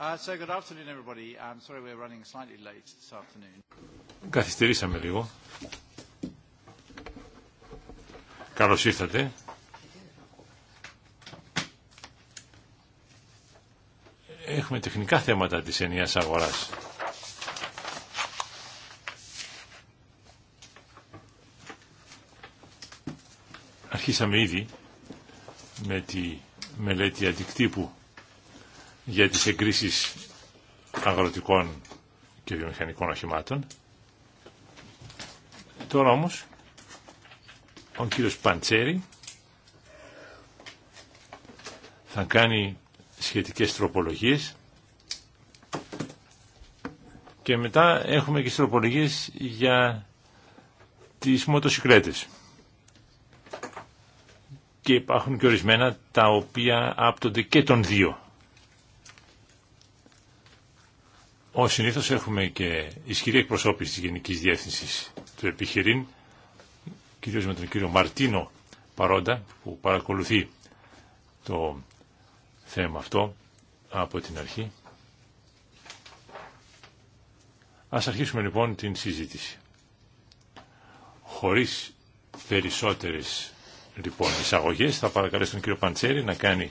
Uh, so good afternoon everybody. I'm sorry we're running slightly late this afternoon. Καθυστερήσαμε λίγο. Καλώς ήρθατε. Έχουμε τεχνικά θέματα της ενιαίας αγοράς. Αρχίσαμε ήδη με τη μελέτη αντικτύπου για τις εγκρίσεις αγροτικών και βιομηχανικών οχημάτων. Τώρα όμως, ο κύριος Παντσέρη θα κάνει σχετικές τροπολογίες και μετά έχουμε και τροπολογίες για τις μοτοσυκλέτες. Και υπάρχουν και ορισμένα τα οποία άπτονται και των δύο. Ω συνήθω έχουμε και ισχυρή εκπροσώπηση της Γενικής Διεύθυνσης του επιχειρήν, κυρίως με τον κύριο Μαρτίνο Παρόντα, που παρακολουθεί το θέμα αυτό από την αρχή. Ας αρχίσουμε λοιπόν την συζήτηση. Χωρίς περισσότερες λοιπόν εισαγωγές θα παρακαλέσω τον κύριο Παντσέρη να κάνει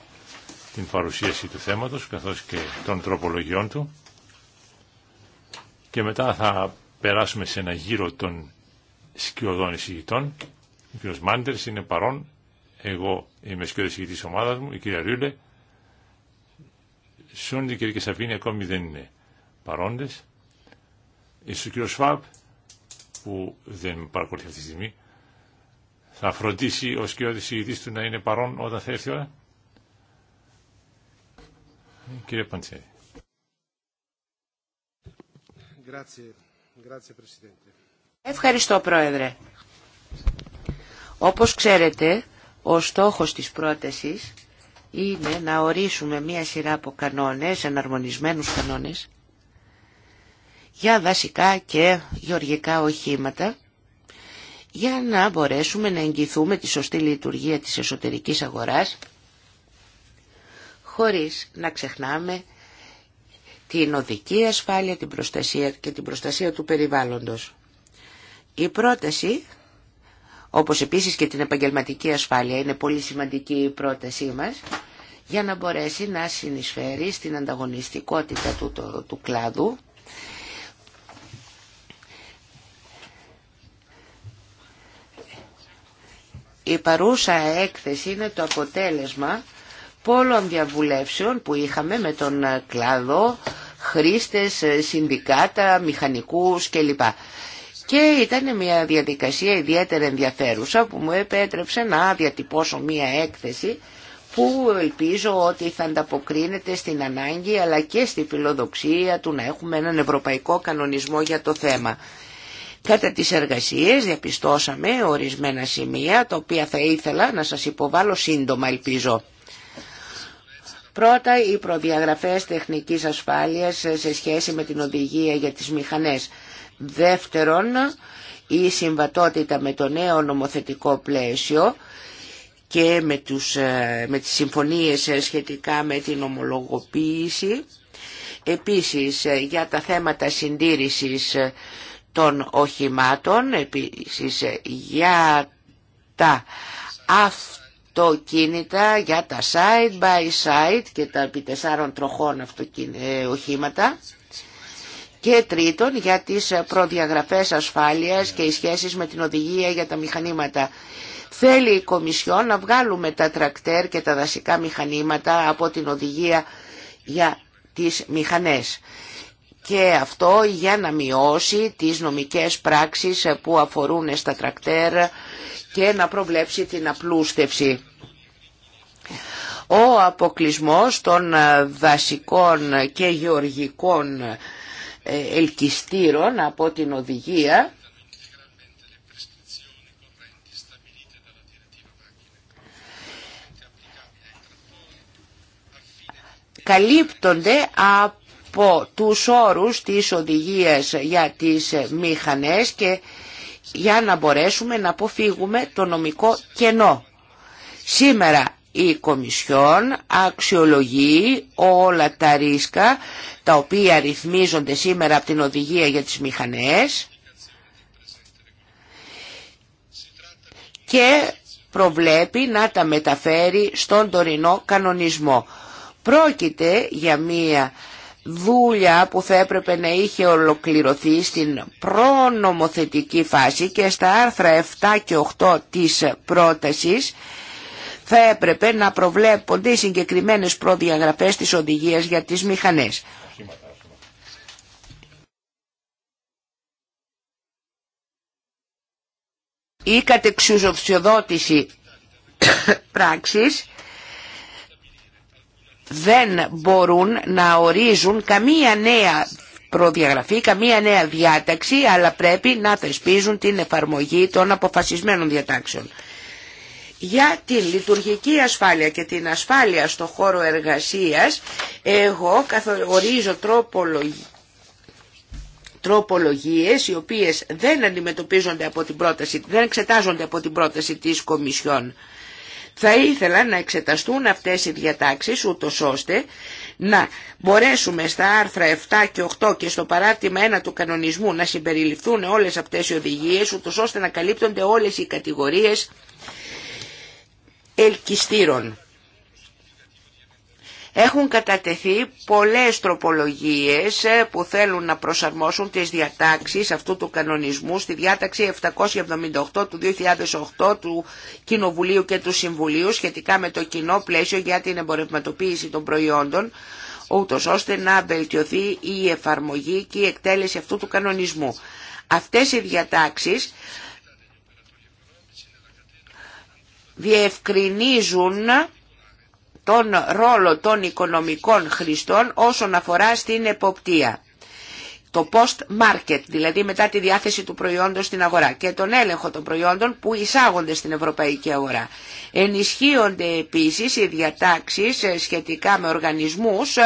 την παρουσίαση του θέματος καθώς και των τροπολογιών του και μετά θα περάσουμε σε ένα γύρο των σκιωδών εισηγητών. Ο κ. Μάντερς είναι παρόν, εγώ είμαι σκιωδός εισηγητής ομάδας μου, η κυρία Ριούλε. Σόντι και η Σαφίνη ακόμη δεν είναι παρόντες. Είσαι ο κ. Σφάπ, που δεν παρακολουθεί αυτή τη στιγμή, θα φροντίσει ο σκιώδης συγητής του να είναι παρόν όταν θα έρθει η ώρα. Κύριε Παντσέρη. Ευχαριστώ Πρόεδρε. Όπως ξέρετε, ο στόχος της πρότασης είναι να ορίσουμε μία σειρά από κανόνες, εναρμονισμένους κανόνες, για δασικά και γεωργικά οχήματα, για να μπορέσουμε να εγγυθούμε τη σωστή λειτουργία της εσωτερικής αγοράς, χωρίς να ξεχνάμε την οδική ασφάλεια, την προστασία και την προστασία του περιβάλλοντος. Η πρόταση, όπως επίσης και την επαγγελματική ασφάλεια, είναι πολύ σημαντική η πρότασή μας, για να μπορέσει να συνεισφέρει στην ανταγωνιστικότητα του, του, του κλάδου, Η παρούσα έκθεση είναι το αποτέλεσμα πόλων διαβουλεύσεων που είχαμε με τον ε, κλάδο, χρήστες, ε, συνδικάτα, μηχανικούς κλπ. Και ήταν μια διαδικασία ιδιαίτερα ενδιαφέρουσα που μου επέτρεψε να διατυπώσω μια έκθεση που ελπίζω ότι θα ανταποκρίνεται στην ανάγκη αλλά και στη φιλοδοξία του να έχουμε έναν ευρωπαϊκό κανονισμό για το θέμα. Κατά τις εργασίες διαπιστώσαμε ορισμένα σημεία τα οποία θα ήθελα να σας υποβάλω σύντομα ελπίζω. Πρώτα οι προδιαγραφές τεχνικής ασφάλειας σε σχέση με την οδηγία για τις μηχανές. Δεύτερον, η συμβατότητα με το νέο νομοθετικό πλαίσιο και με, τους, ε, με τις συμφωνίες σχετικά με την ομολογοποίηση. Επίσης, ε, για τα θέματα συντήρησης ε, των οχημάτων, επίσης για τα κίνητα για τα side by side και τα επί τροχών ε, οχήματα και τρίτον για τις προδιαγραφές ασφάλειας και οι σχέσεις με την οδηγία για τα μηχανήματα. Θέλει η Κομισιόν να βγάλουμε τα τρακτέρ και τα δασικά μηχανήματα από την οδηγία για τις μηχανές και αυτό για να μειώσει τις νομικές πράξεις που αφορούν στα τρακτέρ και να προβλέψει την απλούστευση ο αποκλισμός των ε, βασικών και γεωργικών ε, ελκυστήρων από την οδηγία καλύπτονται από τους όρους της οδηγίας για τις μηχανές και για να μπορέσουμε να αποφύγουμε το νομικό κενό. Σήμερα η Κομισιόν αξιολογεί όλα τα ρίσκα τα οποία ρυθμίζονται σήμερα από την οδηγία για τις μηχανές και προβλέπει να τα μεταφέρει στον τωρινό κανονισμό. Πρόκειται για μία δούλια που θα έπρεπε να είχε ολοκληρωθεί στην προνομοθετική φάση και στα άρθρα 7 και 8 της πρότασης θα έπρεπε να προβλέπονται οι συγκεκριμένες προδιαγραφές της οδηγίας για τις μηχανές. Η κατεξουσιοδότηση πράξης δεν μπορούν να ορίζουν καμία νέα προδιαγραφή, καμία νέα διάταξη, αλλά πρέπει να θεσπίζουν την εφαρμογή των αποφασισμένων διατάξεων. Για την λειτουργική ασφάλεια και την ασφάλεια στο χώρο εργασίας, εγώ καθορίζω τρόπολογική τροπολογίες οι οποίες δεν αντιμετωπίζονται από την πρόταση, δεν εξετάζονται από την πρόταση της Κομισιόν. Θα ήθελα να εξεταστούν αυτές οι διατάξεις ούτω ώστε να μπορέσουμε στα άρθρα 7 και 8 και στο παράρτημα 1 του κανονισμού να συμπεριληφθούν όλες αυτές οι οδηγίες ούτω ώστε να καλύπτονται όλες οι κατηγορίες ελκυστήρων. Έχουν κατατεθεί πολλές τροπολογίες ε, που θέλουν να προσαρμόσουν τις διατάξεις αυτού του κανονισμού στη διάταξη 778 του 2008 του Κοινοβουλίου και του Συμβουλίου σχετικά με το κοινό πλαίσιο για την εμπορευματοποίηση των προϊόντων, ούτως ώστε να βελτιωθεί η εφαρμογή και η εκτέλεση αυτού του κανονισμού. Αυτές οι διατάξεις διευκρινίζουν τον ρόλο των οικονομικών χρηστών όσον αφορά στην εποπτεία. Το post-market, δηλαδή μετά τη διάθεση του προϊόντος στην αγορά και τον έλεγχο των προϊόντων που εισάγονται στην ευρωπαϊκή αγορά. Ενισχύονται επίσης οι διατάξεις σχετικά με οργανισμούς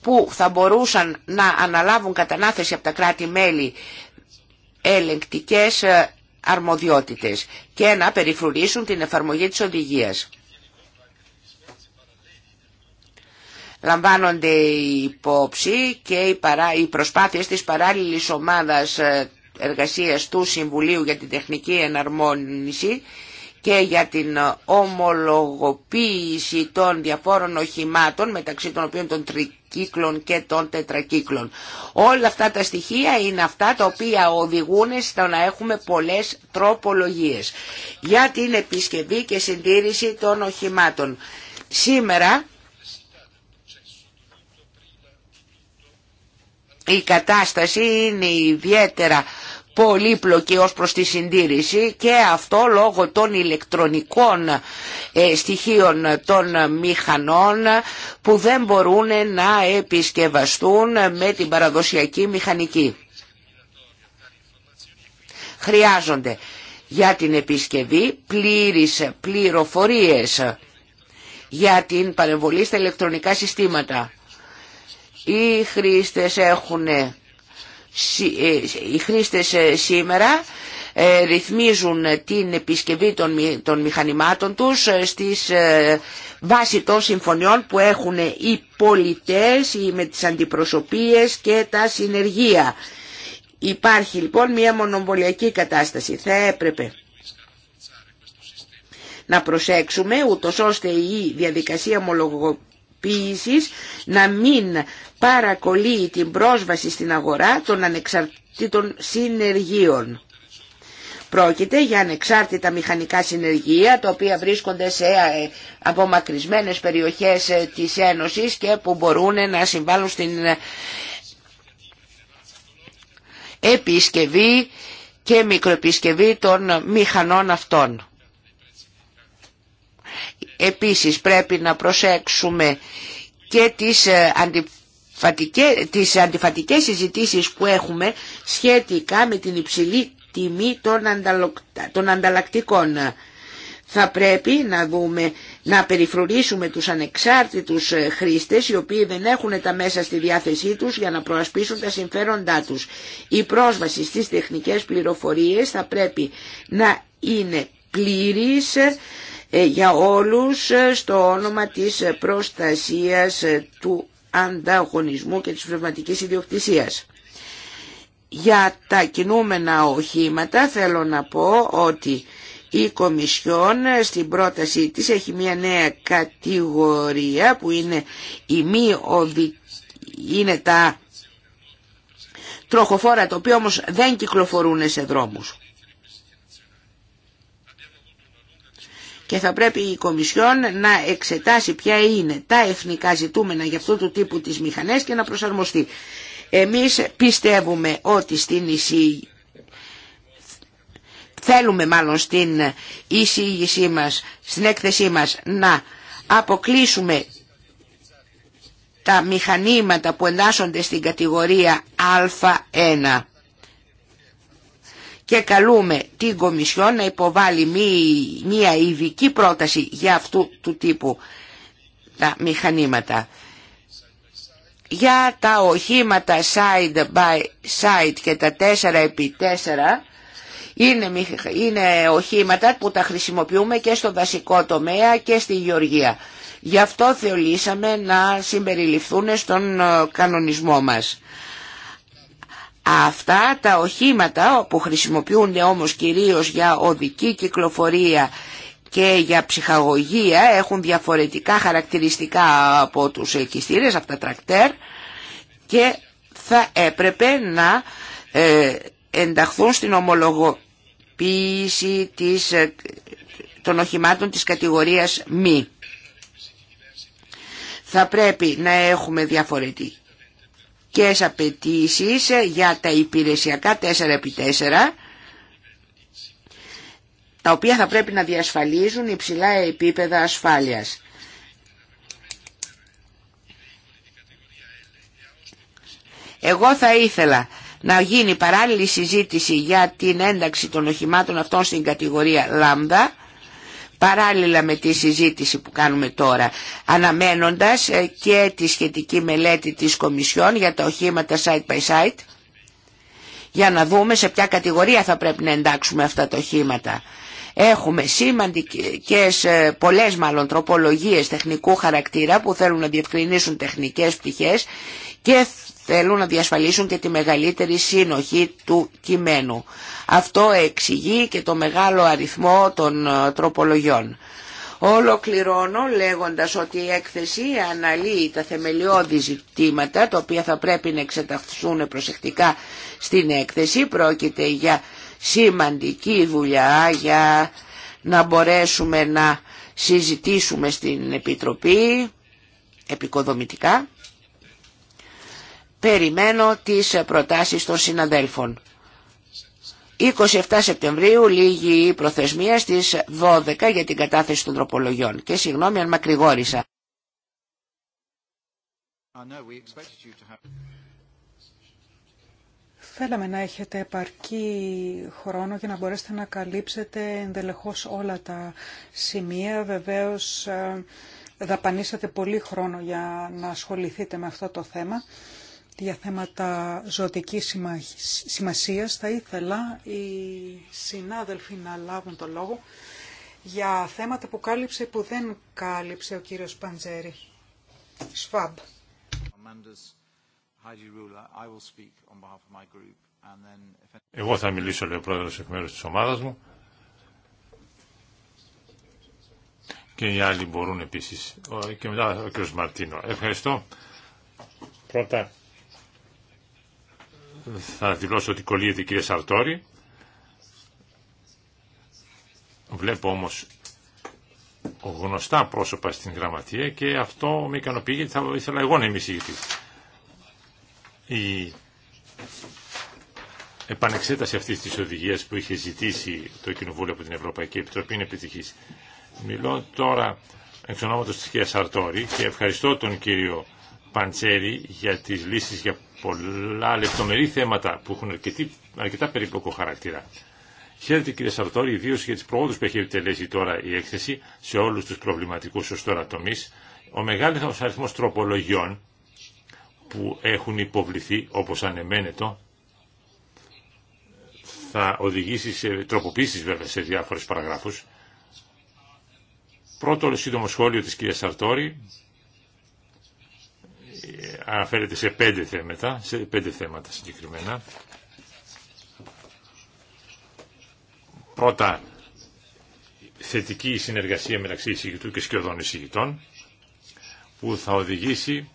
που θα μπορούσαν να αναλάβουν κατανάθεση από τα κράτη-μέλη ελεγκτικές αρμοδιότητες και να περιφρουρήσουν την εφαρμογή της οδηγίας. Λαμβάνονται υπόψη και οι προσπάθειες της παράλληλης ομάδας ε, εργασίας του Συμβουλίου για την Τεχνική Εναρμόνιση και για την ε, ομολογοποίηση των διαφόρων οχημάτων μεταξύ των οποίων των τρικύκλων και των τετρακύκλων. Όλα αυτά τα στοιχεία είναι αυτά τα οποία οδηγούν στο να έχουμε πολλές τροπολογίες για την επισκευή και συντήρηση των οχημάτων. Σήμερα η κατάσταση είναι ιδιαίτερα πολύπλοκη ως προς τη συντήρηση και αυτό λόγω των ηλεκτρονικών ε, στοιχείων των μηχανών που δεν μπορούν να επισκευαστούν με την παραδοσιακή μηχανική. Χρειάζονται για την επισκευή πλήρης πληροφορίες για την παρεμβολή στα ηλεκτρονικά συστήματα. Οι χρήστες έχουν ε, οι χρήστες ε, σήμερα ε, ρυθμίζουν την επισκευή των μηχανημάτων τους στις βάση των συμφωνιών που έχουν οι πολιτές με τις αντιπροσωπείες και τα συνεργεία. Υπάρχει λοιπόν μια μονοβολιακή κατάσταση. Θα έπρεπε να προσέξουμε ούτως ώστε η διαδικασία να μην παρακολύει την πρόσβαση στην αγορά των ανεξαρτήτων συνεργείων. Πρόκειται για ανεξάρτητα μηχανικά συνεργεία τα οποία βρίσκονται σε ε, απομακρυσμένες περιοχές ε, της Ένωσης και που μπορούν να συμβάλλουν στην ε, επισκευή και μικροεπισκευή των μηχανών αυτών. Επίσης πρέπει να προσέξουμε και τις ε, αντιφατικές, τις συζητήσεις που έχουμε σχετικά με την υψηλή τιμή των, των ανταλλακτικών. Θα πρέπει να δούμε, να περιφρουρήσουμε τους ανεξάρτητους ε, χρήστες οι οποίοι δεν έχουν τα μέσα στη διάθεσή τους για να προασπίσουν τα συμφέροντά τους. Η πρόσβαση στις τεχνικές πληροφορίες θα πρέπει να είναι πλήρης ε, για όλους ε, στο όνομα της προστασίας ε, του ανταγωνισμού και της πνευματικής ιδιοκτησίας. Για τα κινούμενα οχήματα θέλω να πω ότι η Κομισιόν στην πρόταση της έχει μια νέα κατηγορία που είναι, η μη είναι τα τροχοφόρα τα οποία όμως δεν κυκλοφορούν σε δρόμους. και θα πρέπει η Κομισιόν να εξετάσει ποια είναι τα εθνικά ζητούμενα για αυτού του τύπου τις μηχανές και να προσαρμοστεί. Εμείς πιστεύουμε ότι στην θέλουμε μάλλον στην εισήγησή μας, στην έκθεσή μας να αποκλείσουμε τα μηχανήματα που εντάσσονται στην κατηγορία Α1 και καλούμε την Κομισιό να υποβάλει μία ειδική πρόταση για αυτού του τύπου τα μηχανήματα. Για τα οχήματα side by side και τα 4x4 είναι, είναι οχήματα που τα χρησιμοποιούμε και στο δασικό τομέα και στη γεωργία. Γι' αυτό θεωρήσαμε να συμπεριληφθούν στον ε, κανονισμό μας. Αυτά τα οχήματα που χρησιμοποιούνται όμως κυρίως για οδική κυκλοφορία και για ψυχαγωγία έχουν διαφορετικά χαρακτηριστικά από τους ελκυστήρες, από τα τρακτέρ και θα έπρεπε να ε, ενταχθούν στην ομολογοποίηση της, ε, των οχημάτων της κατηγορίας μη. Θα πρέπει να έχουμε διαφορετική και απαιτήσει ε, για τα υπηρεσιακά 4x4 τα οποία θα πρέπει να διασφαλίζουν υψηλά επίπεδα ασφάλειας. Εγώ θα ήθελα να γίνει παράλληλη συζήτηση για την ένταξη των οχημάτων αυτών στην κατηγορία λάμδα παράλληλα με τη συζήτηση που κάνουμε τώρα, αναμένοντας ε, και τη σχετική μελέτη της Κομισιόν για τα οχήματα side by side, για να δούμε σε ποια κατηγορία θα πρέπει να εντάξουμε αυτά τα οχήματα. Έχουμε σημαντικές, ε, πολλές μάλλον τροπολογίες τεχνικού χαρακτήρα που θέλουν να διευκρινίσουν τεχνικές πτυχές και θέλουν να διασφαλίσουν και τη μεγαλύτερη σύνοχη του κειμένου. Αυτό εξηγεί και το μεγάλο αριθμό των ε, τροπολογιών. Ολοκληρώνω λέγοντας ότι η έκθεση αναλύει τα θεμελιώδη ζητήματα τα οποία θα πρέπει να εξεταχθούν προσεκτικά στην έκθεση. Πρόκειται για σημαντική δουλειά για να μπορέσουμε να συζητήσουμε στην Επιτροπή επικοδομητικά Περιμένω τις προτάσεις των συναδέλφων. 27 Σεπτεμβρίου λίγη η προθεσμία στις 12 για την κατάθεση των τροπολογιών. Και συγγνώμη αν μακρηγόρησα. Θέλαμε να έχετε επαρκή χρόνο για να μπορέσετε να καλύψετε ενδελεχώς όλα τα σημεία. Βεβαίως ε, δαπανίσατε πολύ χρόνο για να ασχοληθείτε με αυτό το θέμα για θέματα ζωτικής σημασίας. Θα ήθελα οι συνάδελφοι να λάβουν το λόγο για θέματα που κάλυψε που δεν κάλυψε ο κύριος Παντζέρη. Σφάμπ. Εγώ θα μιλήσω, λέει ο πρόεδρος, εκ μέρους της ομάδας μου. Και οι άλλοι μπορούν επίσης. Και μετά ο κύριος Μαρτίνο. Ευχαριστώ. Πρώτα θα δηλώσω ότι κολλείεται η κυρία Σαρτόρη. Βλέπω όμως γνωστά πρόσωπα στην γραμματεία και αυτό με ικανοποιεί γιατί θα ήθελα εγώ να είμαι επανεξέτασε Η επανεξέταση αυτή τη οδηγία που είχε ζητήσει το Κοινοβούλιο από την Ευρωπαϊκή Επιτροπή είναι επιτυχη. Μιλώ τώρα εξ ονόματο τη κυρία Σαρτόρη και ευχαριστώ τον κύριο Παντσέρη για τι λύσει για πολλά λεπτομερή θέματα που έχουν αρκετή, αρκετά περίπλοκο χαρακτήρα. Χαίρετε κύριε Σαρτόρη, ιδίω για τι προόδου που έχει επιτελέσει τώρα η έκθεση σε όλου του προβληματικού ω τώρα τομεί. Ο μεγάλο αριθμό τροπολογιών που έχουν υποβληθεί, όπω ανεμένετο, θα οδηγήσει σε τροποποίησει βέβαια σε διάφορε παραγράφου. Πρώτο σύντομο σχόλιο τη κύρια Σαρτόρη αναφέρεται σε πέντε θέματα, σε πέντε θέματα συγκεκριμένα. Πρώτα, θετική συνεργασία μεταξύ εισηγητού και σκιωδών εισηγητών, που θα οδηγήσει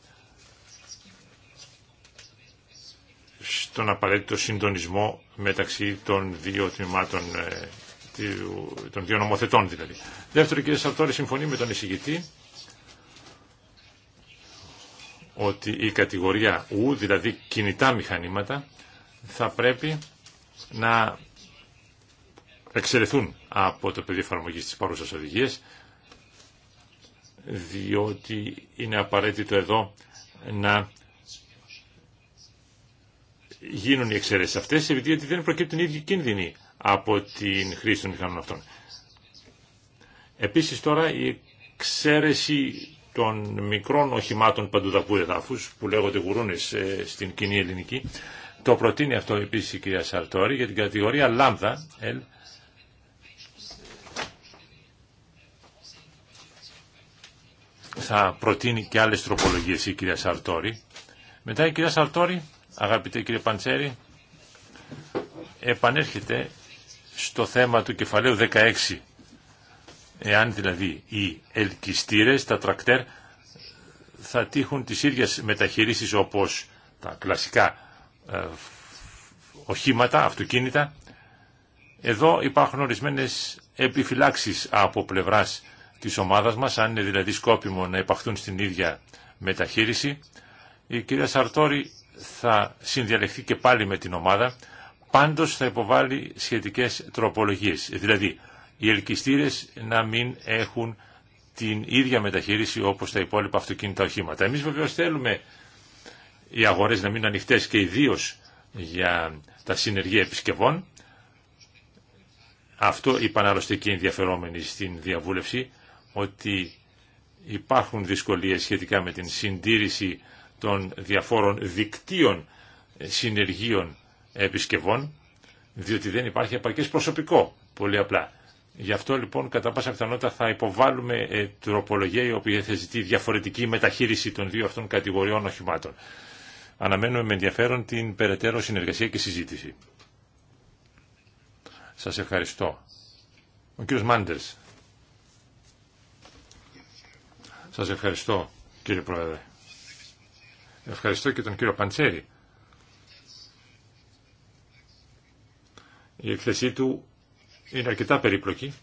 στον απαραίτητο συντονισμό μεταξύ των δύο τμήματων, ε, των δύο νομοθετών δηλαδή. Δεύτερο, κύριε Σαρτόρη, συμφωνεί με τον εισηγητή ότι η κατηγορία ΟΥ, δηλαδή κινητά μηχανήματα, θα πρέπει να εξαιρεθούν από το πεδίο εφαρμογή της παρούσας οδηγίας, διότι είναι απαραίτητο εδώ να γίνουν οι εξαιρέσεις αυτές, επειδή δεν προκύπτουν οι ίδιοι κίνδυνοι από την χρήση των μηχανών αυτών. Επίσης τώρα η εξαίρεση των μικρών οχημάτων παντουδακού εδάφους που λέγονται γουρούνες ε, στην κοινή ελληνική. Το προτείνει αυτό επίσης η κυρία Σαρτόρη για την κατηγορία λάμδα, L, θα προτείνει και άλλες τροπολογίες η κυρία Σαρτόρη. Μετά η κυρία Σαρτόρη, αγαπητέ κύριε Παντσέρη, επανέρχεται στο θέμα του κεφαλαίου 16 Εάν δηλαδή οι ελκυστήρες, τα τρακτέρ, θα τύχουν τις ίδιες μεταχείρισεις όπως τα κλασικά ε, οχήματα, αυτοκίνητα. Εδώ υπάρχουν ορισμένες επιφυλάξεις από πλευράς της ομάδας μας, αν είναι δηλαδή σκόπιμο να υπαχθούν στην ίδια μεταχείριση. Η κυρία Σαρτόρη θα συνδιαλεχθεί και πάλι με την ομάδα, πάντως θα υποβάλει σχετικές τροπολογίες. Δηλαδή, οι ελκυστήρες να μην έχουν την ίδια μεταχείριση όπως τα υπόλοιπα αυτοκίνητα οχήματα. Εμείς βεβαίως θέλουμε οι αγορές να μην ανοιχτέ και ιδίω για τα συνεργεία επισκευών. Αυτό είπαν άλλωστε και οι ενδιαφερόμενοι στην διαβούλευση, ότι υπάρχουν δυσκολίες σχετικά με την συντήρηση των διαφόρων δικτύων συνεργείων επισκευών, διότι δεν υπάρχει επαρκές προσωπικό, πολύ απλά. Γι' αυτό λοιπόν κατά πάσα πιθανότητα θα υποβάλουμε ε, τροπολογία η οποία θα ζητεί διαφορετική μεταχείριση των δύο αυτών κατηγοριών οχημάτων. Αναμένουμε με ενδιαφέρον την περαιτέρω συνεργασία και συζήτηση. Σας ευχαριστώ. Ο κύριος Μάντερς. Σας ευχαριστώ κύριε Πρόεδρε. Ευχαριστώ και τον κύριο Παντσέρη. Η εκθεσή του είναι αρκετά περίπλοκη.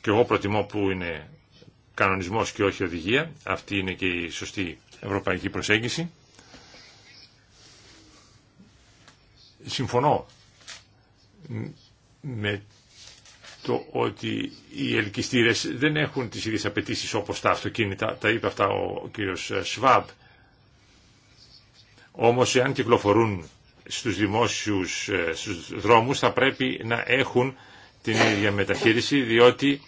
Και εγώ προτιμώ που είναι κανονισμός και όχι οδηγία. Αυτή είναι και η σωστή ευρωπαϊκή προσέγγιση. Συμφωνώ με το ότι οι ελκυστήρες δεν έχουν τις ίδιες απαιτήσει όπως τα αυτοκίνητα. Τα είπε αυτά ο κύριος Σβάμπ. Όμως εάν κυκλοφορούν στους δημόσιους ε, στους δρόμους θα πρέπει να έχουν την ίδια μεταχείριση διότι,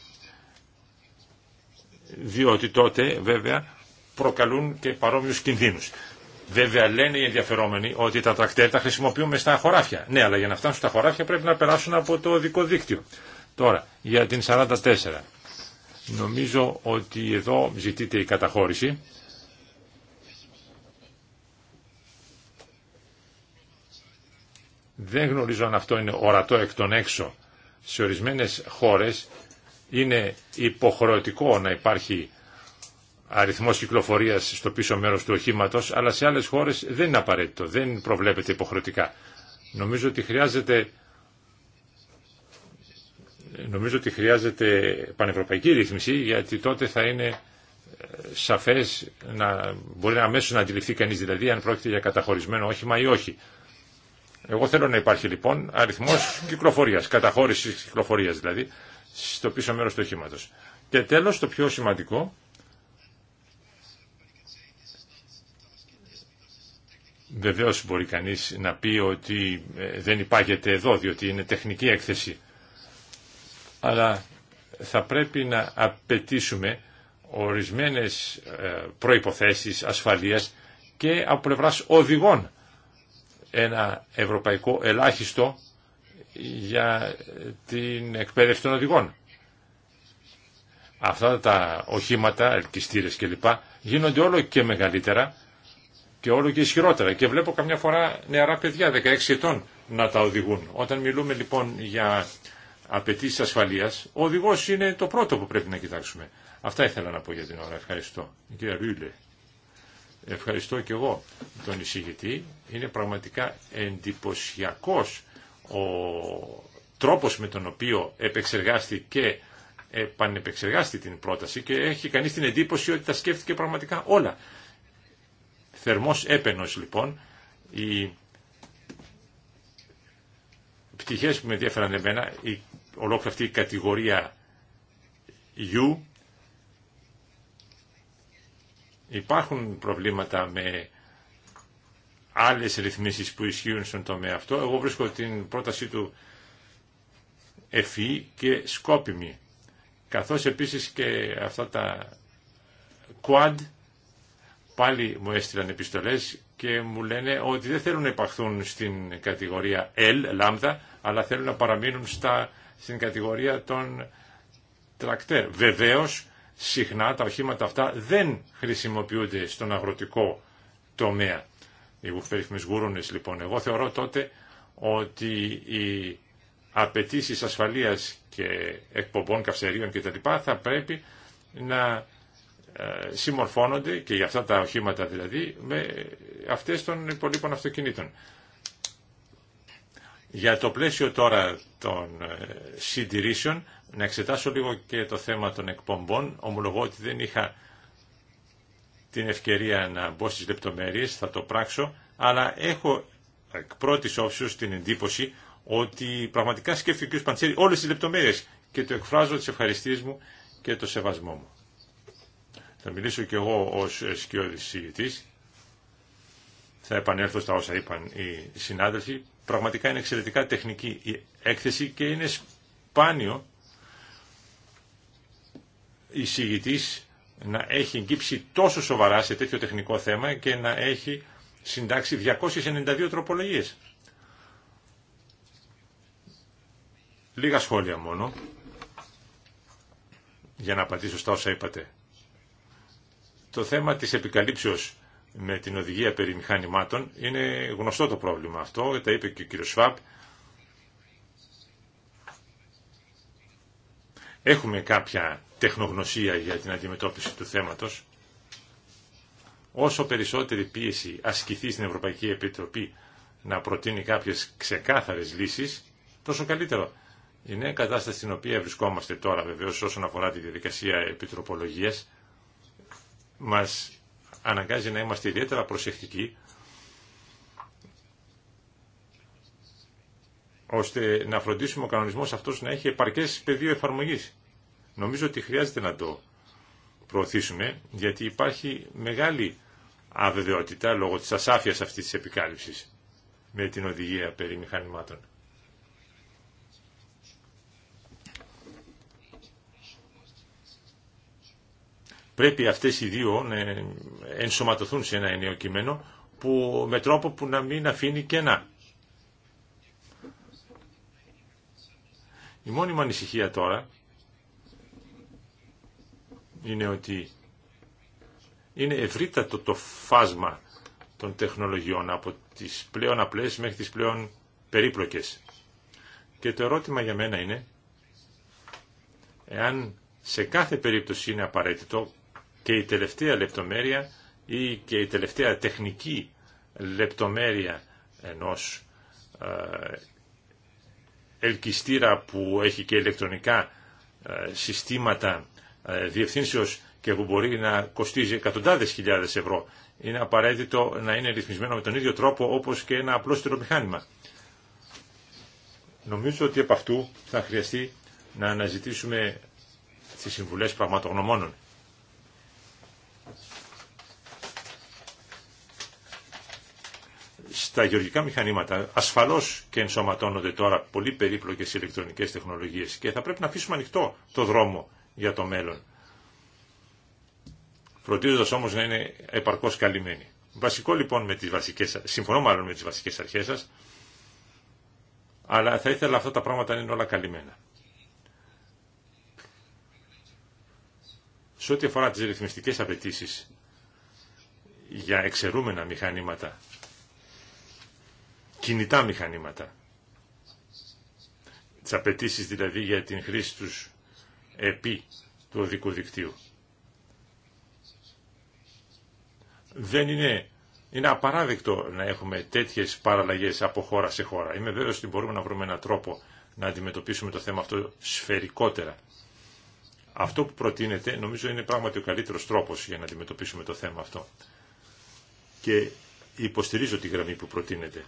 διότι τότε βέβαια προκαλούν και παρόμοιους κινδύνους. Βέβαια λένε οι ενδιαφερόμενοι ότι τα τρακτέρ τα χρησιμοποιούμε στα χωράφια. Ναι, αλλά για να φτάσουν στα χωράφια πρέπει να περάσουν από το δικό δίκτυο. Τώρα, για την 44. Νομίζω ότι εδώ ζητείται η καταχώρηση Δεν γνωρίζω αν αυτό είναι ορατό εκ των έξω. Σε ορισμένες χώρες είναι υποχρεωτικό να υπάρχει αριθμός κυκλοφορίας στο πίσω μέρος του οχήματος, αλλά σε άλλες χώρες δεν είναι απαραίτητο, δεν προβλέπεται υποχρεωτικά. Νομίζω ότι χρειάζεται, νομίζω ότι χρειάζεται πανευρωπαϊκή ρύθμιση, γιατί τότε θα είναι ε, σαφές να μπορεί αμέσως να αντιληφθεί κανείς δηλαδή αν πρόκειται για καταχωρισμένο όχημα ή όχι. Εγώ θέλω να υπάρχει λοιπόν αριθμός κυκλοφορίας, καταχώρηση κυκλοφορίας δηλαδή, στο πίσω μέρος του οχήματο. Και τέλος, το πιο σημαντικό, Βεβαίω μπορεί κανείς να πει ότι ε, δεν υπάγεται εδώ, διότι είναι τεχνική έκθεση. Αλλά θα πρέπει να απαιτήσουμε ορισμένες ε, προϋποθέσεις ασφαλείας και από πλευρά οδηγών ένα ευρωπαϊκό ελάχιστο για την εκπαίδευση των οδηγών. Αυτά τα οχήματα, ελκυστήρες κλπ. γίνονται όλο και μεγαλύτερα και όλο και ισχυρότερα. Και βλέπω καμιά φορά νεαρά παιδιά 16 ετών να τα οδηγούν. Όταν μιλούμε λοιπόν για απαιτήσει ασφαλεία, ο οδηγό είναι το πρώτο που πρέπει να κοιτάξουμε. Αυτά ήθελα να πω για την ώρα. Ευχαριστώ. Κύριε Ευχαριστώ και εγώ τον εισηγητή. Είναι πραγματικά εντυπωσιακό ο τρόπος με τον οποίο επεξεργάστηκε και επανεπεξεργάστη την πρόταση και έχει κανείς την εντύπωση ότι τα σκέφτηκε πραγματικά όλα. Θερμός έπαινος λοιπόν, οι πτυχές που με ενδιαφέραν εμένα, η ολόκληρη αυτή η κατηγορία U, Υπάρχουν προβλήματα με άλλες ρυθμίσεις που ισχύουν στον τομέα αυτό. Εγώ βρίσκω την πρότασή του ευφυή και σκόπιμη. Καθώς επίσης και αυτά τα quad πάλι μου έστειλαν επιστολές και μου λένε ότι δεν θέλουν να υπαχθούν στην κατηγορία L, λάμδα, αλλά θέλουν να παραμείνουν στα, στην κατηγορία των τρακτέρ. Βεβαίως συχνά τα οχήματα αυτά δεν χρησιμοποιούνται στον αγροτικό τομέα. Οι περίφημες γουρούνες λοιπόν. Εγώ θεωρώ τότε ότι οι απαιτήσει ασφαλείας και εκπομπών καυσερίων κτλ. θα πρέπει να ε, συμμορφώνονται και για αυτά τα οχήματα δηλαδή με αυτές των υπολείπων αυτοκινήτων. Για το πλαίσιο τώρα των ε, συντηρήσεων, να εξετάσω λίγο και το θέμα των εκπομπών. Ομολογώ ότι δεν είχα την ευκαιρία να μπω στις λεπτομέρειες, θα το πράξω, αλλά έχω εκ πρώτης όψεως την εντύπωση ότι πραγματικά σκέφτηκε ο κ. Παντσέρη όλες τις λεπτομέρειες και το εκφράζω τις ευχαριστίες μου και το σεβασμό μου. Θα μιλήσω κι εγώ ως σκιώδης συγητής. Θα επανέλθω στα όσα είπαν οι συνάδελφοι. Πραγματικά είναι εξαιρετικά τεχνική η έκθεση και είναι σπάνιο η συγητής να έχει εγκύψει τόσο σοβαρά σε τέτοιο τεχνικό θέμα και να έχει συντάξει 292 τροπολογίες. Λίγα σχόλια μόνο για να απαντήσω στα όσα είπατε. Το θέμα της επικαλύψεως με την οδηγία περί μηχανημάτων. Είναι γνωστό το πρόβλημα αυτό, τα είπε και ο κύριος Σφάπ. Έχουμε κάποια τεχνογνωσία για την αντιμετώπιση του θέματος. Όσο περισσότερη πίεση ασκηθεί στην Ευρωπαϊκή Επιτροπή να προτείνει κάποιες ξεκάθαρες λύσεις, τόσο καλύτερο. Η νέα κατάσταση στην οποία βρισκόμαστε τώρα βεβαίως όσον αφορά τη διαδικασία επιτροπολογίας μας αναγκάζει να είμαστε ιδιαίτερα προσεκτικοί ώστε να φροντίσουμε ο κανονισμός αυτός να έχει επαρκές πεδίο εφαρμογής. Νομίζω ότι χρειάζεται να το προωθήσουμε γιατί υπάρχει μεγάλη αβεβαιότητα λόγω της ασάφειας αυτής της επικάλυψης με την οδηγία περί μηχανημάτων. Πρέπει αυτές οι δύο να ε, ενσωματωθούν σε ένα ενιαίο κείμενο που, με τρόπο που να μην αφήνει κενά. Η μόνη ανησυχία τώρα είναι ότι είναι ευρύτατο το φάσμα των τεχνολογιών από τις πλέον απλές μέχρι τις πλέον περίπλοκες. Και το ερώτημα για μένα είναι εάν σε κάθε περίπτωση είναι απαραίτητο και η τελευταία λεπτομέρεια ή και η τελευταία τεχνική λεπτομέρεια ενός ε, ελκυστήρα που έχει και ηλεκτρονικά ε, συστήματα ε, διευθύνσεως και που μπορεί να κοστίζει εκατοντάδες χιλιάδες ευρώ. Είναι απαραίτητο να είναι ρυθμισμένο με τον ίδιο τρόπο όπως και ένα απλό μηχάνημα. Νομίζω ότι από αυτού θα χρειαστεί να αναζητήσουμε τις συμβουλές πραγματογνωμόνων. Στα γεωργικά μηχανήματα ασφαλώς και ενσωματώνονται τώρα πολύ περίπλοκες ηλεκτρονικές τεχνολογίες και θα πρέπει να αφήσουμε ανοιχτό το δρόμο για το μέλλον. Φροντίζοντα όμως να είναι επαρκώς καλυμμένοι. Βασικό λοιπόν με τις βασικές, συμφωνώ μάλλον με τις βασικές αρχέ σα, αλλά θα ήθελα αυτά τα πράγματα να είναι όλα καλυμμένα. Σε ό,τι αφορά τι ρυθμιστικέ απαιτήσει για εξαιρούμενα μηχανήματα κινητά μηχανήματα. Τι απαιτήσει δηλαδή για την χρήση τους επί του οδικού δικτύου. Δεν είναι, είναι απαράδεκτο να έχουμε τέτοιες παραλλαγές από χώρα σε χώρα. Είμαι βέβαιος ότι μπορούμε να βρούμε έναν τρόπο να αντιμετωπίσουμε το θέμα αυτό σφαιρικότερα. Αυτό που προτείνεται νομίζω είναι πράγματι ο καλύτερος τρόπος για να αντιμετωπίσουμε το θέμα αυτό. Και υποστηρίζω τη γραμμή που προτείνεται.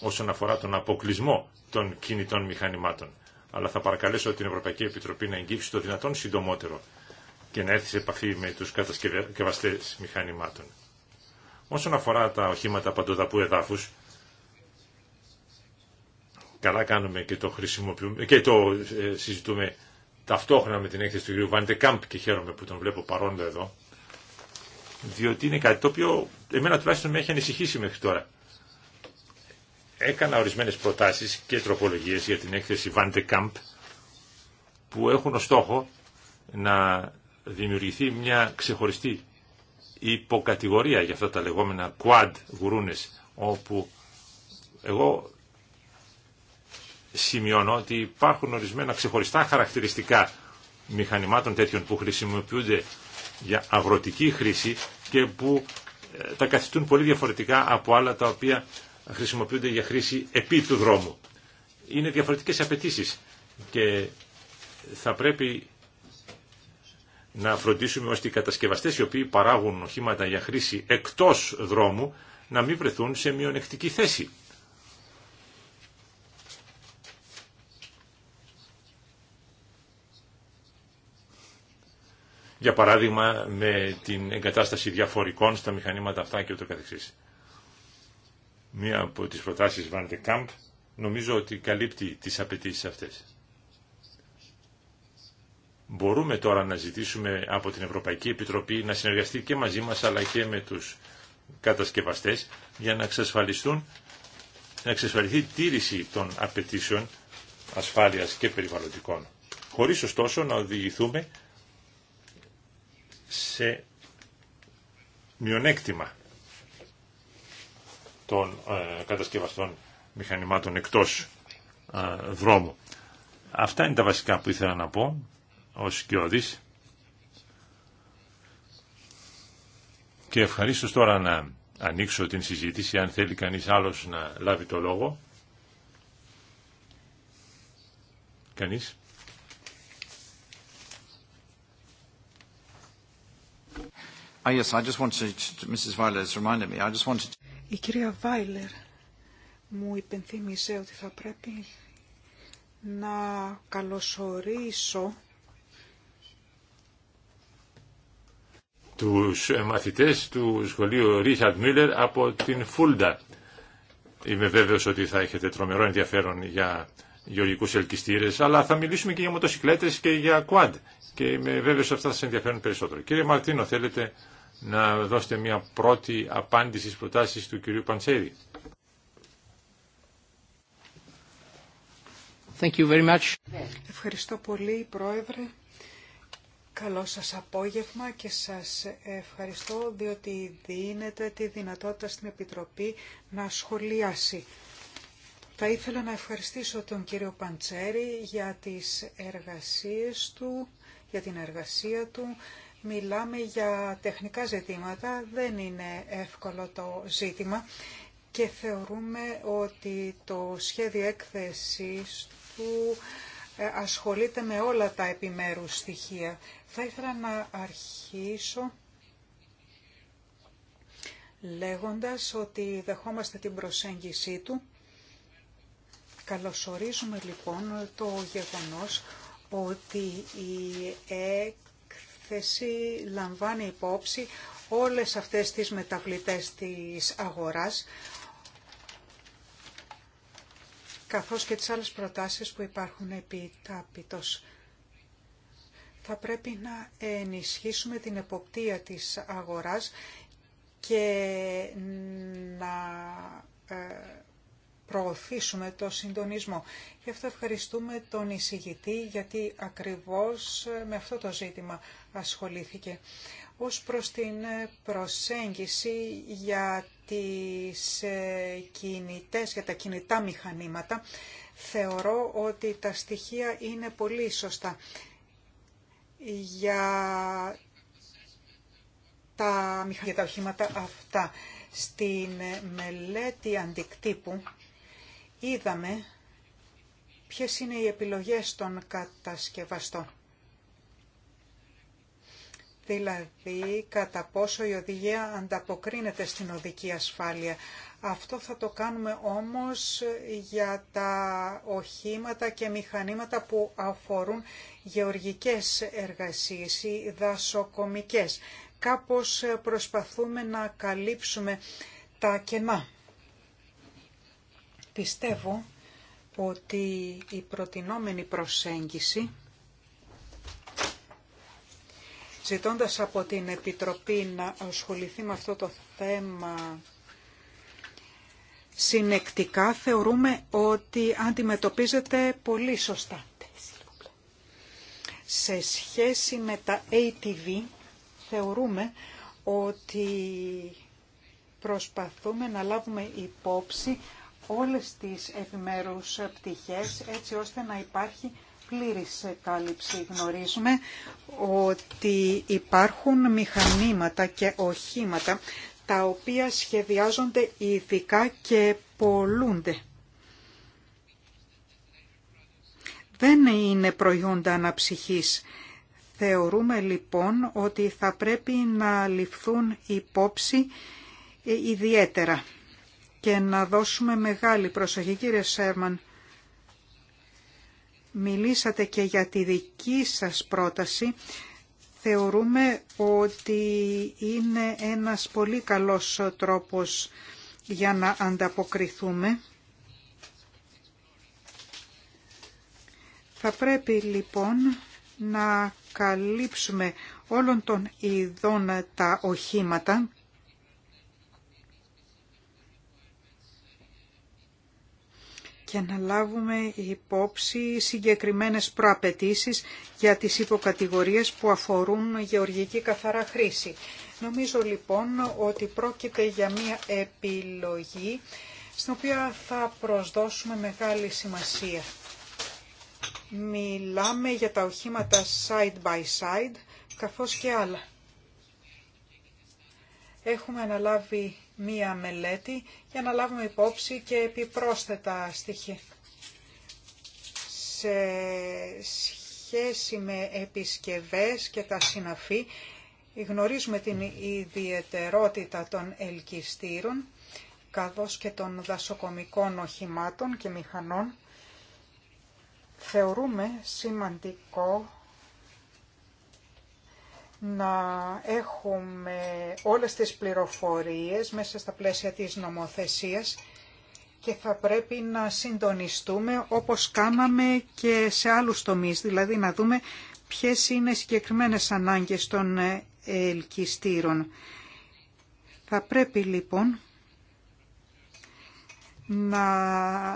όσον αφορά τον αποκλεισμό των κινητών μηχανημάτων. Αλλά θα παρακαλέσω την Ευρωπαϊκή Επιτροπή να εγγύψει το δυνατόν συντομότερο και να έρθει σε επαφή με του κατασκευαστέ μηχανημάτων. Όσον αφορά τα οχήματα παντοδαπού εδάφου, καλά κάνουμε και το, χρησιμοποιούμε, και το ε, συζητούμε ταυτόχρονα με την έκθεση του κ. Βάντε Κάμπ και χαίρομαι που τον βλέπω παρόντα εδώ, διότι είναι κάτι το οποίο εμένα τουλάχιστον με έχει ανησυχήσει μέχρι τώρα έκανα ορισμένες προτάσεις και τροπολογίες για την έκθεση Van de Kamp που έχουν ως στόχο να δημιουργηθεί μια ξεχωριστή υποκατηγορία για αυτά τα λεγόμενα quad γουρούνες όπου εγώ σημειώνω ότι υπάρχουν ορισμένα ξεχωριστά χαρακτηριστικά μηχανημάτων τέτοιων που χρησιμοποιούνται για αγροτική χρήση και που ε, τα καθιστούν πολύ διαφορετικά από άλλα τα οποία χρησιμοποιούνται για χρήση επί του δρόμου. Είναι διαφορετικές απαιτήσει και θα πρέπει να φροντίσουμε ώστε οι κατασκευαστές οι οποίοι παράγουν οχήματα για χρήση εκτός δρόμου να μην βρεθούν σε μειονεκτική θέση. Για παράδειγμα με την εγκατάσταση διαφορικών στα μηχανήματα αυτά και ούτω καθεξής μία από τις προτάσεις Βαντεκάμπ νομίζω ότι καλύπτει τις απαιτήσεις αυτές. Μπορούμε τώρα να ζητήσουμε από την Ευρωπαϊκή Επιτροπή να συνεργαστεί και μαζί μας αλλά και με τους κατασκευαστές για να εξασφαλιστούν να εξασφαλιστεί τήρηση των απαιτήσεων ασφάλειας και περιβαλλοντικών. Χωρίς ωστόσο να οδηγηθούμε σε μειονέκτημα των ε, κατασκευαστών μηχανημάτων εκτός ε, δρόμου. Αυτά είναι τα βασικά που ήθελα να πω ως σκιώδης. Και ευχαρίστω τώρα να ανοίξω την συζήτηση, αν θέλει κανείς άλλος να λάβει το λόγο. Κανείς. Ah, yes, I just wanted, Mrs. Violet reminded me, I just wanted η κυρία Βάιλερ μου υπενθύμισε ότι θα πρέπει να καλωσορίσω τους μαθητές του σχολείου Richard Μίλλερ από την Φούλντα. Είμαι βέβαιος ότι θα έχετε τρομερό ενδιαφέρον για γεωργικούς ελκυστήρες, αλλά θα μιλήσουμε και για μοτοσυκλέτες και για κουάντ. Και είμαι βέβαιος ότι αυτά θα σας ενδιαφέρουν περισσότερο. Κύριε Μαρτίνο, θέλετε να δώσετε μια πρώτη απάντηση στις προτάσεις του κυρίου Παντσέρη. Thank you very much. Ευχαριστώ πολύ, Πρόεδρε. Καλό σας απόγευμα και σας ευχαριστώ διότι δίνετε τη δυνατότητα στην Επιτροπή να σχολιάσει. Θα ήθελα να ευχαριστήσω τον κύριο Παντσέρη για τις εργασίες του, για την εργασία του, Μιλάμε για τεχνικά ζητήματα, δεν είναι εύκολο το ζήτημα και θεωρούμε ότι το σχέδιο έκθεσης του ε, ασχολείται με όλα τα επιμέρους στοιχεία. Θα ήθελα να αρχίσω λέγοντας ότι δεχόμαστε την προσέγγιση του. Καλωσορίζουμε λοιπόν το γεγονός ότι η έκθεση λαμβάνει υπόψη όλες αυτές τις μεταβλητές της αγοράς, καθώς και τις άλλες προτάσεις που υπάρχουν επί τάπητος. Θα πρέπει να ενισχύσουμε την εποπτεία της αγοράς και να ε, προωθήσουμε το συντονισμό. Γι' αυτό ευχαριστούμε τον εισηγητή γιατί ακριβώς ε, με αυτό το ζήτημα ασχολήθηκε. Ως προς την ε, προσέγγιση για, τις ε, κινητές, για τα κινητά μηχανήματα, θεωρώ ότι τα στοιχεία είναι πολύ σωστά. Για τα, για τα οχήματα αυτά. Στην μελέτη αντικτύπου είδαμε ποιες είναι οι επιλογές των κατασκευαστών. Δηλαδή, κατά πόσο η οδηγία ανταποκρίνεται στην οδική ασφάλεια. Αυτό θα το κάνουμε όμως για τα οχήματα και μηχανήματα που αφορούν γεωργικές εργασίες ή δασοκομικές. Κάπως προσπαθούμε να καλύψουμε τα κενά Πιστεύω ότι η προτινόμενη προσέγγιση ζητώντας από την Επιτροπή να ασχοληθεί με αυτό το θέμα συνεκτικά θεωρούμε ότι αντιμετωπίζεται πολύ σωστά. Σε σχέση με τα ATV θεωρούμε ότι προσπαθούμε να λάβουμε υπόψη όλες τις επιμέρους πτυχές έτσι ώστε να υπάρχει πλήρης κάλυψη. Γνωρίζουμε ότι υπάρχουν μηχανήματα και οχήματα τα οποία σχεδιάζονται ειδικά και πολλούνται. Δεν είναι προϊόντα αναψυχής. Θεωρούμε λοιπόν ότι θα πρέπει να ληφθούν υπόψη ε, ιδιαίτερα και να δώσουμε μεγάλη προσοχή. Κύριε Σέρμαν, μιλήσατε και για τη δική σας πρόταση. Θεωρούμε ότι είναι ένας πολύ καλός τρόπος για να ανταποκριθούμε. Θα πρέπει λοιπόν να καλύψουμε όλων των ειδών τα οχήματα και να λάβουμε υπόψη συγκεκριμένες προαπαιτήσεις για τις υποκατηγορίες που αφορούν γεωργική καθαρά χρήση. Νομίζω λοιπόν ότι πρόκειται για μία επιλογή στην οποία θα προσδώσουμε μεγάλη σημασία. Μιλάμε για τα οχήματα side by side καθώς και άλλα. Έχουμε αναλάβει μία μελέτη για να λάβουμε υπόψη και επιπρόσθετα στοιχεία. Σε σχέση με επισκευές και τα συναφή, γνωρίζουμε την ιδιαιτερότητα των ελκυστήρων, καθώς και των δασοκομικών οχημάτων και μηχανών. Θεωρούμε σημαντικό να έχουμε όλες τις πληροφορίες μέσα στα πλαίσια της νομοθεσίας και θα πρέπει να συντονιστούμε όπως κάναμε και σε άλλους τομείς, δηλαδή να δούμε ποιες είναι συγκεκριμένες ανάγκες των ελκυστήρων. Θα πρέπει λοιπόν να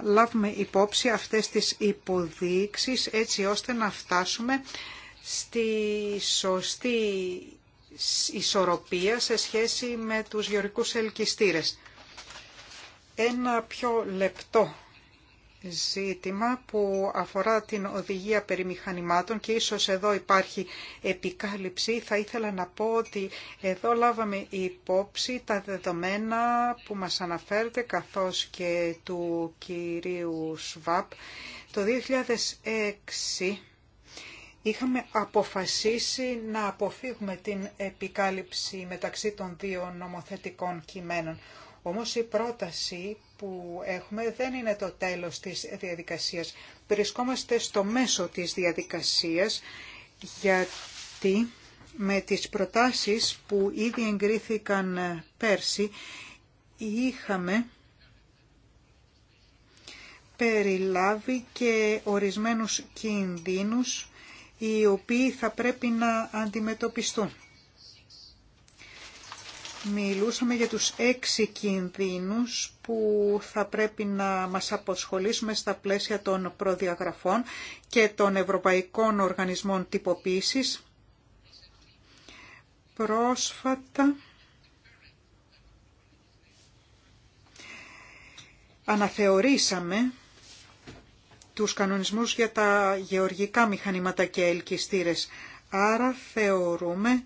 λάβουμε υπόψη αυτές τις υποδείξεις έτσι ώστε να φτάσουμε στη σωστή ισορροπία σε σχέση με τους γεωρικούς ελκυστήρες. Ένα πιο λεπτό ζήτημα που αφορά την οδηγία περί και ίσως εδώ υπάρχει επικάλυψη. Θα ήθελα να πω ότι εδώ λάβαμε υπόψη τα δεδομένα που μας αναφέρεται καθώς και του κυρίου Σβάπ. Το 2006 είχαμε αποφασίσει να αποφύγουμε την επικάλυψη μεταξύ των δύο νομοθετικών κειμένων. Όμως η πρόταση που έχουμε δεν είναι το τέλος της διαδικασίας. Βρισκόμαστε στο μέσο της διαδικασίας γιατί με τις προτάσεις που ήδη εγκρίθηκαν πέρσι είχαμε περιλάβει και ορισμένους κινδύνους οι οποίοι θα πρέπει να αντιμετωπιστούν. Μιλούσαμε για τους έξι κινδύνους που θα πρέπει να μας αποσχολήσουμε στα πλαίσια των προδιαγραφών και των Ευρωπαϊκών Οργανισμών Τυποποίησης. Πρόσφατα αναθεωρήσαμε τους κανονισμούς για τα γεωργικά μηχανήματα και ελκυστήρες. Άρα θεωρούμε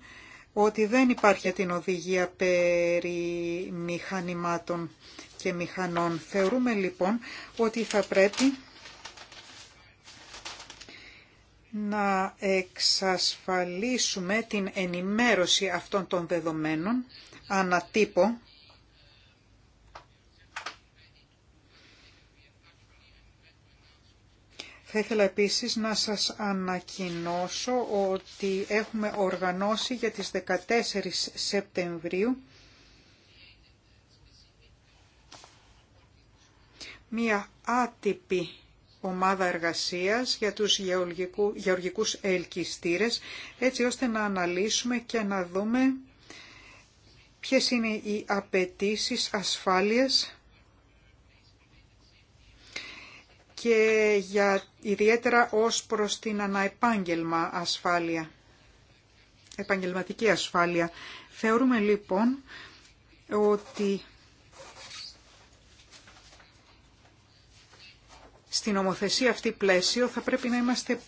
ότι δεν υπάρχει την οδηγία περί μηχανημάτων και μηχανών. Θεωρούμε λοιπόν ότι θα πρέπει να εξασφαλίσουμε την ενημέρωση αυτών των δεδομένων ανατύπω Θα ήθελα επίσης να σας ανακοινώσω ότι έχουμε οργανώσει για τις 14 Σεπτεμβρίου μία άτυπη ομάδα εργασίας για τους γεωργικού, γεωργικούς ελκυστήρες, έτσι ώστε να αναλύσουμε και να δούμε ποιες είναι οι απαιτήσεις ασφάλειας και για, ιδιαίτερα ως προς την αναεπάγγελμα ασφάλεια, επαγγελματική ασφάλεια. Θεωρούμε λοιπόν ότι στην ομοθεσία αυτή πλαίσιο θα πρέπει να είμαστε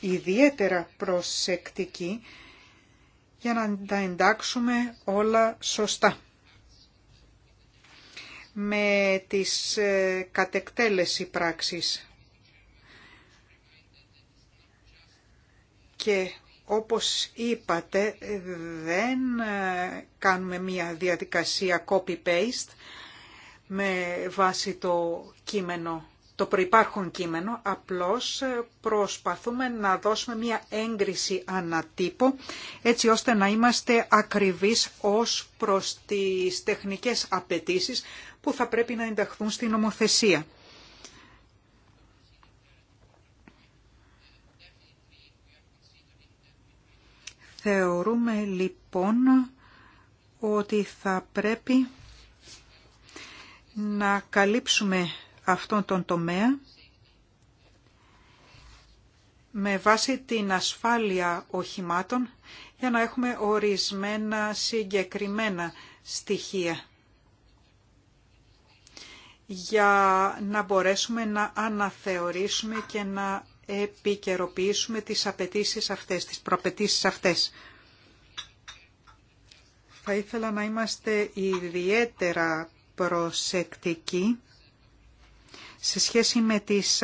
ιδιαίτερα προσεκτικοί για να τα εντάξουμε όλα σωστά με τις ε, κατεκτέλεση πράξεις. Και όπως είπατε δεν ε, κάνουμε μία διαδικασία copy-paste με βάση το κείμενο, το προϋπάρχον κείμενο, απλώς ε, προσπαθούμε να δώσουμε μία έγκριση ανατύπω έτσι ώστε να είμαστε ακριβείς ως προς τις τεχνικές απαιτήσεις που θα πρέπει να ενταχθούν στην νομοθεσία. Θεωρούμε λοιπόν ότι θα πρέπει να καλύψουμε αυτόν τον τομέα με βάση την ασφάλεια οχημάτων για να έχουμε ορισμένα συγκεκριμένα στοιχεία για να μπορέσουμε να αναθεωρήσουμε και να επικαιροποιήσουμε τις απαιτήσει αυτές, τις προπαιτήσει αυτές. Θα ήθελα να είμαστε ιδιαίτερα προσεκτικοί σε σχέση με τις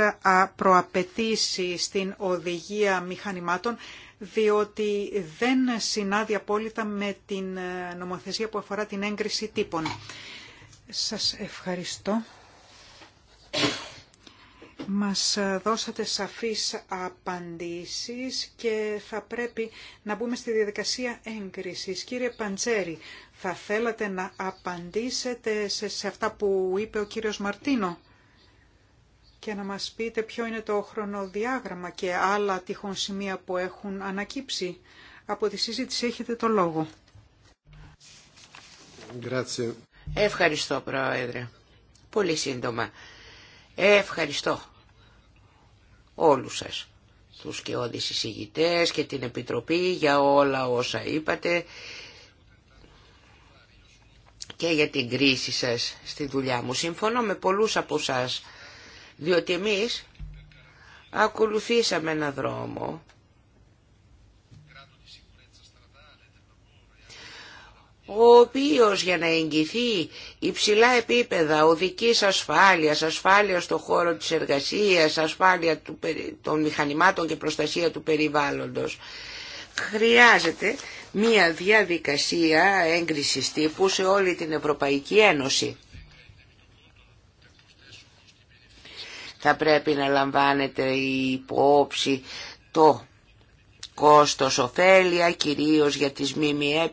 προαπαιτήσει στην οδηγία μηχανημάτων, διότι δεν συνάδει απόλυτα με την ε, νομοθεσία που αφορά την έγκριση τύπων. Σας ευχαριστώ. Μας δώσατε σαφείς απαντήσεις και θα πρέπει να μπούμε στη διαδικασία έγκρισης. Κύριε Παντζέρη, θα θέλατε να απαντήσετε σε, αυτά που είπε ο κύριος Μαρτίνο και να μας πείτε ποιο είναι το χρονοδιάγραμμα και άλλα τυχόν σημεία που έχουν ανακύψει. Από τη συζήτηση έχετε το λόγο. Grazie. Ευχαριστώ, Πρόεδρε. Πολύ σύντομα. Ευχαριστώ όλους σας, τους και όντις εισηγητές και την Επιτροπή για όλα όσα είπατε και για την κρίση σας στη δουλειά μου. Συμφωνώ με πολλούς από σας, διότι εμείς ακολουθήσαμε ένα δρόμο ο οποίος για να εγγυθεί υψηλά επίπεδα οδικής ασφάλειας, ασφάλεια στον χώρο της εργασίας, ασφάλεια των μηχανημάτων και προστασία του περιβάλλοντος, χρειάζεται μία διαδικασία έγκρισης τύπου σε όλη την Ευρωπαϊκή Ένωση. Θα πρέπει να λαμβάνεται η υπόψη το κόστος ωφέλεια, κυρίως για τις ΜΜΕ,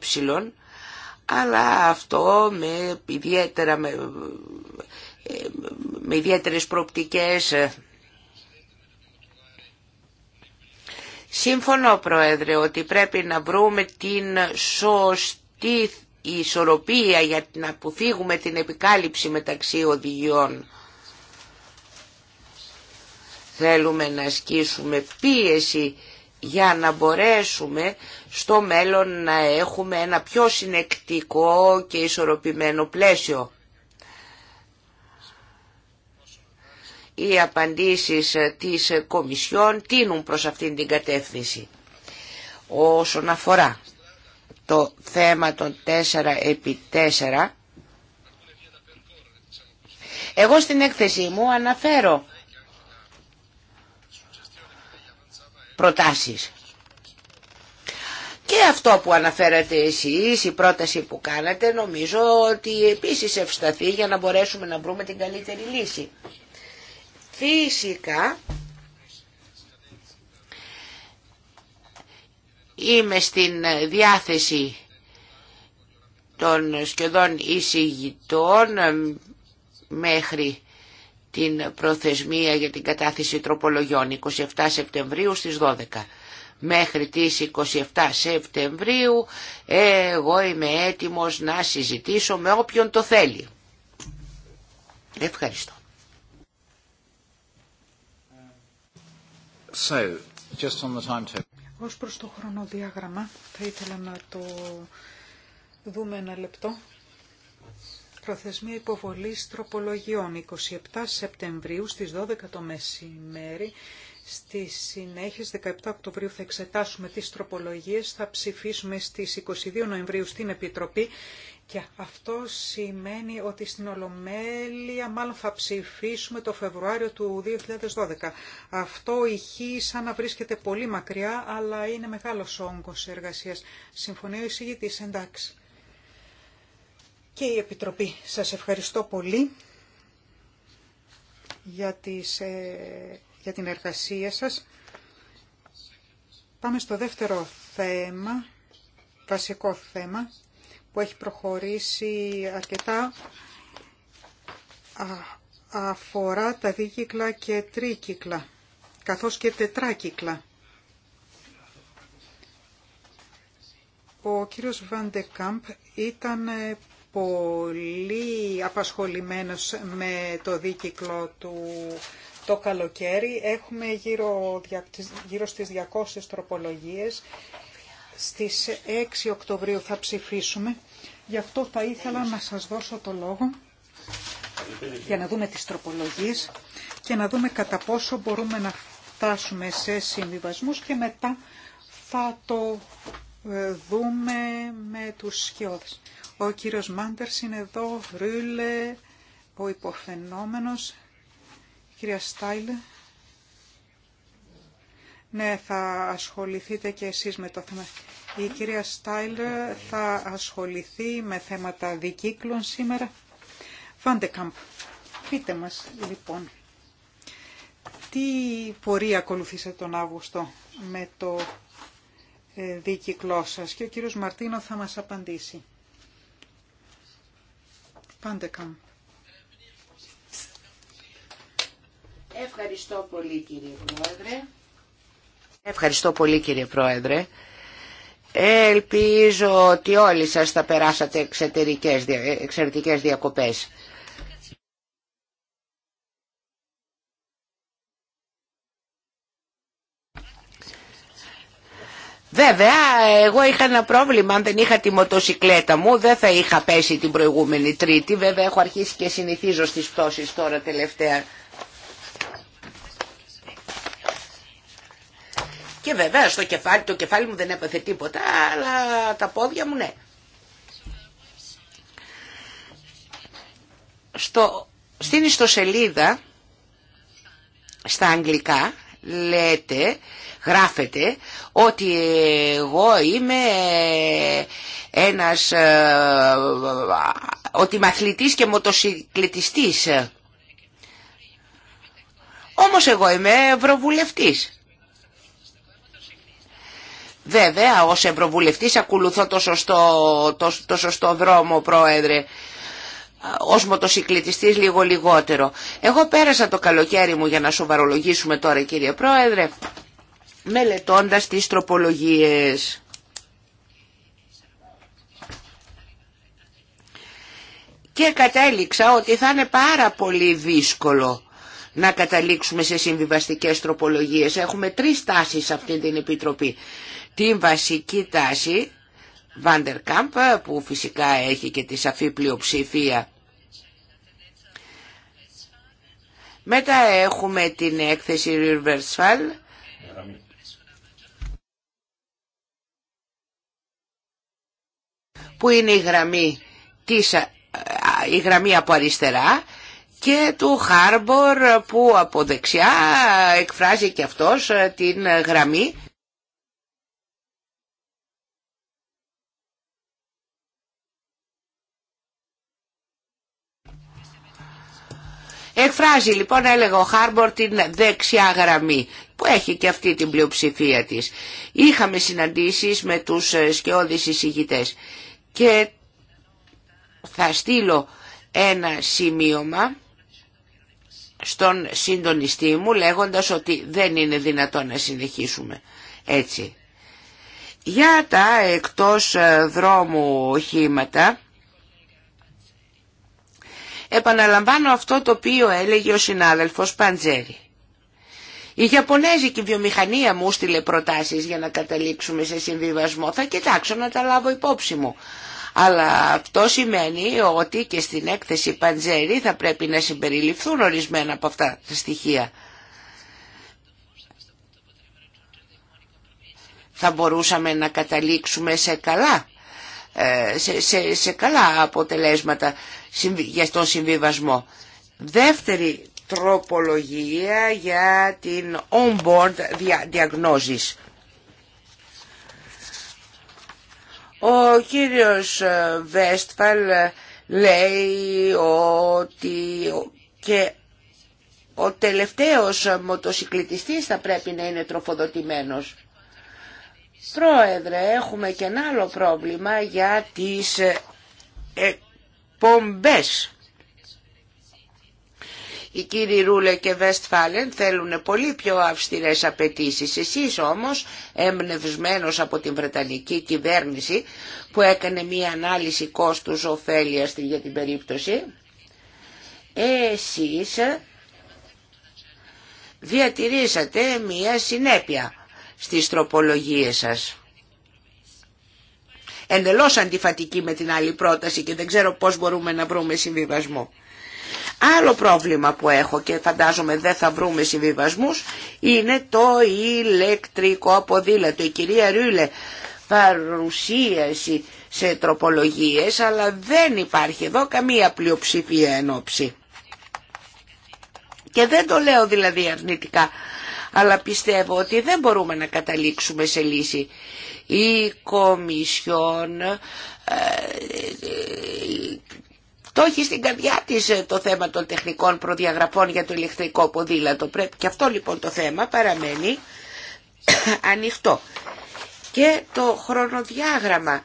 αλλά αυτό με, ιδιαίτερα, με, με ιδιαίτερες προπτικές Σύμφωνο, Πρόεδρε, ότι πρέπει να βρούμε την σωστή ισορροπία για να αποφύγουμε την επικάλυψη μεταξύ οδηγιών. Θέλουμε να ασκήσουμε πίεση για να μπορέσουμε στο μέλλον να έχουμε ένα πιο συνεκτικό και ισορροπημένο πλαίσιο. Οι απαντήσεις της Κομισιόν τίνουν προς αυτήν την κατεύθυνση. Όσον αφορά το θέμα των 4x4, εγώ στην έκθεσή μου αναφέρω προτάσεις. Και αυτό που αναφέρατε εσείς, η πρόταση που κάνατε, νομίζω ότι επίσης ευσταθεί για να μπορέσουμε να βρούμε την καλύτερη λύση. Φυσικά, είμαι στην διάθεση των σχεδόν εισηγητών μέχρι την προθεσμία για την κατάθεση τροπολογιών 27 Σεπτεμβρίου στις 12. Μέχρι τις 27 Σεπτεμβρίου εγώ είμαι έτοιμος να συζητήσω με όποιον το θέλει. Ευχαριστώ. So, just on the time Ως προς το χρονοδιάγραμμα θα ήθελα να το δούμε ένα λεπτό προθεσμία υποβολής τροπολογιών 27 Σεπτεμβρίου στις 12 το μεσημέρι. Στη συνέχεια, 17 Οκτωβρίου θα εξετάσουμε τις τροπολογίες, θα ψηφίσουμε στις 22 Νοεμβρίου στην Επιτροπή και αυτό σημαίνει ότι στην Ολομέλεια μάλλον θα ψηφίσουμε το Φεβρουάριο του 2012. Αυτό ηχεί σαν να βρίσκεται πολύ μακριά, αλλά είναι μεγάλος όγκος εργασίας. Συμφωνεί ο εισηγητής, εντάξει και η Επιτροπή. Σας ευχαριστώ πολύ για, ε, για την εργασία σας. Πάμε στο δεύτερο θέμα, βασικό θέμα, που έχει προχωρήσει αρκετά αφορά τα δίκυκλα και τρίκυκλα, καθώς και τετράκυκλα. Ο κύριος Βαντεκάμπ ήταν πολύ απασχολημένος με το δίκυκλο του το καλοκαίρι. Έχουμε γύρω, γύρω στις 200 τροπολογίες. Στις 6 Οκτωβρίου θα ψηφίσουμε. Γι' αυτό θα ήθελα να σας δώσω το λόγο για να δούμε τις τροπολογίες και να δούμε κατά πόσο μπορούμε να φτάσουμε σε συμβιβασμούς και μετά θα το ε, δούμε με τους σκιώδες. Ο κύριος Μάντερς είναι εδώ, Ρούλε, ο υποφαινόμενος, η κυρία Στάιλε. Ναι, θα ασχοληθείτε και εσείς με το θέμα. Η κυρία Στάιλε θα ασχοληθεί με θέματα δικύκλων σήμερα. Βάντεκαμπ, πείτε μας λοιπόν, τι πορεία ακολουθήσατε τον Αύγουστο με το ε, δίκη και ο κύριος Μαρτίνο θα μας απαντήσει. Πάντε καν. Ευχαριστώ πολύ κύριε Πρόεδρε. Ευχαριστώ πολύ κύριε Πρόεδρε. Ελπίζω ότι όλοι σας θα περάσατε εξαιρετικές διακοπές. Βέβαια, εγώ είχα ένα πρόβλημα, αν δεν είχα τη μοτοσυκλέτα μου, δεν θα είχα πέσει την προηγούμενη τρίτη. Βέβαια, έχω αρχίσει και συνηθίζω στις πτώσεις τώρα τελευταία. Και βέβαια, στο κεφάλι, το κεφάλι μου δεν έπαθε τίποτα, αλλά τα πόδια μου ναι. Στο, στην ιστοσελίδα, στα αγγλικά, λέτε, γράφετε ότι εγώ είμαι ένας, ε, ότι και μοτοσυκλετιστής. Όμως εγώ είμαι ευρωβουλευτής. Βέβαια, ως ευρωβουλευτής ακολουθώ το σωστό, το, το σωστό δρόμο, πρόεδρε ως μοτοσυκλητιστής λίγο λιγότερο. Εγώ πέρασα το καλοκαίρι μου για να σοβαρολογήσουμε τώρα κύριε Πρόεδρε, μελετώντας τις τροπολογίες. Και κατέληξα ότι θα είναι πάρα πολύ δύσκολο να καταλήξουμε σε συμβιβαστικές τροπολογίες. Έχουμε τρεις τάσεις σε αυτή την Επιτροπή. Την βασική τάση Βάντερ που φυσικά έχει και τη σαφή πλειοψηφία. Μετά έχουμε την έκθεση Ριουρβερσφάλ. που είναι η γραμμή, της, ε, η γραμμή από αριστερά και του Χάρμπορ που από δεξιά εκφράζει και αυτός ε, την γραμμή Εκφράζει λοιπόν έλεγα ο Χάρμπορ την δεξιά γραμμή που έχει και αυτή την πλειοψηφία της. Είχαμε συναντήσεις με τους ε, σκιώδεις εισηγητές και θα στείλω ένα σημείωμα στον συντονιστή μου λέγοντας ότι δεν είναι δυνατόν να συνεχίσουμε έτσι. Για τα εκτός ε, δρόμου οχήματα Επαναλαμβάνω αυτό το οποίο έλεγε ο συνάδελφος Παντζέρη. Η Ιαπωνέζικη βιομηχανία μου στείλε προτάσεις για να καταλήξουμε σε συμβιβασμό. Θα κοιτάξω να τα λάβω υπόψη μου. Αλλά αυτό σημαίνει ότι και στην έκθεση Παντζέρη θα πρέπει να συμπεριληφθούν ορισμένα από αυτά τα στοιχεία. Θα μπορούσαμε να καταλήξουμε σε καλά ε, σε, καλά αποτελέσματα για τον συμβιβασμό. Δεύτερη τροπολογία για την on-board διαγνώσεις. Ο κύριος Βέστφαλ ε, ε, λέει ότι και ο τελευταίος μοτοσυκλητιστής θα πρέπει να είναι τροφοδοτημένος. Πρόεδρε, έχουμε και ένα άλλο πρόβλημα για τις ε, εκπομπές. Οι κύριοι Ρούλε και Βεστφάλεν θέλουν πολύ πιο αυστηρές απαιτήσεις. Εσείς όμως, εμπνευσμένος από την Βρετανική κυβέρνηση που έκανε μία ανάλυση κόστους ωφέλειας για την περίπτωση, εσείς ε, διατηρήσατε μία συνέπεια στις τροπολογίες σας. Εντελώς αντιφατική με την άλλη πρόταση και δεν ξέρω πώς μπορούμε να βρούμε συμβιβασμό. Άλλο πρόβλημα που έχω και φαντάζομαι δεν θα βρούμε συμβιβασμούς είναι το ηλεκτρικό αποδήλατο. Η κυρία Ρούλε παρουσίαση σε τροπολογίες αλλά δεν υπάρχει εδώ καμία πλειοψηφία ενόψη. Και δεν το λέω δηλαδή αρνητικά αλλά πιστεύω ότι δεν μπορούμε να καταλήξουμε σε λύση. Η Κομισιόν ε, ε, το έχει στην καρδιά της ε, το θέμα των τεχνικών προδιαγραφών για το ηλεκτρικό ποδήλατο. Πρέπει και αυτό λοιπόν το θέμα παραμένει ανοιχτό. Και το χρονοδιάγραμμα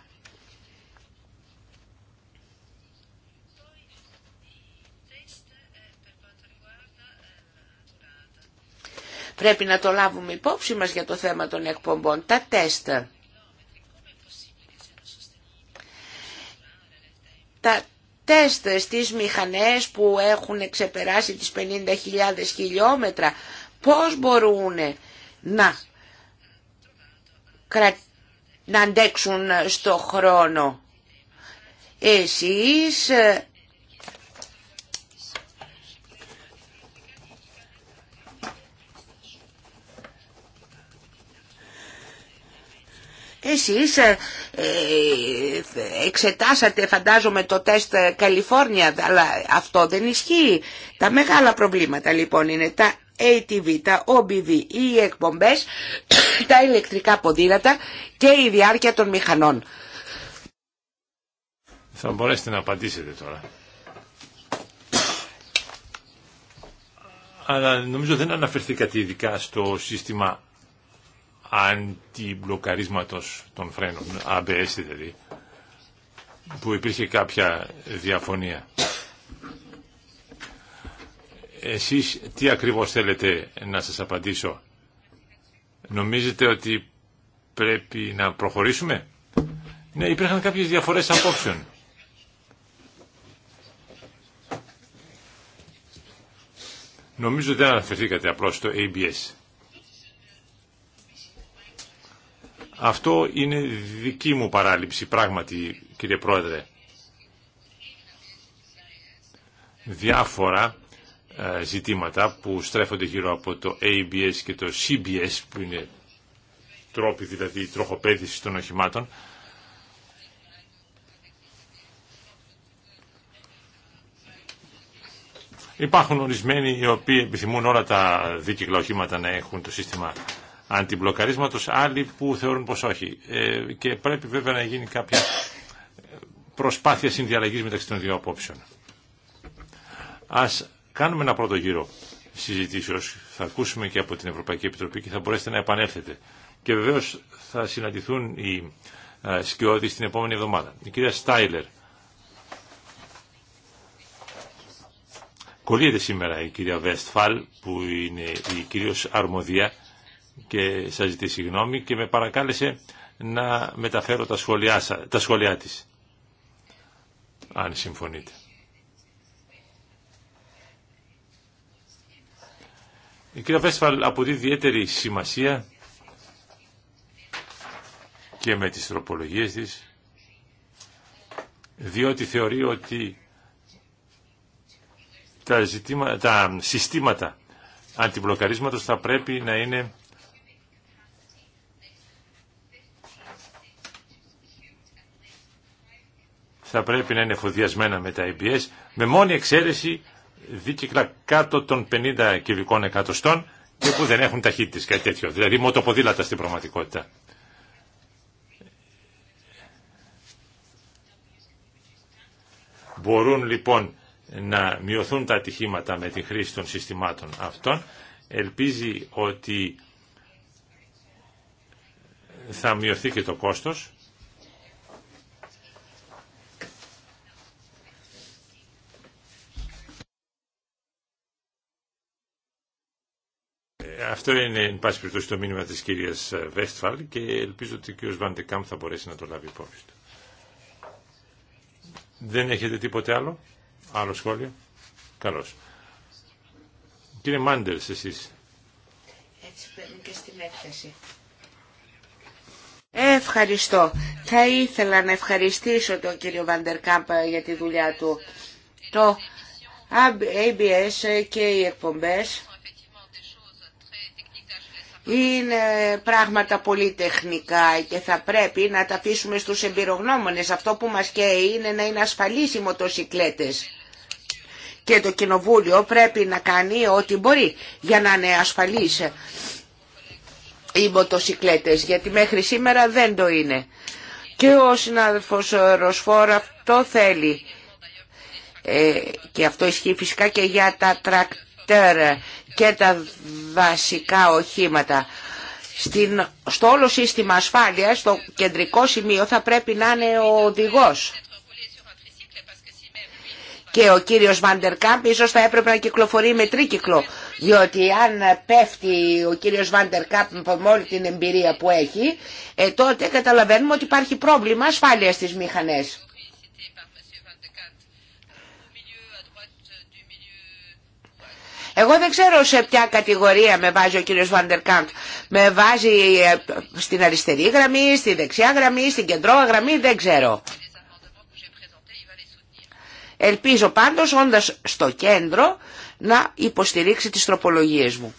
Πρέπει να το λάβουμε υπόψη μας για το θέμα των εκπομπών. Τα τεστ. Τα τεστ στις μηχανές που έχουν ξεπεράσει τις 50.000 χιλιόμετρα, πώς μπορούν να, να αντέξουν στο χρόνο. Εσείς ε, Εσείς ε, ε, εξετάσατε φαντάζομαι το τεστ ε, Καλιφόρνια, αλλά αυτό δεν ισχύει. Τα μεγάλα προβλήματα λοιπόν είναι τα ATV, τα OBV, οι εκπομπές, τα ηλεκτρικά ποδήλατα και η διάρκεια των μηχανών. Θα μπορέσετε να απαντήσετε τώρα. Αλλά νομίζω δεν αναφερθήκατε ειδικά στο σύστημα αντιμπλοκαρίσματος των φρένων, ABS δηλαδή, που υπήρχε κάποια διαφωνία. Εσείς τι ακριβώς θέλετε να σας απαντήσω. Νομίζετε ότι πρέπει να προχωρήσουμε. Ναι, υπήρχαν κάποιες διαφορές απόψεων. Νομίζω δεν αναφερθήκατε απλώς στο ABS. Αυτό είναι δική μου παράληψη, πράγματι, κύριε Πρόεδρε. Διάφορα ε, ζητήματα που στρέφονται γύρω από το ABS και το CBS, που είναι τρόποι δηλαδή τροχοπέδησης των οχημάτων, Υπάρχουν ορισμένοι οι οποίοι επιθυμούν όλα τα δίκυκλα οχήματα να έχουν το σύστημα αντιμπλοκαρίσματος, άλλοι που θεωρούν πως όχι. Ε, και πρέπει βέβαια να γίνει κάποια προσπάθεια συνδιαλλαγής μεταξύ των δύο απόψεων. Ας κάνουμε ένα πρώτο γύρο συζητήσεως. Θα ακούσουμε και από την Ευρωπαϊκή Επιτροπή και θα μπορέσετε να επανέλθετε. Και βεβαίως θα συναντηθούν οι ε, σκιώδεις την επόμενη εβδομάδα. Η κυρία Στάιλερ. Κολλείται σήμερα η κυρία Βέστφαλ που είναι η κυρίως αρμοδία και σας ζητήσει συγγνώμη και με παρακάλεσε να μεταφέρω τα σχόλιά, τα σχόλιά της, αν συμφωνείτε. Η κυρία Βέσφαλ αποδίδει ιδιαίτερη σημασία και με τις τροπολογίες της, διότι θεωρεί ότι τα, συστήματα αντιμπλοκαρίσματος θα πρέπει να είναι θα πρέπει να είναι εφοδιασμένα με τα EBS με μόνη εξαίρεση δίκυκλα κάτω των 50 κυβικών εκατοστών και που δεν έχουν ταχύτητες κάτι τέτοιο. Δηλαδή μοτοποδήλατα στην πραγματικότητα. Μπορούν λοιπόν να μειωθούν τα ατυχήματα με τη χρήση των συστημάτων αυτών. Ελπίζει ότι θα μειωθεί και το κόστος Αυτό είναι, εν πάση περιπτώσει, το μήνυμα της κυρίας Βέστφαλ και ελπίζω ότι ο κύριος Βαντεκάμ θα μπορέσει να το λάβει υπόψη του. Δεν έχετε τίποτε άλλο, άλλο σχόλιο. Καλώς. Κύριε Μάντερς, εσείς. Έτσι παίρνει και στην έκθεση. Ευχαριστώ. Θα ήθελα να ευχαριστήσω τον κύριο Βαντερκάμπ για τη δουλειά του. Το ABS και οι εκπομπές είναι πράγματα πολύ τεχνικά και θα πρέπει να τα αφήσουμε στους εμπειρογνώμονες. Αυτό που μας καίει είναι να είναι ασφαλείς οι μοτοσυκλέτες. Και το κοινοβούλιο πρέπει να κάνει ό,τι μπορεί για να είναι ασφαλείς οι μοτοσυκλέτες, γιατί μέχρι σήμερα δεν το είναι. Και ο συνάδελφος Ροσφόρ αυτό θέλει. Ε, και αυτό ισχύει φυσικά και για τα τρακτέρ και τα βασικά οχήματα. Στην, στο όλο σύστημα ασφάλειας, στο κεντρικό σημείο θα πρέπει να είναι ο οδηγός. Και ο κύριος Βαντερκάμπ ίσως θα έπρεπε να κυκλοφορεί με τρίκυκλο, διότι αν πέφτει ο κύριος Βαντερκάμπ με όλη την εμπειρία που έχει, ε, τότε καταλαβαίνουμε ότι υπάρχει πρόβλημα ασφάλειας στις μηχανές. Εγώ δεν ξέρω σε ποια κατηγορία με βάζει ο κύριος Βάντερ Κάμπ. Με βάζει ε, στην αριστερή γραμμή, στη δεξιά γραμμή, στην κεντρό γραμμή, δεν ξέρω. Ελπίζω πάντως όντας στο κέντρο να υποστηρίξει τις τροπολογίες μου.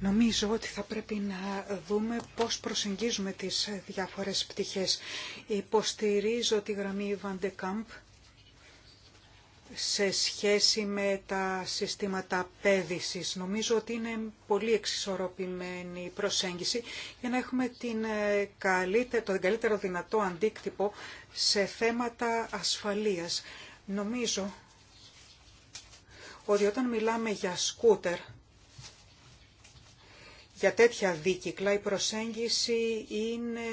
Νομίζω ότι θα πρέπει να δούμε πώς προσεγγίζουμε τις διάφορες πτυχές. Υποστηρίζω τη γραμμή Van σε σχέση με τα συστήματα πέδησης. Νομίζω ότι είναι πολύ εξισορροπημένη η προσέγγιση για να έχουμε την ε, τον καλύτερο δυνατό αντίκτυπο σε θέματα ασφαλείας. Νομίζω ότι όταν μιλάμε για σκούτερ, για τέτοια δίκυκλα, η προσέγγιση είναι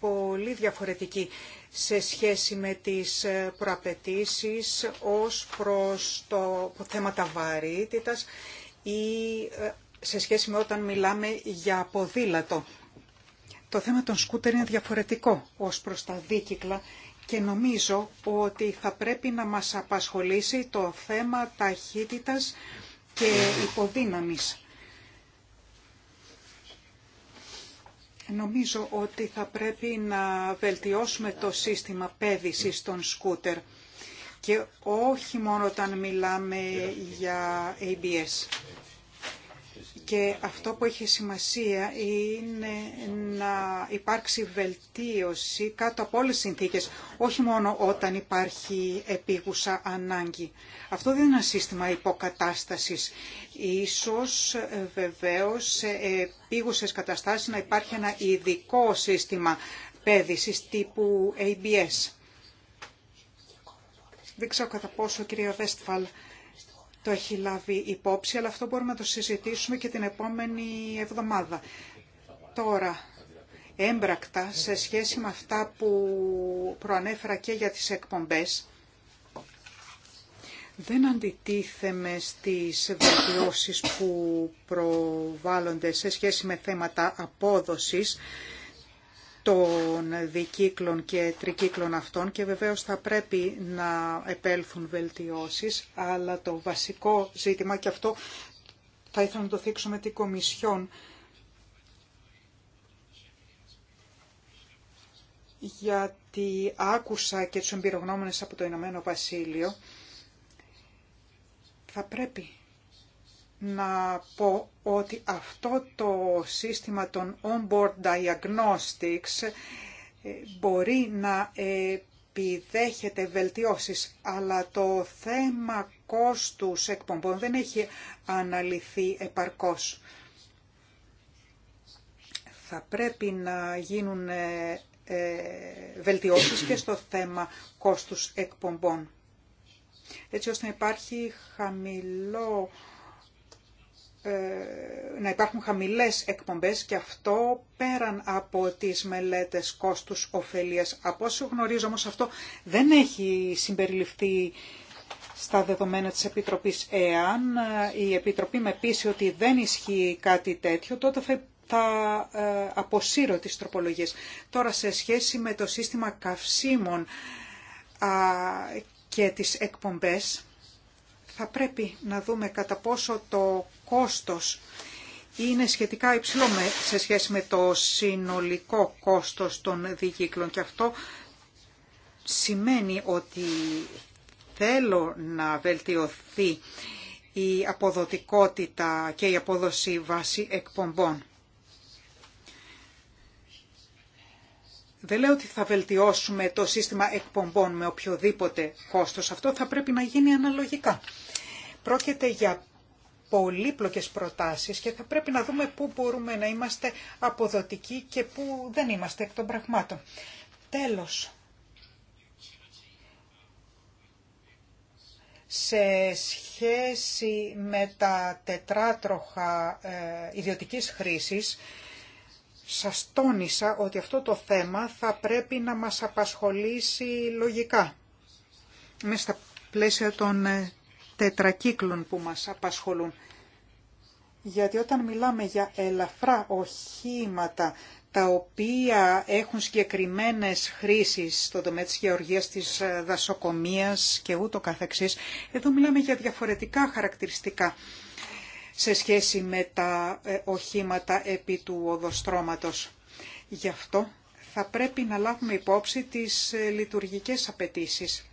πολύ διαφορετική σε σχέση με τις ε, προαπαιτήσεις ως προς το θέματα βαρύτητας ή ε, σε σχέση με όταν μιλάμε για ποδήλατο. Το θέμα των σκούτερ είναι διαφορετικό ως προς τα δίκυκλα και νομίζω ότι θα πρέπει να μας απασχολήσει το θέμα ταχύτητας και υποδύναμης. Νομίζω ότι θα πρέπει να βελτιώσουμε το σύστημα πέδησης των σκούτερ και όχι μόνο όταν μιλάμε για ABS και αυτό που έχει σημασία είναι να υπάρξει βελτίωση κάτω από όλες τις συνθήκες, όχι μόνο όταν υπάρχει επίγουσα ανάγκη. Αυτό δεν είναι ένα σύστημα υποκατάστασης. Ίσως βεβαίως σε επίγουσες καταστάσεις να υπάρχει ένα ειδικό σύστημα πέδησης τύπου ABS. Δεν ξέρω κατά πόσο, κυρία Βέστφαλ, το έχει λάβει υπόψη, αλλά αυτό μπορούμε να το συζητήσουμε και την επόμενη εβδομάδα. Τώρα, έμπρακτα, σε σχέση με αυτά που προανέφερα και για τις εκπομπές, δεν αντιτίθεμαι στις βελτιώσεις που προβάλλονται σε σχέση με θέματα απόδοσης των δικύκλων και τρικύκλων αυτών και βεβαίως θα πρέπει να επέλθουν βελτιώσεις, αλλά το βασικό ζήτημα και αυτό θα ήθελα να το θίξω με την Κομισιόν γιατί άκουσα και τους εμπειρογνώμονες από το Ηνωμένο Βασίλειο θα πρέπει να πω ότι αυτό το σύστημα των Onboard diagnostics ε, μπορεί να επιδέχεται βελτιώσεις, αλλά το θέμα κόστους εκπομπών δεν έχει αναλυθεί επαρκώς. Θα πρέπει να γίνουν ε, ε, βελτιώσεις και στο θέμα κόστους εκπομπών, έτσι ώστε να υπάρχει χαμηλό ε, να υπάρχουν χαμηλές εκπομπές και αυτό πέραν από τις μελέτες κόστους ωφελίας. Από όσο γνωρίζω όμως αυτό δεν έχει συμπεριληφθεί στα δεδομένα της Επιτροπής. Εάν ε, η Επιτροπή με πείσει ότι δεν ισχύει κάτι τέτοιο, τότε θα, ε, αποσύρω τις τροπολογίες. Τώρα σε σχέση με το σύστημα καυσίμων και τις εκπομπές, θα πρέπει να δούμε κατά πόσο το κόστος είναι σχετικά υψηλό σε σχέση με το συνολικό κόστος των δίκυκλων και αυτό σημαίνει ότι θέλω να βελτιωθεί η αποδοτικότητα και η απόδοση βάση εκπομπών. Δεν λέω ότι θα βελτιώσουμε το σύστημα εκπομπών με οποιοδήποτε κόστος. Αυτό θα πρέπει να γίνει αναλογικά. Πρόκειται για πολύπλοκες προτάσεις και θα πρέπει να δούμε πού μπορούμε να είμαστε αποδοτικοί και πού δεν είμαστε εκ των πραγμάτων. Τέλος, σε σχέση με τα τετράτροχα ε, ιδιωτικής χρήσης, σας τόνισα ότι αυτό το θέμα θα πρέπει να μας απασχολήσει λογικά, μέσα στα πλαίσια των ε, τετρακύκλων που μας απασχολούν. Γιατί όταν μιλάμε για ελαφρά οχήματα τα οποία έχουν συγκεκριμένες χρήσεις στον τομέα της γεωργίας, της ε, δασοκομείας και ούτω καθεξής, εδώ μιλάμε για διαφορετικά χαρακτηριστικά σε σχέση με τα ε, οχήματα επί του οδοστρώματος. Γι' αυτό θα πρέπει να λάβουμε υπόψη τις ε, λειτουργικές απαιτήσεις.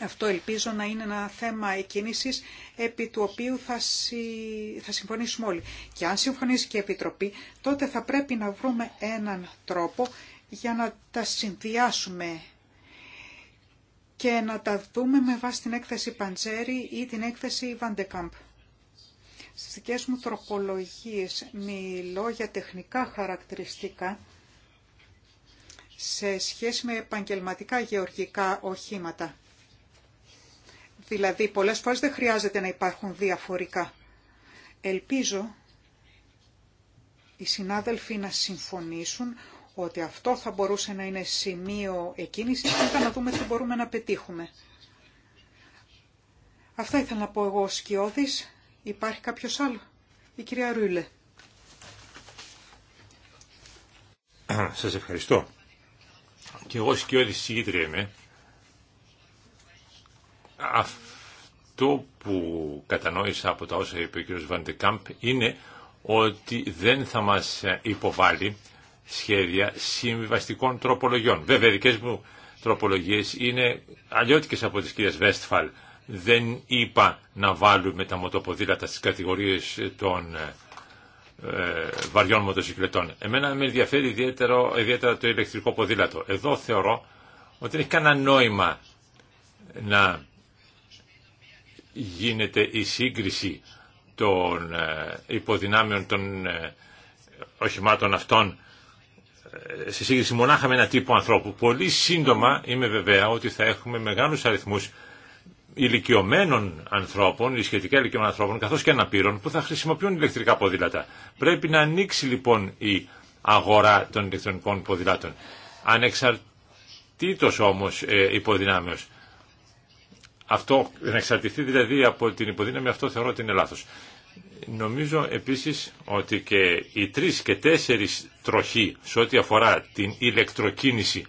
Αυτό ελπίζω να είναι ένα θέμα εκκίνησης επί του οποίου θα, συμφωνήσουμε όλοι. Και αν συμφωνήσει και η Επιτροπή, τότε θα πρέπει να βρούμε έναν τρόπο για να τα συνδυάσουμε και να τα δούμε με βάση την έκθεση Παντζέρη ή την έκθεση Βαντεκάμπ. Στις δικές μου τροπολογίες μιλώ για τεχνικά χαρακτηριστικά σε σχέση με επαγγελματικά γεωργικά οχήματα. Δηλαδή πολλές φορές δεν χρειάζεται να υπάρχουν διαφορικά. Ελπίζω οι συνάδελφοι να συμφωνήσουν ότι αυτό θα μπορούσε να είναι σημείο εκκίνησης και να δούμε τι μπορούμε να πετύχουμε. Αυτά ήθελα να πω εγώ ο Σκιώδης. Υπάρχει κάποιος άλλο. Η κυρία Ρούλε. Σας ευχαριστώ. Και εγώ Σκιώδης συγκεκριμένα. Αυτό που κατανόησα από τα όσα είπε ο κ. Βαντεκάμπ είναι ότι δεν θα μας υποβάλει σχέδια συμβιβαστικών τροπολογιών. Βέβαια, δικές μου τροπολογίες είναι αλλιώτικες από τις κυρίες Βέστφαλ. Δεν είπα να βάλουμε τα μοτοποδήλατα στις κατηγορίες των ε, βαριών μοτοσυκλετών. Εμένα με ενδιαφέρει ιδιαίτερο, ιδιαίτερα το ηλεκτρικό ποδήλατο. Εδώ θεωρώ ότι δεν έχει νόημα να γίνεται η σύγκριση των ε, υποδυνάμεων των ε, οχημάτων αυτών ε, σε σύγκριση μονάχα με ένα τύπο ανθρώπου. Πολύ σύντομα είμαι βεβαία ότι θα έχουμε μεγάλους αριθμούς ηλικιωμένων ανθρώπων, ή σχετικά ηλικιωμένων ανθρώπων, καθώς και αναπήρων, που θα χρησιμοποιούν ηλεκτρικά ποδήλατα. Πρέπει να ανοίξει λοιπόν η αγορά των ηλεκτρονικών ποδηλάτων. Ανεξαρτήτως όμως ε, υποδυνάμεως. Αυτό να εξαρτηθεί δηλαδή από την υποδύναμη αυτό θεωρώ ότι είναι λάθος. Νομίζω επίσης ότι και οι τρεις και τέσσερις τροχοί σε ό,τι αφορά την ηλεκτροκίνηση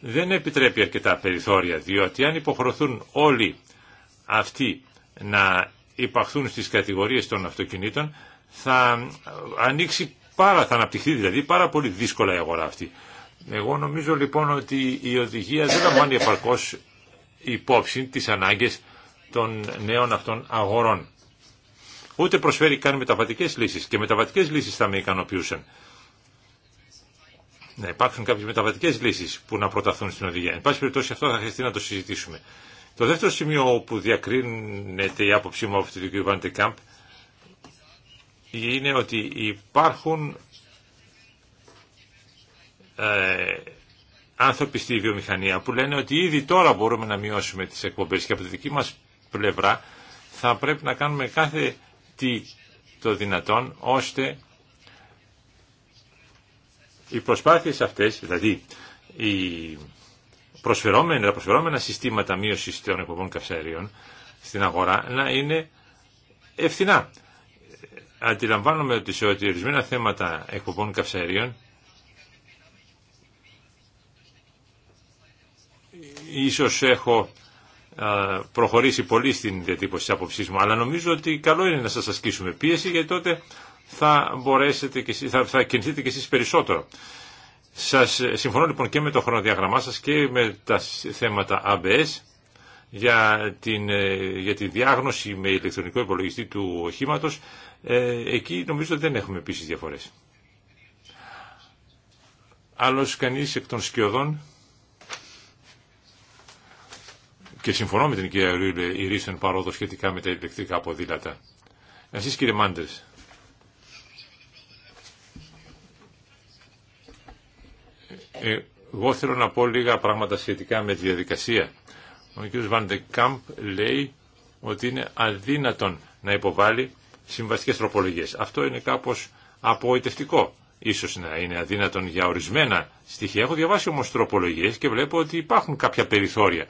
δεν επιτρέπει αρκετά περιθώρια διότι αν υποχρεωθούν όλοι αυτοί να υπαχθούν στις κατηγορίες των αυτοκινήτων θα ανοίξει πάρα, θα αναπτυχθεί δηλαδή πάρα πολύ δύσκολα η αγορά αυτή. Εγώ νομίζω λοιπόν ότι η οδηγία δεν λαμβάνει επαρκώς υπόψη τις ανάγκες των νέων αυτών αγορών. Ούτε προσφέρει καν μεταβατικές λύσεις και μεταβατικές λύσεις θα με ικανοποιούσαν. Να υπάρχουν κάποιες μεταβατικές λύσεις που να προταθούν στην οδηγία. Εν πάση περιπτώσει αυτό θα χρειαστεί να το συζητήσουμε. Το δεύτερο σημείο που διακρίνεται η άποψή μου από το κ. Βαντεκάμπ είναι ότι υπάρχουν ε, άνθρωποι στη βιομηχανία που λένε ότι ήδη τώρα μπορούμε να μειώσουμε τις εκπομπές και από τη δική μας πλευρά θα πρέπει να κάνουμε κάθε τι το δυνατόν ώστε οι προσπάθειες αυτές, δηλαδή οι προσφερόμενα, τα προσφερόμενα συστήματα μείωσης των εκπομπών καυσαερίων στην αγορά να είναι ευθυνά. Αντιλαμβάνομαι ότι σε ορισμένα θέματα εκπομπών καυσαερίων Ίσως έχω προχωρήσει πολύ στην διατύπωση της άποψής μου, αλλά νομίζω ότι καλό είναι να σας ασκήσουμε πίεση, γιατί τότε θα, μπορέσετε και θα, θα κινηθείτε και εσείς περισσότερο. Σας ε, συμφωνώ λοιπόν και με το χρονοδιαγραμμά σας και με τα θέματα ABS για, την, ε, για τη διάγνωση με ηλεκτρονικό υπολογιστή του οχήματος. Ε, εκεί νομίζω ότι δεν έχουμε επίσης διαφορές. Άλλος κανείς εκ των σκιωδών. Και συμφωνώ με την κυρία Ρίλε Ρίσεν Παρόδο σχετικά με τα ηλεκτρικά ποδήλατα. Εσείς κύριε Μάντες. Ε, εγώ θέλω να πω λίγα πράγματα σχετικά με τη διαδικασία. Ο κ. Βαντεκάμπ λέει ότι είναι αδύνατον να υποβάλει συμβαστικέ τροπολογίε. Αυτό είναι κάπως απογοητευτικό. Ίσως να είναι αδύνατον για ορισμένα στοιχεία. Έχω διαβάσει όμω τροπολογίε και βλέπω ότι υπάρχουν κάποια περιθώρια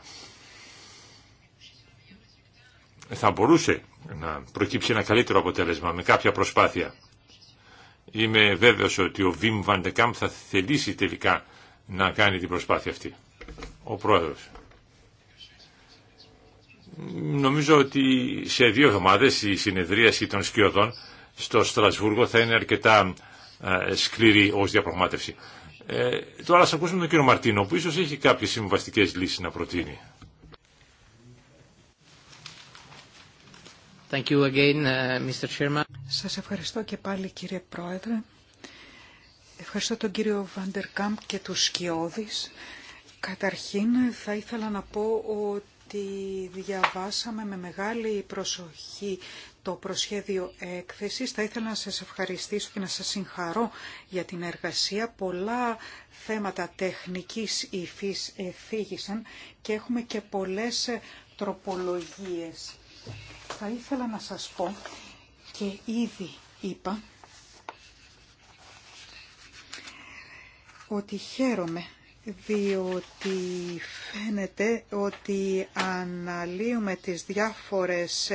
θα μπορούσε να προκύψει ένα καλύτερο αποτέλεσμα με κάποια προσπάθεια. Είμαι βέβαιος ότι ο Βίμ Βαντεκάμ θα θελήσει τελικά να κάνει την προσπάθεια αυτή. Ο πρόεδρος. Νομίζω ότι σε δύο εβδομάδες η συνεδρίαση των σκιωδών στο Στρασβούργο θα είναι αρκετά ε, σκληρή ως διαπραγμάτευση. Ε, τώρα ας ακούσουμε τον κύριο Μαρτίνο που ίσως έχει κάποιες συμβαστικές λύσεις να προτείνει. Uh, σας ευχαριστώ και πάλι κύριε Πρόεδρε. Ευχαριστώ τον κύριο Βάντερ και τους Σκιώδης. Καταρχήν θα ήθελα να πω ότι διαβάσαμε με μεγάλη προσοχή το προσχέδιο έκθεσης. Θα ήθελα να σας ευχαριστήσω και να σας συγχαρώ για την εργασία. Πολλά θέματα τεχνικής υφής εφήγησαν και έχουμε και πολλές τροπολογίες. Θα ήθελα να σας πω και ήδη είπα ότι χαίρομαι διότι φαίνεται ότι αναλύουμε τις διάφορες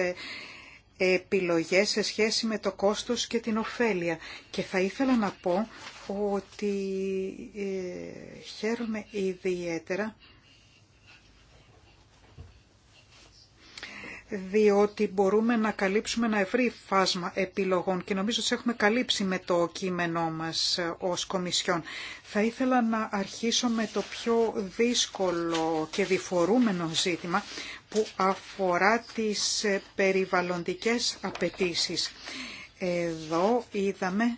επιλογές σε σχέση με το κόστος και την ωφέλεια. Και θα ήθελα να πω ότι ε, χαίρομαι ιδιαίτερα διότι μπορούμε να καλύψουμε ένα ευρύ φάσμα επιλογών και νομίζω ότι έχουμε καλύψει με το κείμενό μας ε, ως Κομισιόν. Θα ήθελα να αρχίσω με το πιο δύσκολο και διφορούμενο ζήτημα που αφορά τις ε, περιβαλλοντικές απαιτήσεις. Εδώ είδαμε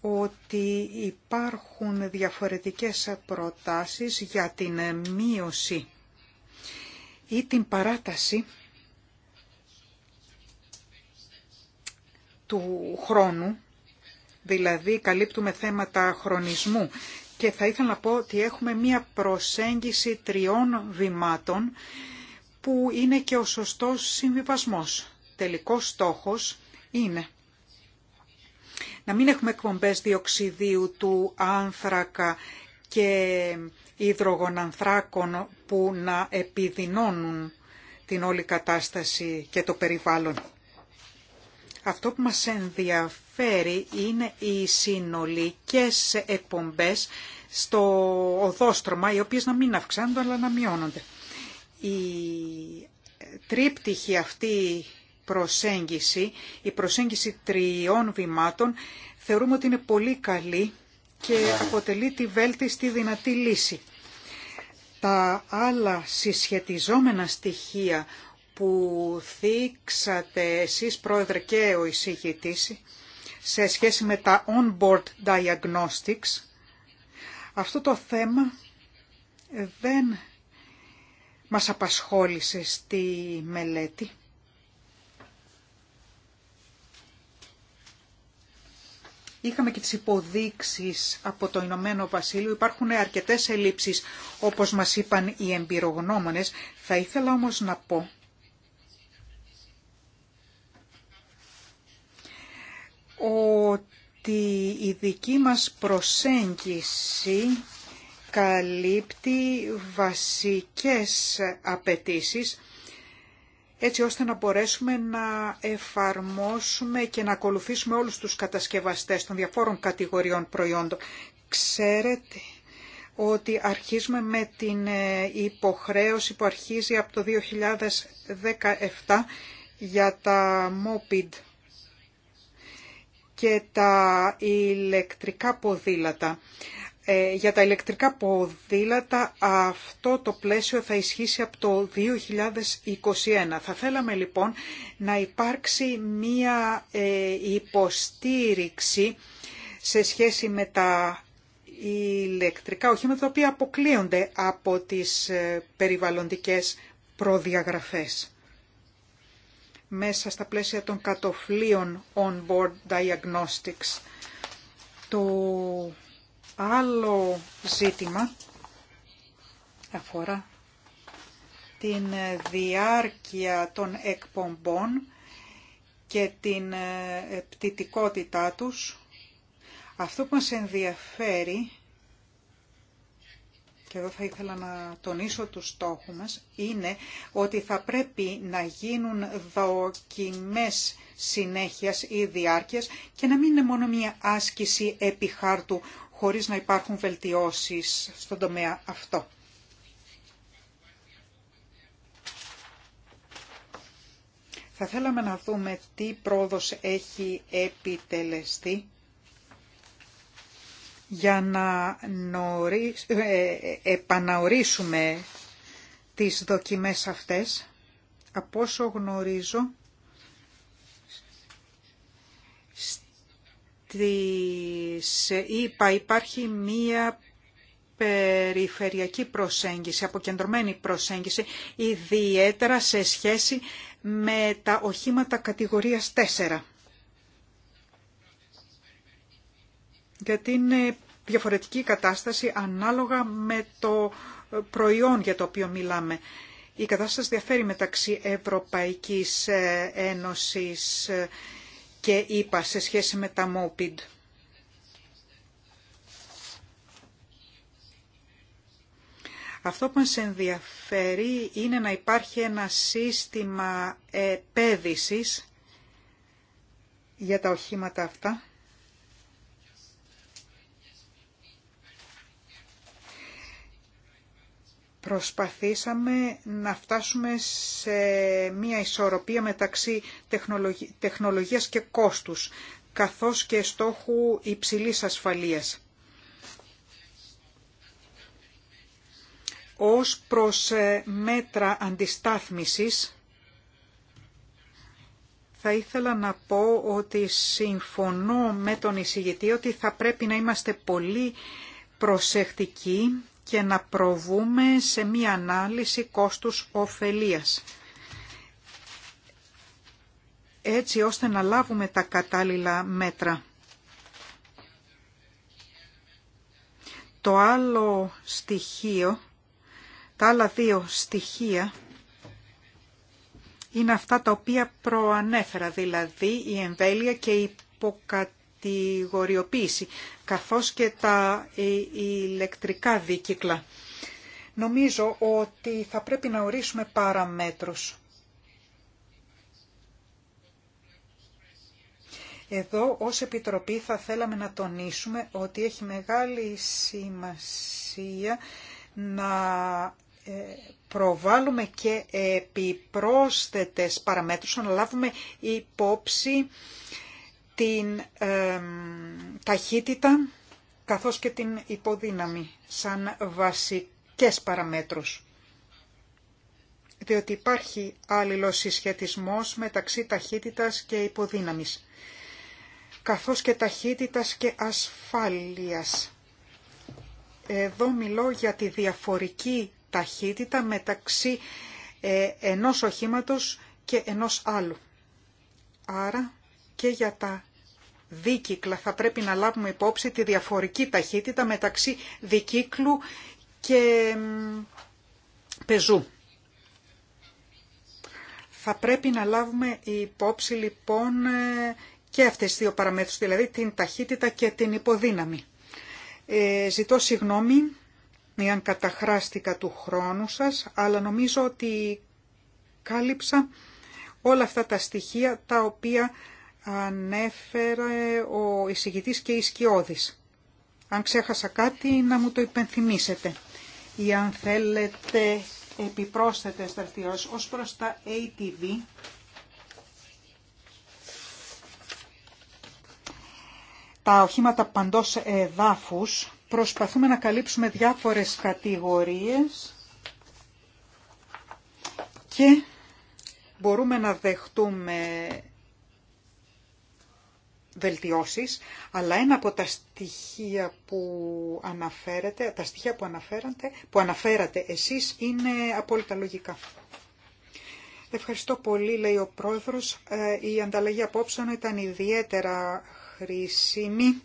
ότι υπάρχουν διαφορετικές προτάσεις για την ε, μείωση ή την παράταση του χρόνου, δηλαδή καλύπτουμε θέματα χρονισμού και θα ήθελα να πω ότι έχουμε μία προσέγγιση τριών βημάτων που είναι και ο σωστός συμβιβασμός. Τελικός στόχος είναι να μην έχουμε εκπομπές διοξιδίου του άνθρακα και υδρογονανθράκων που να επιδεινώνουν την όλη κατάσταση και το περιβάλλον. Αυτό που μας ενδιαφέρει είναι οι συνολικές εκπομπές στο οδόστρωμα, οι οποίες να μην αυξάνονται αλλά να μειώνονται. Η τρίπτυχη αυτή προσέγγιση, η προσέγγιση τριών βημάτων, θεωρούμε ότι είναι πολύ καλή και αποτελεί τη βέλτιστη δυνατή λύση. Τα άλλα συσχετιζόμενα στοιχεία που θίξατε εσείς πρόεδρε και ο εισηγητής σε σχέση με τα on-board diagnostics, αυτό το θέμα δεν μας απασχόλησε στη μελέτη. Είχαμε και τις υποδείξεις από το Ηνωμένο Βασίλειο. Υπάρχουν αρκετές ελλείψεις, όπως μας είπαν οι εμπειρογνώμονες. Θα ήθελα όμως να πω ότι η δική μας προσέγγιση καλύπτει βασικές απαιτήσεις έτσι ώστε να μπορέσουμε να εφαρμόσουμε και να ακολουθήσουμε όλους τους κατασκευαστές των διαφόρων κατηγοριών προϊόντων. Ξέρετε ότι αρχίζουμε με την ε, υποχρέωση που αρχίζει από το 2017 για τα MOPID και τα ηλεκτρικά ποδήλατα. Ε, για τα ηλεκτρικά ποδήλατα αυτό το πλαίσιο θα ισχύσει από το 2021. Θα θέλαμε λοιπόν να υπάρξει μία ε, υποστήριξη σε σχέση με τα ηλεκτρικά οχήματα τα οποία αποκλείονται από τις ε, περιβαλλοντικές προδιαγραφές μέσα στα πλαίσια των κατοφλίων on-board diagnostics. Το άλλο ζήτημα αφορά την διάρκεια των εκπομπών και την ε, ε, πτητικότητά τους. Αυτό που μας ενδιαφέρει και εδώ θα ήθελα να τονίσω του στόχου μας, είναι ότι θα πρέπει να γίνουν δοκιμές συνέχειας ή διάρκειας και να μην είναι μόνο μια άσκηση επιχάρτου χωρίς να υπάρχουν βελτιώσεις στον τομέα αυτό. Θα θέλαμε να δούμε τι πρόοδος έχει επιτελεστεί για να ε, ε, επαναορίσουμε τις δοκιμές αυτές. Από όσο γνωρίζω, στις υπάρχει μία περιφερειακή προσέγγιση, αποκεντρωμένη προσέγγιση, ιδιαίτερα σε σχέση με τα οχήματα κατηγορίας 4. γιατί είναι διαφορετική κατάσταση ανάλογα με το προϊόν για το οποίο μιλάμε. Η κατάσταση διαφέρει μεταξύ Ευρωπαϊκής ε, Ένωσης ε, και ΕΠΑ σε σχέση με τα MOPID. Αυτό που μας ενδιαφέρει είναι να υπάρχει ένα σύστημα επέδυσης για τα οχήματα αυτά Προσπαθήσαμε να φτάσουμε σε μια ισορροπία μεταξύ τεχνολογίας και κόστους, καθώς και στόχου υψηλής ασφαλείας. Ως προς ε, μέτρα αντιστάθμισης, θα ήθελα να πω ότι συμφωνώ με τον εισηγητή ότι θα πρέπει να είμαστε πολύ προσεκτικοί και να προβούμε σε μία ανάλυση κόστους ωφελίας έτσι ώστε να λάβουμε τα κατάλληλα μέτρα. Το άλλο στοιχείο, τα άλλα δύο στοιχεία είναι αυτά τα οποία προανέφερα, δηλαδή η εμβέλεια και η υποκατηγοριοποίηση καθώς και τα ηλεκτρικά δίκυκλα. Νομίζω ότι θα πρέπει να ορίσουμε παραμέτρους. Εδώ ως Επιτροπή θα θέλαμε να τονίσουμε ότι έχει μεγάλη σημασία να ε, προβάλλουμε και επιπρόσθετες παραμέτρους, να λάβουμε υπόψη την ταχύτητα καθώς και την υποδύναμη σαν βασικές παραμέτρους. Διότι υπάρχει άλληλος συσχετισμός μεταξύ ταχύτητας και υποδύναμης, καθώς και ταχύτητας και ασφάλειας. Εδώ μιλώ για τη διαφορική ταχύτητα μεταξύ ε, ενός οχήματος και ενός άλλου. Άρα και για τα δίκυκλα θα πρέπει να λάβουμε υπόψη τη διαφορική ταχύτητα μεταξύ δικύκλου και πεζού. Θα πρέπει να λάβουμε υπόψη λοιπόν ε, και αυτές τις δύο παραμέτρους, δηλαδή την ταχύτητα και την υποδύναμη. Ε, ζητώ συγγνώμη αν καταχράστηκα του χρόνου σας, αλλά νομίζω ότι κάλυψα όλα αυτά τα στοιχεία τα οποία ανέφερε ο εισηγητής και η Σκιώδης. Αν ξέχασα κάτι να μου το υπενθυμίσετε ή αν θέλετε επιπρόσθετες δραστηριότητες ως προς τα ATV. Τα οχήματα παντός εδάφους προσπαθούμε να καλύψουμε διάφορες κατηγορίες και μπορούμε να δεχτούμε βελτιώσεις, αλλά ένα από τα στοιχεία που αναφέρατε, τα στοιχεία που αναφέρατε, που αναφέρατε εσείς είναι απόλυτα λογικά. Ευχαριστώ πολύ, λέει ο πρόεδρος. Ε, η ανταλλαγή απόψεων ήταν ιδιαίτερα χρήσιμη,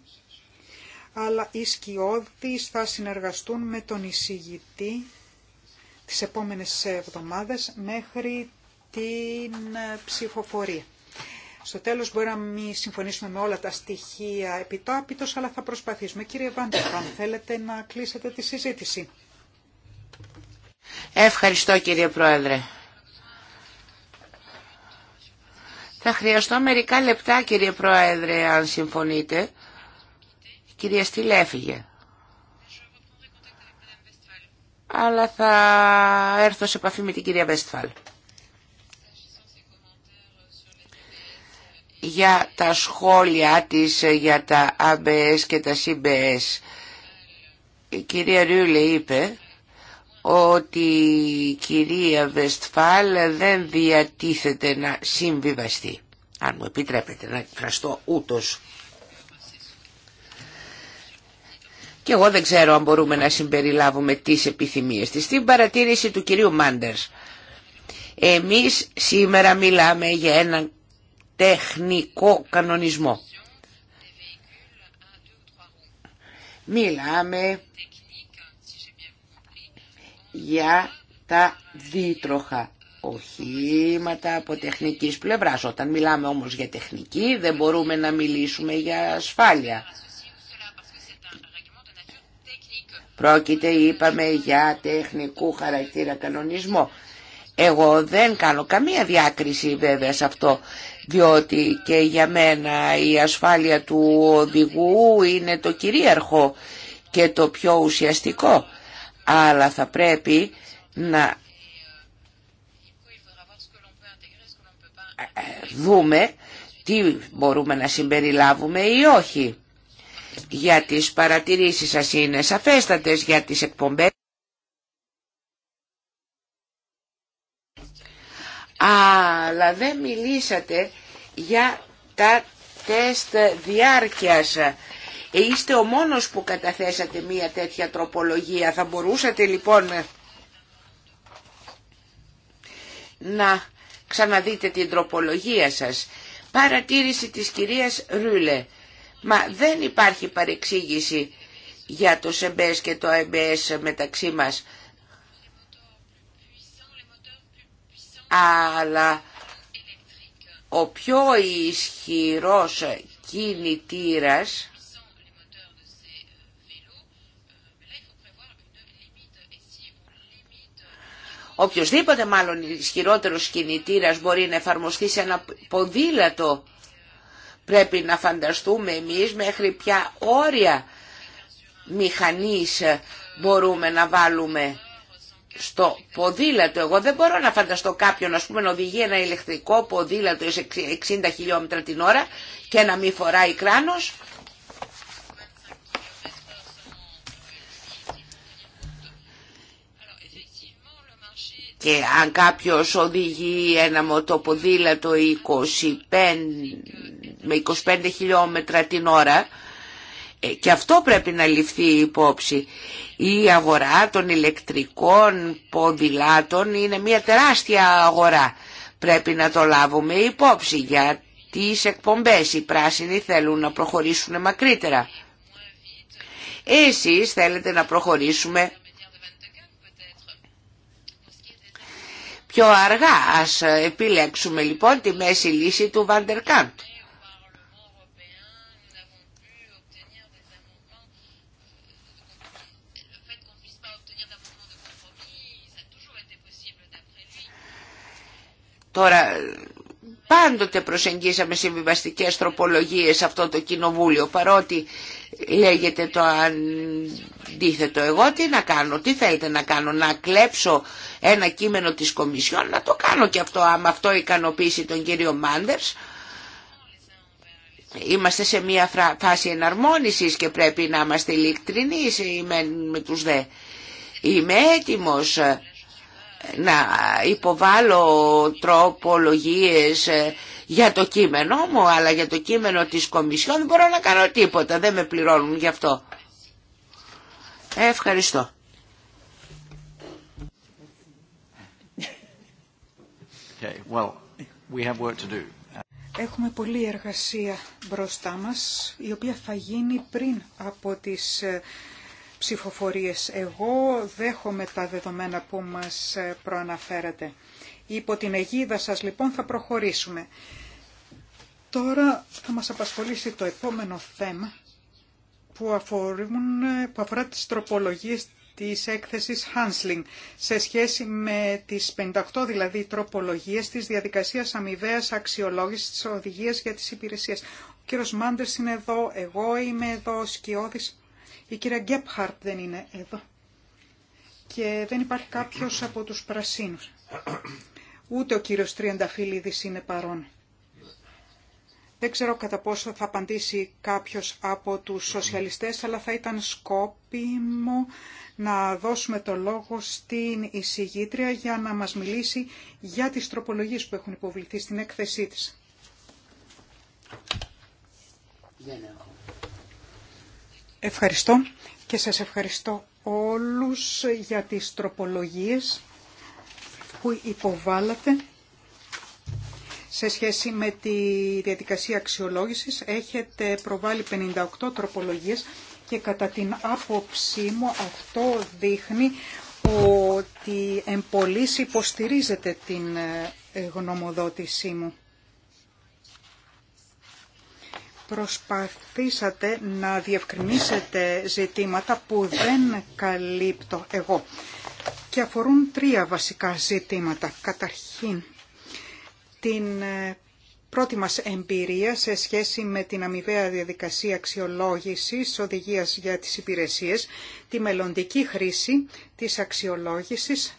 αλλά οι σκιώδεις θα συνεργαστούν με τον εισηγητή τις επόμενες εβδομάδες μέχρι την ψηφοφορία. Στο τέλο μπορεί να μην συμφωνήσουμε με όλα τα στοιχεία επιτόπιτο, αλλά θα προσπαθήσουμε. Κύριε αν θέλετε να κλείσετε τη συζήτηση. Ευχαριστώ κύριε Πρόεδρε. Θα χρειαστώ μερικά λεπτά κύριε Πρόεδρε, αν συμφωνείτε. Κυρία Στήλε έφυγε. Αλλά θα έρθω σε επαφή με την κυρία Βέστφαλ. για τα σχόλια της ε, για τα ABS και τα CBS. Η κυρία Ριούλε είπε ότι η κυρία Βεστφάλ δεν διατίθεται να συμβιβαστεί. Αν μου επιτρέπετε να εκφραστώ ούτως. Και εγώ δεν ξέρω αν μπορούμε να συμπεριλάβουμε τις επιθυμίες της. Στην παρατήρηση του κυρίου Μάντερς. Εμείς σήμερα μιλάμε για έναν τεχνικό κανονισμό. Μιλάμε για τα δίτροχα οχήματα από τεχνικής πλευράς. Όταν μιλάμε όμως για τεχνική δεν μπορούμε να μιλήσουμε για ασφάλεια. Πρόκειται, είπαμε, για τεχνικού χαρακτήρα κανονισμό. Εγώ δεν κάνω καμία διάκριση βέβαια σε αυτό διότι και για μένα η ασφάλεια του οδηγού είναι το κυρίαρχο και το πιο ουσιαστικό, αλλά θα πρέπει να δούμε τι μπορούμε να συμπεριλάβουμε ή όχι. Για τις παρατηρήσεις σας είναι σαφέστατες, για τις εκπομπές. αλλά δεν μιλήσατε για τα τεστ διάρκειας. Ε, είστε ο μόνος που καταθέσατε μία τέτοια τροπολογία. Θα μπορούσατε λοιπόν να ξαναδείτε την τροπολογία σας. Παρατήρηση της κυρίας Ρούλε. Μα δεν υπάρχει παρεξήγηση για το ΣΕΜΠΕΣ και το ΑΕΜΠΕΣ μεταξύ μας. αλλά ο πιο ισχυρός κινητήρας Οποιοςδήποτε μάλλον ισχυρότερος κινητήρας μπορεί να εφαρμοστεί σε ένα ποδήλατο. Πρέπει να φανταστούμε εμείς μέχρι ποια όρια μηχανής μπορούμε να βάλουμε στο ποδήλατο. Εγώ δεν μπορώ να φανταστώ κάποιον ας πούμε, να οδηγεί ένα ηλεκτρικό ποδήλατο 60 χιλιόμετρα την ώρα και να μην φοράει κράνος. Και αν κάποιος οδηγεί ένα μοτοποδήλατο 25, με 25 χιλιόμετρα την ώρα, ε, και αυτό πρέπει να ληφθεί υπόψη. Η αγορά των ηλεκτρικών ποδηλάτων είναι μια τεράστια αγορά. Πρέπει να το λάβουμε υπόψη για τις εκπομπές. Οι πράσινοι θέλουν να προχωρήσουν μακρύτερα. Εσείς θέλετε να προχωρήσουμε πιο αργά. Ας επιλέξουμε λοιπόν τη μέση λύση του Βαντερκάντ. Τώρα πάντοτε προσεγγίσαμε συμβιβαστικές τροπολογίες αυτό το κοινοβούλιο παρότι λέγεται το αντίθετο. Εγώ τι να κάνω, τι θέλετε να κάνω, να κλέψω ένα κείμενο της Κομισιόν, να το κάνω και αυτό άμα αυτό ικανοποιήσει τον κύριο Μάντερς. Είμαστε σε μια φάση εναρμόνισης και πρέπει να είμαστε ειλικτρινείς με τους δε. Είμαι έτοιμος να υποβάλω τροπολογίες ε, για το κείμενό μου, αλλά για το κείμενο της Κομισιόν δεν μπορώ να κάνω τίποτα, δεν με πληρώνουν γι' αυτό. Ευχαριστώ. Έχουμε πολλή εργασία μπροστά μας, η οποία θα γίνει πριν από τις ε, ψηφοφορίες. Εγώ δέχομαι τα δεδομένα που μας προαναφέρατε. Υπό την αιγίδα σας λοιπόν θα προχωρήσουμε. Τώρα θα μας απασχολήσει το επόμενο θέμα που, αφορούν, που αφορά τις τροπολογίες της έκθεσης Hansling σε σχέση με τις 58 δηλαδή τροπολογίες της διαδικασίας αμοιβαία αξιολόγησης της οδηγίας για τις υπηρεσίες. Ο κύριος Μάντερς είναι εδώ, εγώ είμαι εδώ, Σκιώδης. Η κυρία Γκέπχαρτ δεν είναι εδώ και δεν υπάρχει κάποιος από τους πρασίνους. Ούτε ο κύριος Τριανταφυλλίδης είναι παρόν. Δεν ξέρω κατά πόσο θα απαντήσει κάποιος από τους σοσιαλιστές, αλλά θα ήταν σκόπιμο να δώσουμε το λόγο στην εισηγήτρια για να μας μιλήσει για τις τροπολογίες που έχουν υποβληθεί στην έκθεσή της. έχω. Ευχαριστώ και σας ευχαριστώ όλους για τις τροπολογίες που υποβάλατε σε σχέση με τη διαδικασία αξιολόγησης. Έχετε προβάλει 58 τροπολογίες και κατά την άποψή μου αυτό δείχνει ότι εμπολής υποστηρίζεται την ε, γνωμοδότησή μου προσπαθήσατε να διευκρινίσετε ζητήματα που δεν καλύπτω εγώ και αφορούν τρία βασικά ζητήματα. Καταρχήν, την ε, πρώτη μας εμπειρία σε σχέση με την αμοιβαία διαδικασία αξιολόγησης οδηγίας για τις υπηρεσίες, τη μελλοντική χρήση της αξιολόγησης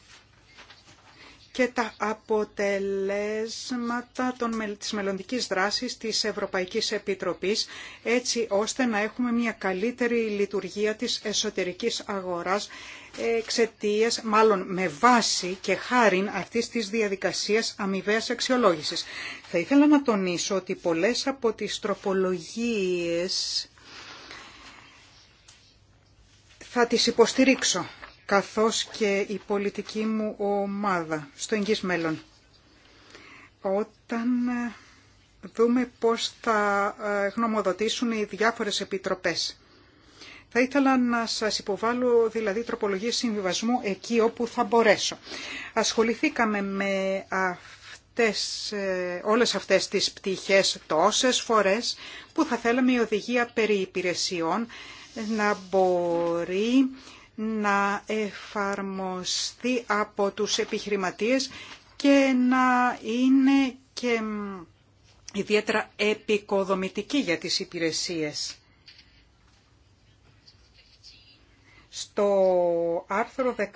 και τα αποτελέσματα των, της μελλοντικής δράσης της Ευρωπαϊκής Επιτροπής, έτσι ώστε να έχουμε μια καλύτερη λειτουργία της εσωτερικής αγοράς εξαιτίας, μάλλον με βάση και χάριν αυτής της διαδικασίας αμοιβαίας αξιολόγησης. Θα ήθελα να τονίσω ότι πολλές από τις τροπολογίες θα τις υποστηρίξω καθώς και η πολιτική μου ομάδα στο εγγύς μέλλον. Όταν ε, δούμε πώς θα ε, γνωμοδοτήσουν οι διάφορες επιτροπές. Θα ήθελα να σας υποβάλω δηλαδή τροπολογίες συμβιβασμού εκεί όπου θα μπορέσω. Ασχοληθήκαμε με αυτές, ε, όλες αυτές τις πτυχές τόσες φορές που θα θέλαμε η οδηγία περί υπηρεσιών να μπορεί να εφαρμοστεί από τους επιχειρηματίες και να είναι και ιδιαίτερα επικοδομητική για τις υπηρεσίες. Στο άρθρο 15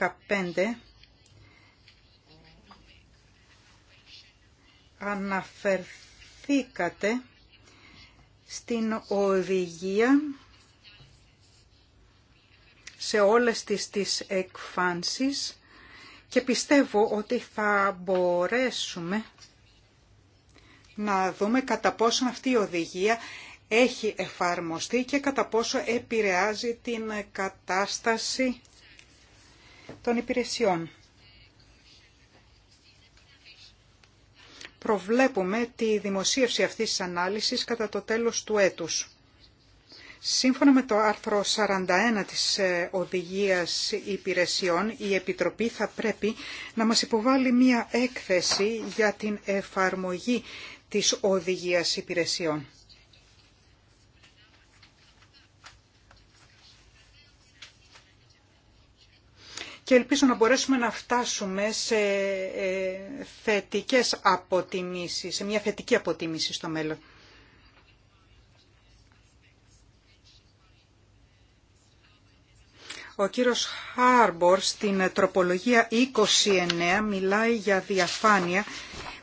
αναφερθήκατε στην οδηγία σε όλες τις, τις εκφάνσεις και πιστεύω ότι θα μπορέσουμε να δούμε κατά πόσο αυτή η οδηγία έχει εφαρμοστεί και κατά πόσο επηρεάζει την κατάσταση των υπηρεσιών. Προβλέπουμε τη δημοσίευση αυτής της ανάλυσης κατά το τέλος του έτους. Σύμφωνα με το άρθρο 41 της ε, Οδηγίας Υπηρεσιών, η Επιτροπή θα πρέπει να μας υποβάλει μία έκθεση για την εφαρμογή της Οδηγίας Υπηρεσιών. και ελπίζω να μπορέσουμε να φτάσουμε σε ε, θετικές αποτιμήσεις, σε μια θετική αποτίμηση στο μέλλον. Ο κύριος Χάρμπορ στην τροπολογία 29 μιλάει για διαφάνεια,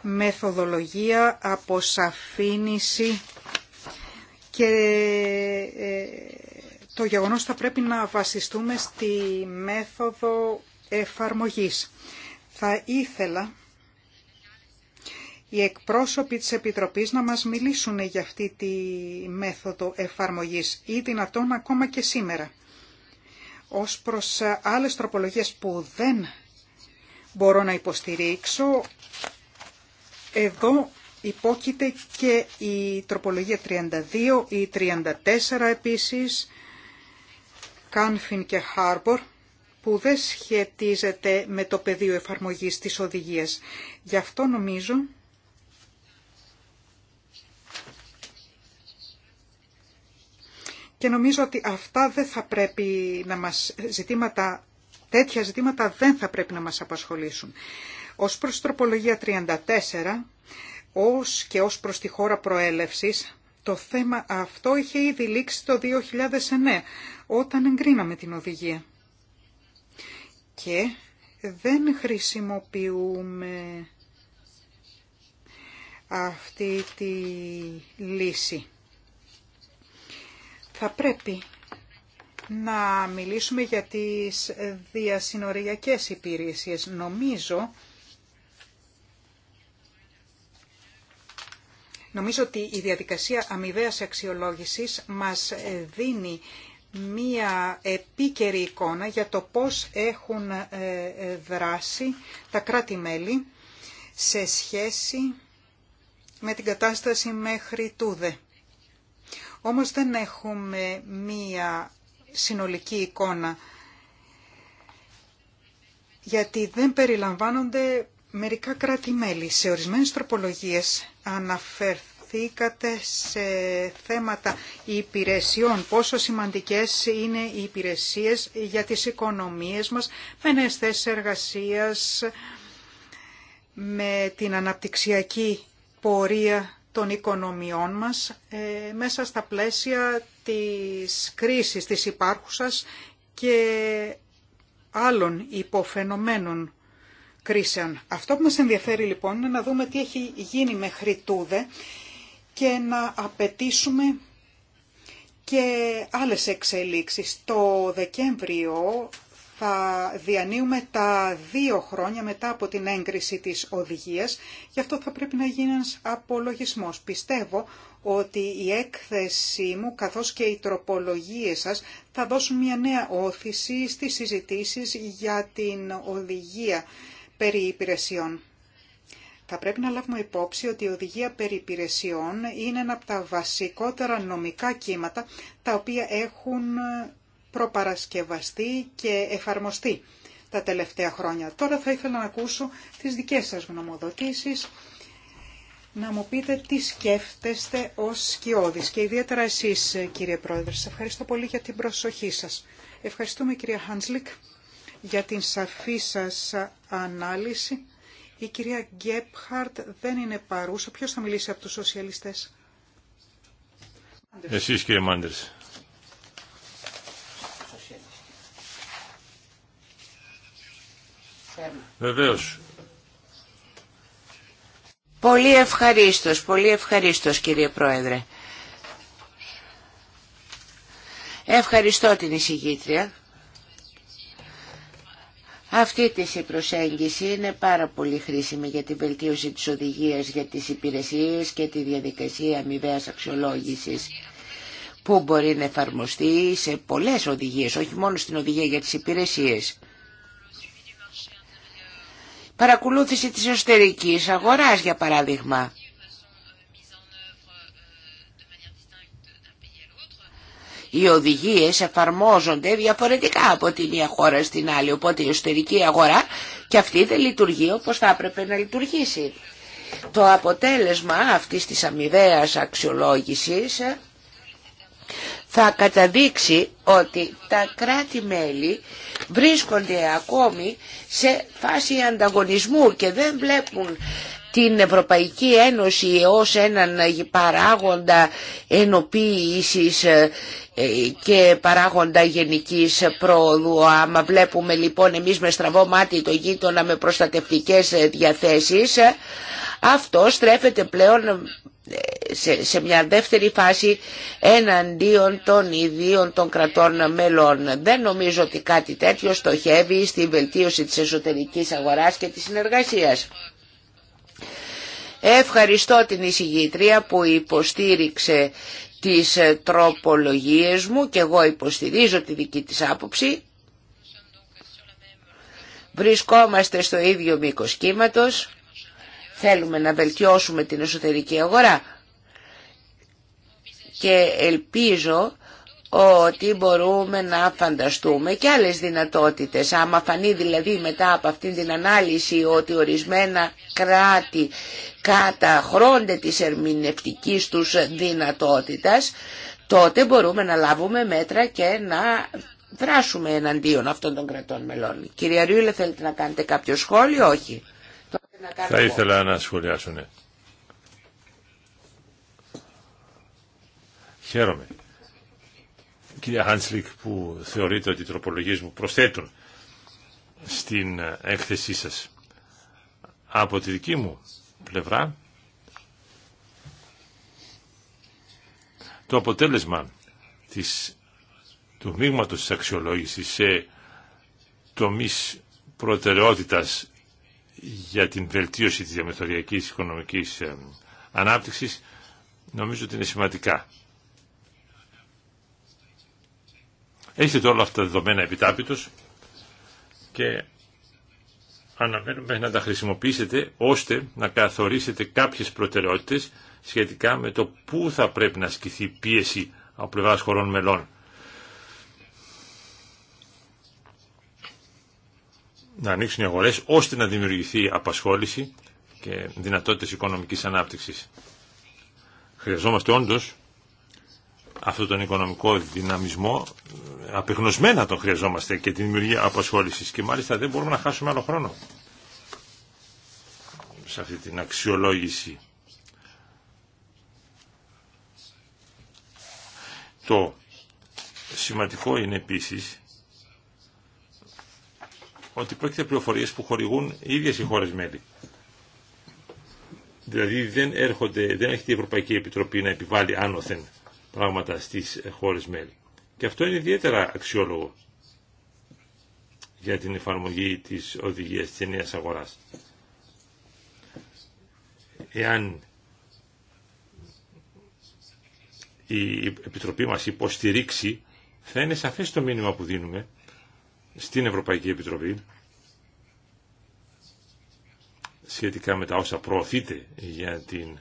μεθοδολογία, αποσαφήνιση και ε, το γεγονός θα πρέπει να βασιστούμε στη μέθοδο εφαρμογής. Θα ήθελα οι εκπρόσωποι της Επιτροπής να μας μιλήσουν για αυτή τη μέθοδο εφαρμογής ή δυνατόν ακόμα και σήμερα. Ως προς ε, άλλες τροπολογίες που δεν μπορώ να υποστηρίξω, εδώ υπόκειται και η τροπολογία 32, η 34 επίσης, Κάνφιν και Χάρμπορ, που δεν σχετίζεται με το πεδίο εφαρμογής της οδηγίας. Γι' αυτό νομίζω Και νομίζω ότι αυτά δεν θα πρέπει να μας ζητήματα, τέτοια ζητήματα δεν θα πρέπει να μας απασχολήσουν. Ως προς τροπολογία 34, ως και ως προς τη χώρα προέλευσης, το θέμα αυτό είχε ήδη λήξει το 2009, όταν εγκρίναμε την οδηγία. Και δεν χρησιμοποιούμε αυτή τη λύση. Θα πρέπει να μιλήσουμε για τις διασυνοριακές υπηρεσίες. Νομίζω, νομίζω ότι η διαδικασία αμοιβαίας αξιολόγησης μας δίνει μία επίκαιρη εικόνα για το πώς έχουν ε, ε, δράσει τα κράτη-μέλη σε σχέση με την κατάσταση μέχρι τούδε. Όμως δεν έχουμε μία συνολική εικόνα, γιατί δεν περιλαμβάνονται μερικά κράτη-μέλη. Σε ορισμένες τροπολογίες αναφερθήκατε σε θέματα υπηρεσιών, πόσο σημαντικές είναι οι υπηρεσίες για τις οικονομίες μας, με νέες θέσεις εργασίας, με την αναπτυξιακή πορεία των οικονομιών μας ε, μέσα στα πλαίσια της κρίσης της υπάρχουσας και άλλων υποφαινομένων κρίσεων. Αυτό που μας ενδιαφέρει λοιπόν είναι να δούμε τι έχει γίνει μέχρι τούδε και να απαιτήσουμε και άλλες εξελίξεις. Το Δεκέμβριο θα διανύουμε τα δύο χρόνια μετά από την έγκριση της οδηγίας, γι' αυτό θα πρέπει να γίνει ένας απολογισμός. Πιστεύω ότι η έκθεσή μου καθώς και οι τροπολογίες σας θα δώσουν μια νέα όθηση στις συζητήσεις για την οδηγία περί υπηρεσιών. Θα πρέπει να λάβουμε υπόψη ότι η οδηγία περί υπηρεσιών είναι ένα από τα βασικότερα νομικά κύματα τα οποία έχουν προπαρασκευαστεί και εφαρμοστεί τα τελευταία χρόνια. Τώρα θα ήθελα να ακούσω τις δικές σας γνωμοδοτήσεις, να μου πείτε τι σκέφτεστε ως σκιώδης και ιδιαίτερα εσείς κύριε Πρόεδρε. Σας ευχαριστώ πολύ για την προσοχή σας. Ευχαριστούμε κυρία Χάνσλικ για την σαφή σας ανάλυση. Η κυρία Γκέπχαρτ δεν είναι παρούσα. Ποιος θα μιλήσει από τους σοσιαλιστές. Εσείς κύριε Μάντερς. Βεβαίως. Πολύ ευχαριστώ, πολύ ευχαριστώ, κύριε Πρόεδρε. Ευχαριστώ την εισηγήτρια. Αυτή τη η προσέγγιση είναι πάρα πολύ χρήσιμη για την βελτίωση της οδηγίας για τις υπηρεσίες και τη διαδικασία αμοιβαίας αξιολόγησης που μπορεί να εφαρμοστεί σε πολλές οδηγίες, όχι μόνο στην οδηγία για τις υπηρεσίες παρακολούθηση της εσωτερικής αγοράς για παράδειγμα. Οι οδηγίες εφαρμόζονται διαφορετικά από τη μία χώρα στην άλλη, οπότε η εσωτερική αγορά και αυτή δεν λειτουργεί όπως θα έπρεπε να λειτουργήσει. Το αποτέλεσμα αυτής της αμοιβαίας αξιολόγησης θα καταδείξει ότι τα κράτη-μέλη βρίσκονται ακόμη σε φάση ανταγωνισμού και δεν βλέπουν την Ευρωπαϊκή Ένωση ως έναν παράγοντα ενοποίησης ε, και παράγοντα γενικής πρόοδου. Άμα βλέπουμε λοιπόν εμείς με στραβό μάτι το γείτονα με προστατευτικές ε, διαθέσεις, ε, αυτό στρέφεται πλέον σε, μια δεύτερη φάση εναντίον των ιδίων των κρατών μελών. Δεν νομίζω ότι κάτι τέτοιο στοχεύει στη βελτίωση της εσωτερικής αγοράς και της συνεργασίας. Ευχαριστώ την εισηγήτρια που υποστήριξε τις τροπολογίες μου και εγώ υποστηρίζω τη δική της άποψη. Βρισκόμαστε στο ίδιο μήκος κύματος. Θέλουμε να βελτιώσουμε την εσωτερική αγορά. Και ελπίζω ότι μπορούμε να φανταστούμε και άλλες δυνατότητες. Άμα φανεί δηλαδή μετά από αυτήν την ανάλυση ότι ορισμένα κράτη καταχρώνται της ερμηνευτικής τους δυνατότητας, τότε μπορούμε να λάβουμε μέτρα και να δράσουμε εναντίον αυτών των κρατών μελών. Κυρία Ρίουλε, θέλετε να κάνετε κάποιο σχόλιο, όχι. Θα ήθελα να σχολιάσω, Ναι. Χαίρομαι. Κυρία Χάντσλικ, που θεωρείτε ότι οι τροπολογίες μου προσθέτουν στην έκθεσή σας. Από τη δική μου πλευρά το αποτέλεσμα της, του μείγματος της αξιολόγησης σε τομείς προτεραιότητας για την βελτίωση της διαμεθοριακής οικονομικής ε, ανάπτυξης νομίζω ότι είναι σημαντικά. Έχετε όλα αυτά τα δεδομένα επιτάπητος και αναμένουμε να τα χρησιμοποιήσετε ώστε να καθορίσετε κάποιες προτεραιότητες σχετικά με το πού θα πρέπει να ασκηθεί πίεση από πλευρά χωρών μελών να ανοίξουν οι αγορές ώστε να δημιουργηθεί απασχόληση και δυνατότητες οικονομικής ανάπτυξης. Χρειαζόμαστε όντως αυτόν τον οικονομικό δυναμισμό, απεγνωσμένα τον χρειαζόμαστε και τη δημιουργία απασχόλησης και μάλιστα δεν μπορούμε να χάσουμε άλλο χρόνο σε αυτή την αξιολόγηση. Το σημαντικό είναι επίσης ότι πρόκειται πληροφορίε που χορηγούν οι ίδιες οι χώρε μέλη. Δηλαδή δεν, έρχονται, δεν έχει η Ευρωπαϊκή Επιτροπή να επιβάλλει άνωθεν πράγματα στις χώρε μέλη. Και αυτό είναι ιδιαίτερα αξιόλογο για την εφαρμογή της οδηγία τη ενέργεια αγορά. Εάν η Επιτροπή μας υποστηρίξει, θα είναι σαφές το μήνυμα που δίνουμε στην Ευρωπαϊκή Επιτροπή σχετικά με τα όσα προωθείτε για την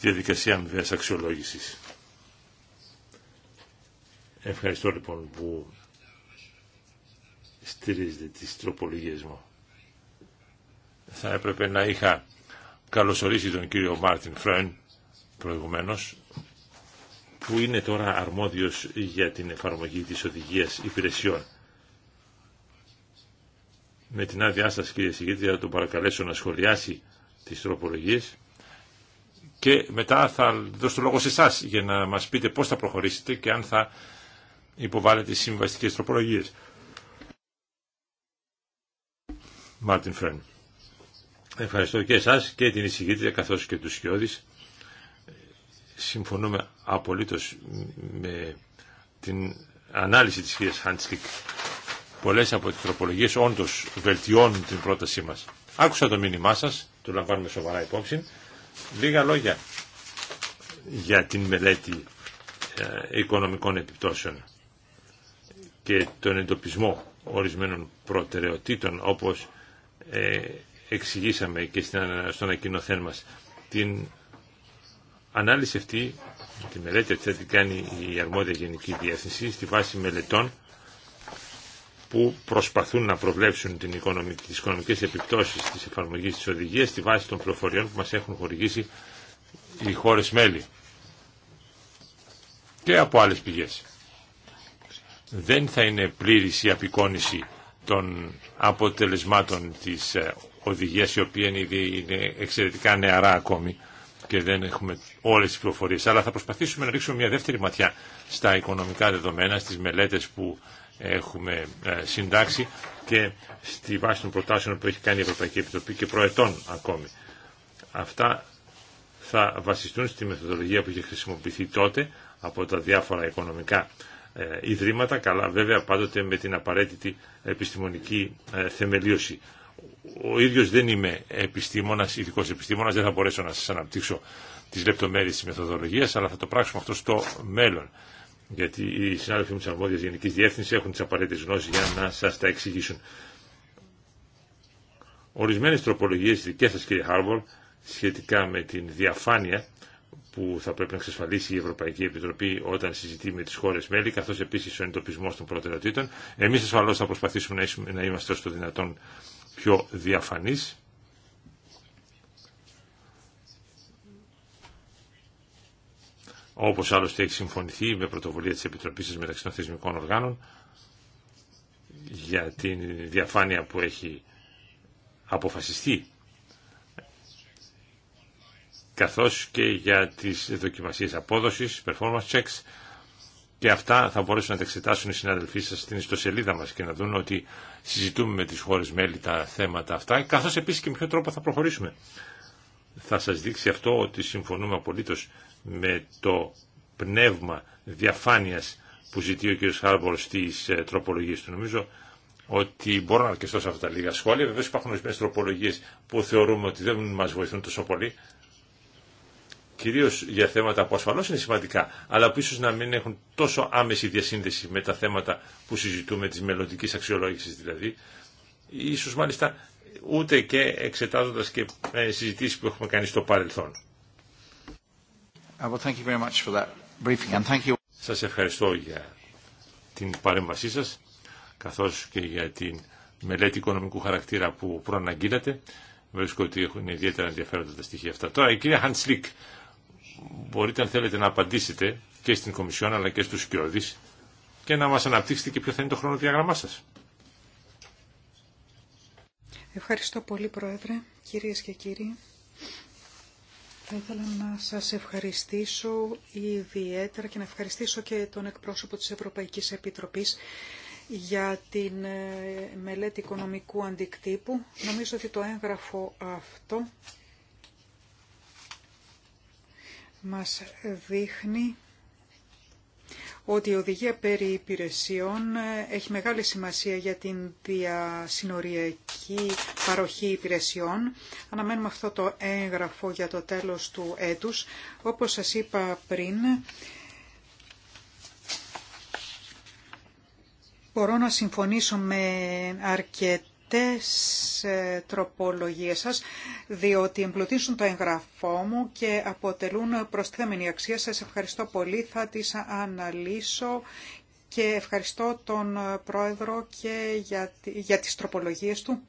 διαδικασία αμοιβαίας αξιολόγησης. Ευχαριστώ λοιπόν που στηρίζετε τις τροπολογίες μου. Θα έπρεπε να είχα καλωσορίσει τον κύριο Μάρτιν Φρέν προηγουμένως που είναι τώρα αρμόδιος για την εφαρμογή της οδηγίας υπηρεσιών. Με την άδειά σας κύριε θα τον παρακαλέσω να σχολιάσει τις τροπολογίες και μετά θα δώσω το λόγο σε εσά για να μας πείτε πώς θα προχωρήσετε και αν θα υποβάλλετε συμβαστικές τροπολογίες. Μάρτιν Φρέν. Ευχαριστώ και εσάς και την εισηγήτρια καθώς και τους Σιώδης συμφωνούμε απολύτως με την ανάλυση της κυρίας Χάντσικ. Πολλές από τις τροπολογίες όντως βελτιώνουν την πρότασή μας. Άκουσα το μήνυμά σας, το λαμβάνουμε σοβαρά υπόψη. Λίγα λόγια για την μελέτη ε, οικονομικών επιπτώσεων και τον εντοπισμό ορισμένων προτεραιοτήτων όπως ε, εξηγήσαμε και στον ανακοινωθέν μας την ανάλυση αυτή, τη μελέτη αυτή θα την κάνει η αρμόδια γενική διεύθυνση στη βάση μελετών που προσπαθούν να προβλέψουν την οικονομική, τις οικονομικές επιπτώσεις της εφαρμογής της οδηγίας στη βάση των πληροφοριών που μας έχουν χορηγήσει οι χώρες μέλη και από άλλες πηγές. Δεν θα είναι πλήρης η απεικόνηση των αποτελεσμάτων της ε, οδηγίας η οποία είναι εξαιρετικά νεαρά ακόμη και δεν έχουμε όλες τι πληροφορίες. Αλλά θα προσπαθήσουμε να ρίξουμε μια δεύτερη ματιά στα οικονομικά δεδομένα, στις μελέτες που έχουμε ε, συντάξει και στη βάση των προτάσεων που έχει κάνει η Ευρωπαϊκή Επιτροπή και προετών ακόμη. Αυτά θα βασιστούν στη μεθοδολογία που είχε χρησιμοποιηθεί τότε από τα διάφορα οικονομικά ε, ιδρύματα, καλά βέβαια πάντοτε με την απαραίτητη επιστημονική ε, θεμελίωση ο ίδιος δεν είμαι επιστήμονας, ειδικός επιστήμονας, δεν θα μπορέσω να σας αναπτύξω τις λεπτομέρειες της μεθοδολογίας, αλλά θα το πράξουμε αυτό στο μέλλον. Γιατί οι συνάδελφοι μου της αρμόδιας γενικής διεύθυνσης έχουν τις απαραίτητες γνώσεις για να σας τα εξηγήσουν. Ορισμένες τροπολογίες δικές σας κύριε Χάρμπορ σχετικά με την διαφάνεια που θα πρέπει να εξασφαλίσει η Ευρωπαϊκή Επιτροπή όταν συζητεί με τι χώρε μέλη, καθώ επίση ο εντοπισμό των προτεραιοτήτων. Εμεί ασφαλώ θα προσπαθήσουμε να είμαστε όσο το δυνατόν πιο διαφανής. όπως άλλωστε έχει συμφωνηθεί με πρωτοβουλία της Επιτροπής της μεταξύ των θεσμικών οργάνων για την διαφάνεια που έχει αποφασιστεί καθώς και για τις δοκιμασίες απόδοσης, performance checks και αυτά θα μπορέσουν να τα εξετάσουν οι συναδελφοί σας στην ιστοσελίδα μας και να δουν ότι συζητούμε με τις χώρες μέλη τα θέματα αυτά, καθώς επίσης και με ποιο τρόπο θα προχωρήσουμε. Θα σας δείξει αυτό ότι συμφωνούμε απολύτως με το πνεύμα διαφάνειας που ζητεί ο κ. Χάρμπορ στις ε, τροπολογίες του. Νομίζω ότι μπορώ να αρκεστώ σε αυτά τα λίγα σχόλια. Βεβαίω υπάρχουν ορισμένε τροπολογίε που θεωρούμε ότι δεν μα βοηθούν τόσο πολύ. Κυρίω για θέματα που ασφαλώ είναι σημαντικά, αλλά που ίσω να μην έχουν τόσο άμεση διασύνδεση με τα θέματα που συζητούμε τη μελλοντική αξιολόγηση, δηλαδή, ίσως μάλιστα ούτε και εξετάζοντας και ε, συζητήσεις που έχουμε κάνει στο παρελθόν. Σας ευχαριστώ για την παρέμβασή σας, καθώς και για την μελέτη οικονομικού χαρακτήρα που προαναγγείλατε. Βρίσκω ότι έχουν ιδιαίτερα ενδιαφέροντα τα στοιχεία αυτά. Τώρα η κυρία Χαντσλίκ μπορείτε αν θέλετε να απαντήσετε και στην Κομισιόν αλλά και στους Κιώδης και να μας αναπτύξετε και ποιο θα είναι το χρονοδιάγραμμά σας. Ευχαριστώ πολύ Πρόεδρε, κυρίες και κύριοι. Θα ήθελα να σας ευχαριστήσω ιδιαίτερα και να ευχαριστήσω και τον εκπρόσωπο της Ευρωπαϊκής Επιτροπής για την ε, μελέτη οικονομικού αντικτύπου. Νομίζω ότι το έγγραφο αυτό μας δείχνει ότι η οδηγία περί υπηρεσιών έχει μεγάλη σημασία για την διασυνοριακή παροχή υπηρεσιών. Αναμένουμε αυτό το έγγραφο για το τέλος του έτους. Όπως σας είπα πριν, μπορώ να συμφωνήσω με αρκετά αρκετές ε, τροπολογίες σας, διότι εμπλουτίσουν το εγγραφό μου και αποτελούν προσθέμενη αξία. Σας ευχαριστώ πολύ, θα τις αναλύσω και ευχαριστώ τον Πρόεδρο και για, για τις τροπολογίες του.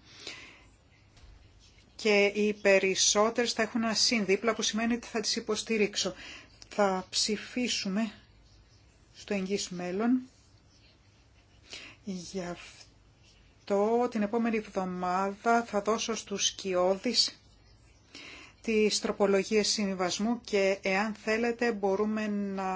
Και οι περισσότερες θα έχουν ένα που σημαίνει ότι θα τις υποστηρίξω. Θα ψηφίσουμε στο εγγύς μέλλον. Γι' αυτό αυτό την επόμενη εβδομάδα θα δώσω στους σκιώδεις τις τροπολογίες συμβιβασμού και εάν θέλετε μπορούμε να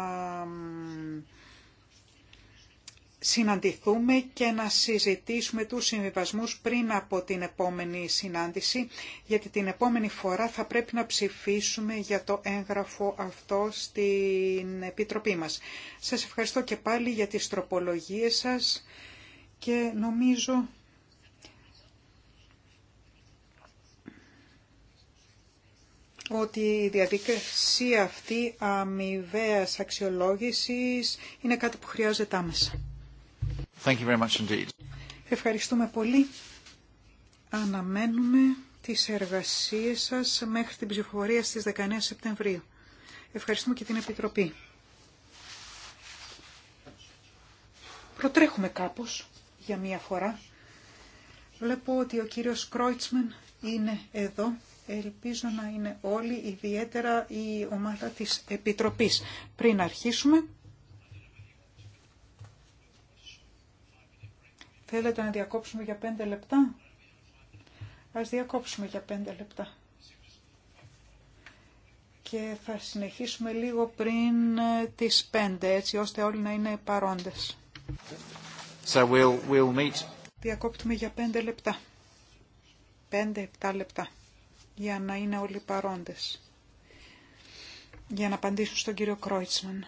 συναντηθούμε και να συζητήσουμε τους συμβιβασμούς πριν από την επόμενη συνάντηση, γιατί την επόμενη φορά θα πρέπει να ψηφίσουμε για το έγγραφο αυτό στην Επιτροπή μας. Σας ευχαριστώ και πάλι για τις τροπολογίες σας και νομίζω ότι η διαδικασία αυτή αμοιβαία αξιολόγησης είναι κάτι που χρειάζεται άμεσα. Thank you Ευχαριστούμε πολύ. Αναμένουμε τις εργασίες σας μέχρι την ψηφοφορία στις 19 Σεπτεμβρίου. Ευχαριστούμε και την Επιτροπή. Προτρέχουμε κάπως για μία φορά. Βλέπω ότι ο κύριος Κρόιτσμεν είναι εδώ. Ελπίζω να είναι όλοι, ιδιαίτερα η ομάδα της Επιτροπής. Πριν αρχίσουμε, θέλετε να διακόψουμε για πέντε λεπτά. Ας διακόψουμε για πέντε λεπτά. Και θα συνεχίσουμε λίγο πριν ε, τις πέντε, έτσι ώστε όλοι να είναι παρόντες. So Διακόπτουμε για πέντε λεπτά. Πέντε, επτά λεπτά για να είναι όλοι παρόντες για να απαντήσουν στον κύριο Κρόιτσμαν.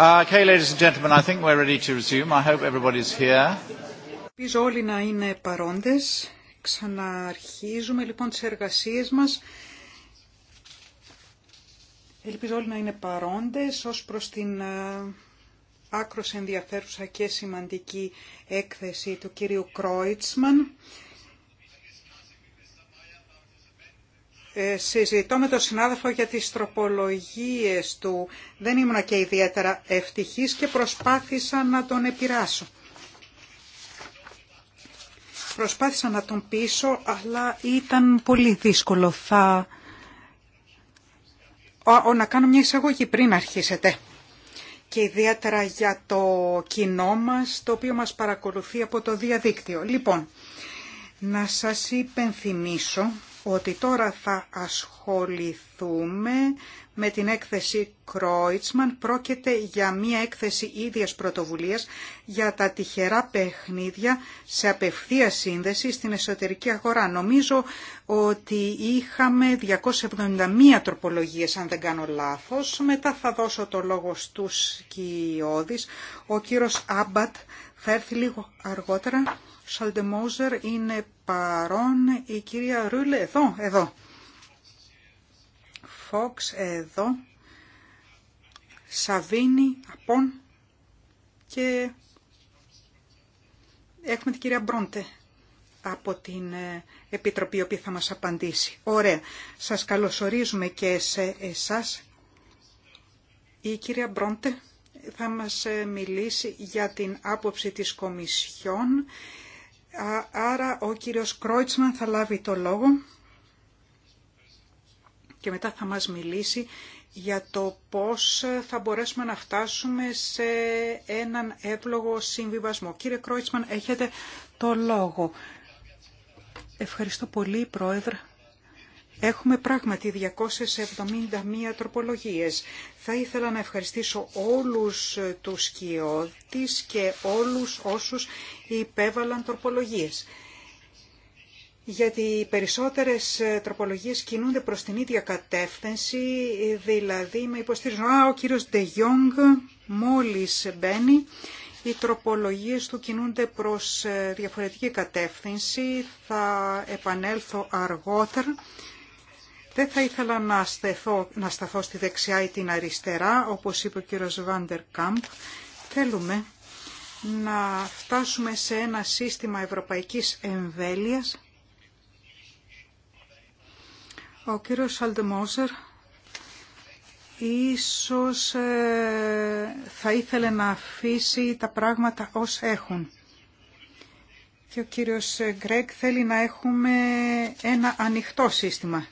ladies and gentlemen, I think we're ready to resume. I hope everybody's here. Ελπίζω όλοι να είναι παρόντες. Ξαναρχίζουμε λοιπόν τις εργασίες μας. Ελπίζω όλοι να είναι παρόντες ως προς την ε, άκρος ενδιαφέρουσα και σημαντική έκθεση του κύριου Κρόιτσμαν Ε, συζητώ με τον συνάδελφο για τις τροπολογίες του. Δεν ήμουν και ιδιαίτερα ευτυχής και προσπάθησα να τον επιράσω. Προσπάθησα να τον πείσω, αλλά ήταν πολύ δύσκολο. Θα... Ο, να κάνω μια εισαγωγή πριν αρχίσετε. Και ιδιαίτερα για το κοινό μας, το οποίο μας παρακολουθεί από το διαδίκτυο. Λοιπόν, να σας υπενθυμίσω ότι τώρα θα ασχοληθούμε με την έκθεση Κρόιτσμαν. Πρόκειται για μια έκθεση ίδιας πρωτοβουλίας για τα τυχερά παιχνίδια σε απευθεία σύνδεση στην εσωτερική αγορά. Νομίζω ότι είχαμε 271 τροπολογίες, αν δεν κάνω λάθος. Μετά θα δώσω το λόγο στους κοιόδης. Ο κύρος Άμπατ θα έρθει λίγο αργότερα Σαλτεμόζερ είναι παρόν, η κυρία Ρούλε εδώ, εδώ. Φόξ εδώ, Σαβίνη, Απόν και έχουμε την κυρία Μπρόντε από την ε, Επιτροπή η οποία θα μας απαντήσει. Ωραία. Σας καλωσορίζουμε και σε εσάς. Η κυρία Μπρόντε θα μας ε, μιλήσει για την άποψη της Κομισιόν Άρα ο κύριος Κρόιτσμαν θα λάβει το λόγο και μετά θα μας μιλήσει για το πώς θα μπορέσουμε να φτάσουμε σε έναν εύλογο συμβιβασμό. Κύριε Κρόιτσμαν, έχετε το λόγο. Ευχαριστώ πολύ, Πρόεδρε. Έχουμε πράγματι 271 τροπολογίες. Θα ήθελα να ευχαριστήσω όλους τους σκιώτης και όλους όσους υπέβαλαν τροπολογίες. Γιατί οι περισσότερες τροπολογίες κινούνται προς την ίδια κατεύθυνση, δηλαδή με υποστήριζουν. Α, ο κύριος De μόλις μπαίνει. Οι τροπολογίες του κινούνται προς διαφορετική κατεύθυνση. Θα επανέλθω αργότερα δεν θα ήθελα να, να σταθώ στη δεξιά ή την αριστερά, όπως είπε ο κύριος Βάντερ Κάμπ. Θέλουμε να φτάσουμε σε ένα σύστημα ευρωπαϊκής εμβέλειας. Ο κύριος Σαλτεμόζερ ίσως ε, θα ήθελε να αφήσει τα πράγματα ως έχουν. Και ο κύριος Γκρέκ θέλει να έχουμε ένα ανοιχτό σύστημα.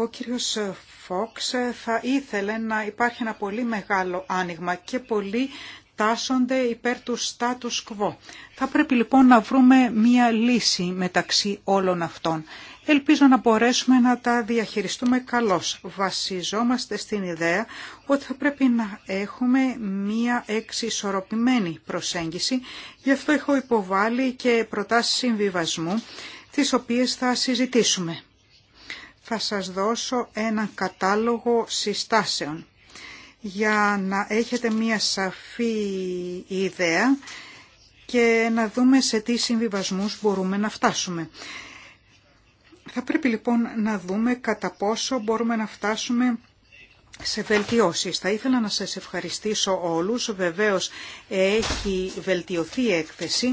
Ο κύριος Φόξ θα ήθελε να υπάρχει ένα πολύ μεγάλο άνοιγμα και πολλοί τάσσονται υπέρ του status quo. Θα πρέπει λοιπόν να βρούμε μία λύση μεταξύ όλων αυτών. Ελπίζω να μπορέσουμε να τα διαχειριστούμε καλώς. Βασιζόμαστε στην ιδέα ότι θα πρέπει να έχουμε μία εξισορροπημένη προσέγγιση. Γι' αυτό έχω υποβάλει και προτάσεις συμβιβασμού, τις οποίες θα συζητήσουμε θα σας δώσω ένα κατάλογο συστάσεων για να έχετε μία σαφή ιδέα και να δούμε σε τι συμβιβασμούς μπορούμε να φτάσουμε. Θα πρέπει λοιπόν να δούμε κατά πόσο μπορούμε να φτάσουμε σε βελτιώσεις. Θα ήθελα να σας ευχαριστήσω όλους. Βεβαίως έχει βελτιωθεί η έκθεση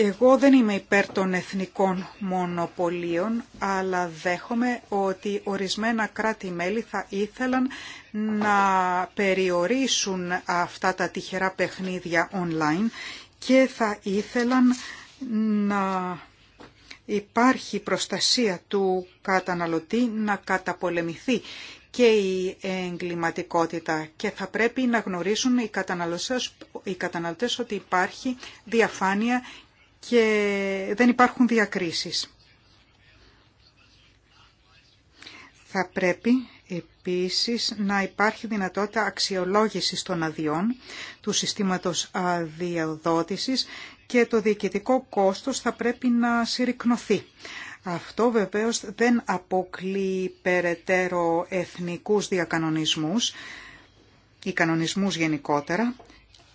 εγώ δεν είμαι υπέρ των εθνικών μονοπωλίων, αλλά δέχομαι ότι ορισμένα κράτη-μέλη θα ήθελαν να περιορίσουν αυτά τα τυχερά παιχνίδια online και θα ήθελαν να υπάρχει προστασία του καταναλωτή να καταπολεμηθεί και η εγκληματικότητα και θα πρέπει να γνωρίσουν οι καταναλωτές, οι καταναλωτές ότι υπάρχει διαφάνεια και δεν υπάρχουν διακρίσεις. Θα πρέπει επίσης να υπάρχει δυνατότητα αξιολόγησης των αδειών του συστήματος αδειοδότησης και το διοικητικό κόστος θα πρέπει να συρρυκνωθεί. Αυτό βεβαίως δεν αποκλεί περαιτέρω εθνικούς διακανονισμούς ή κανονισμούς γενικότερα,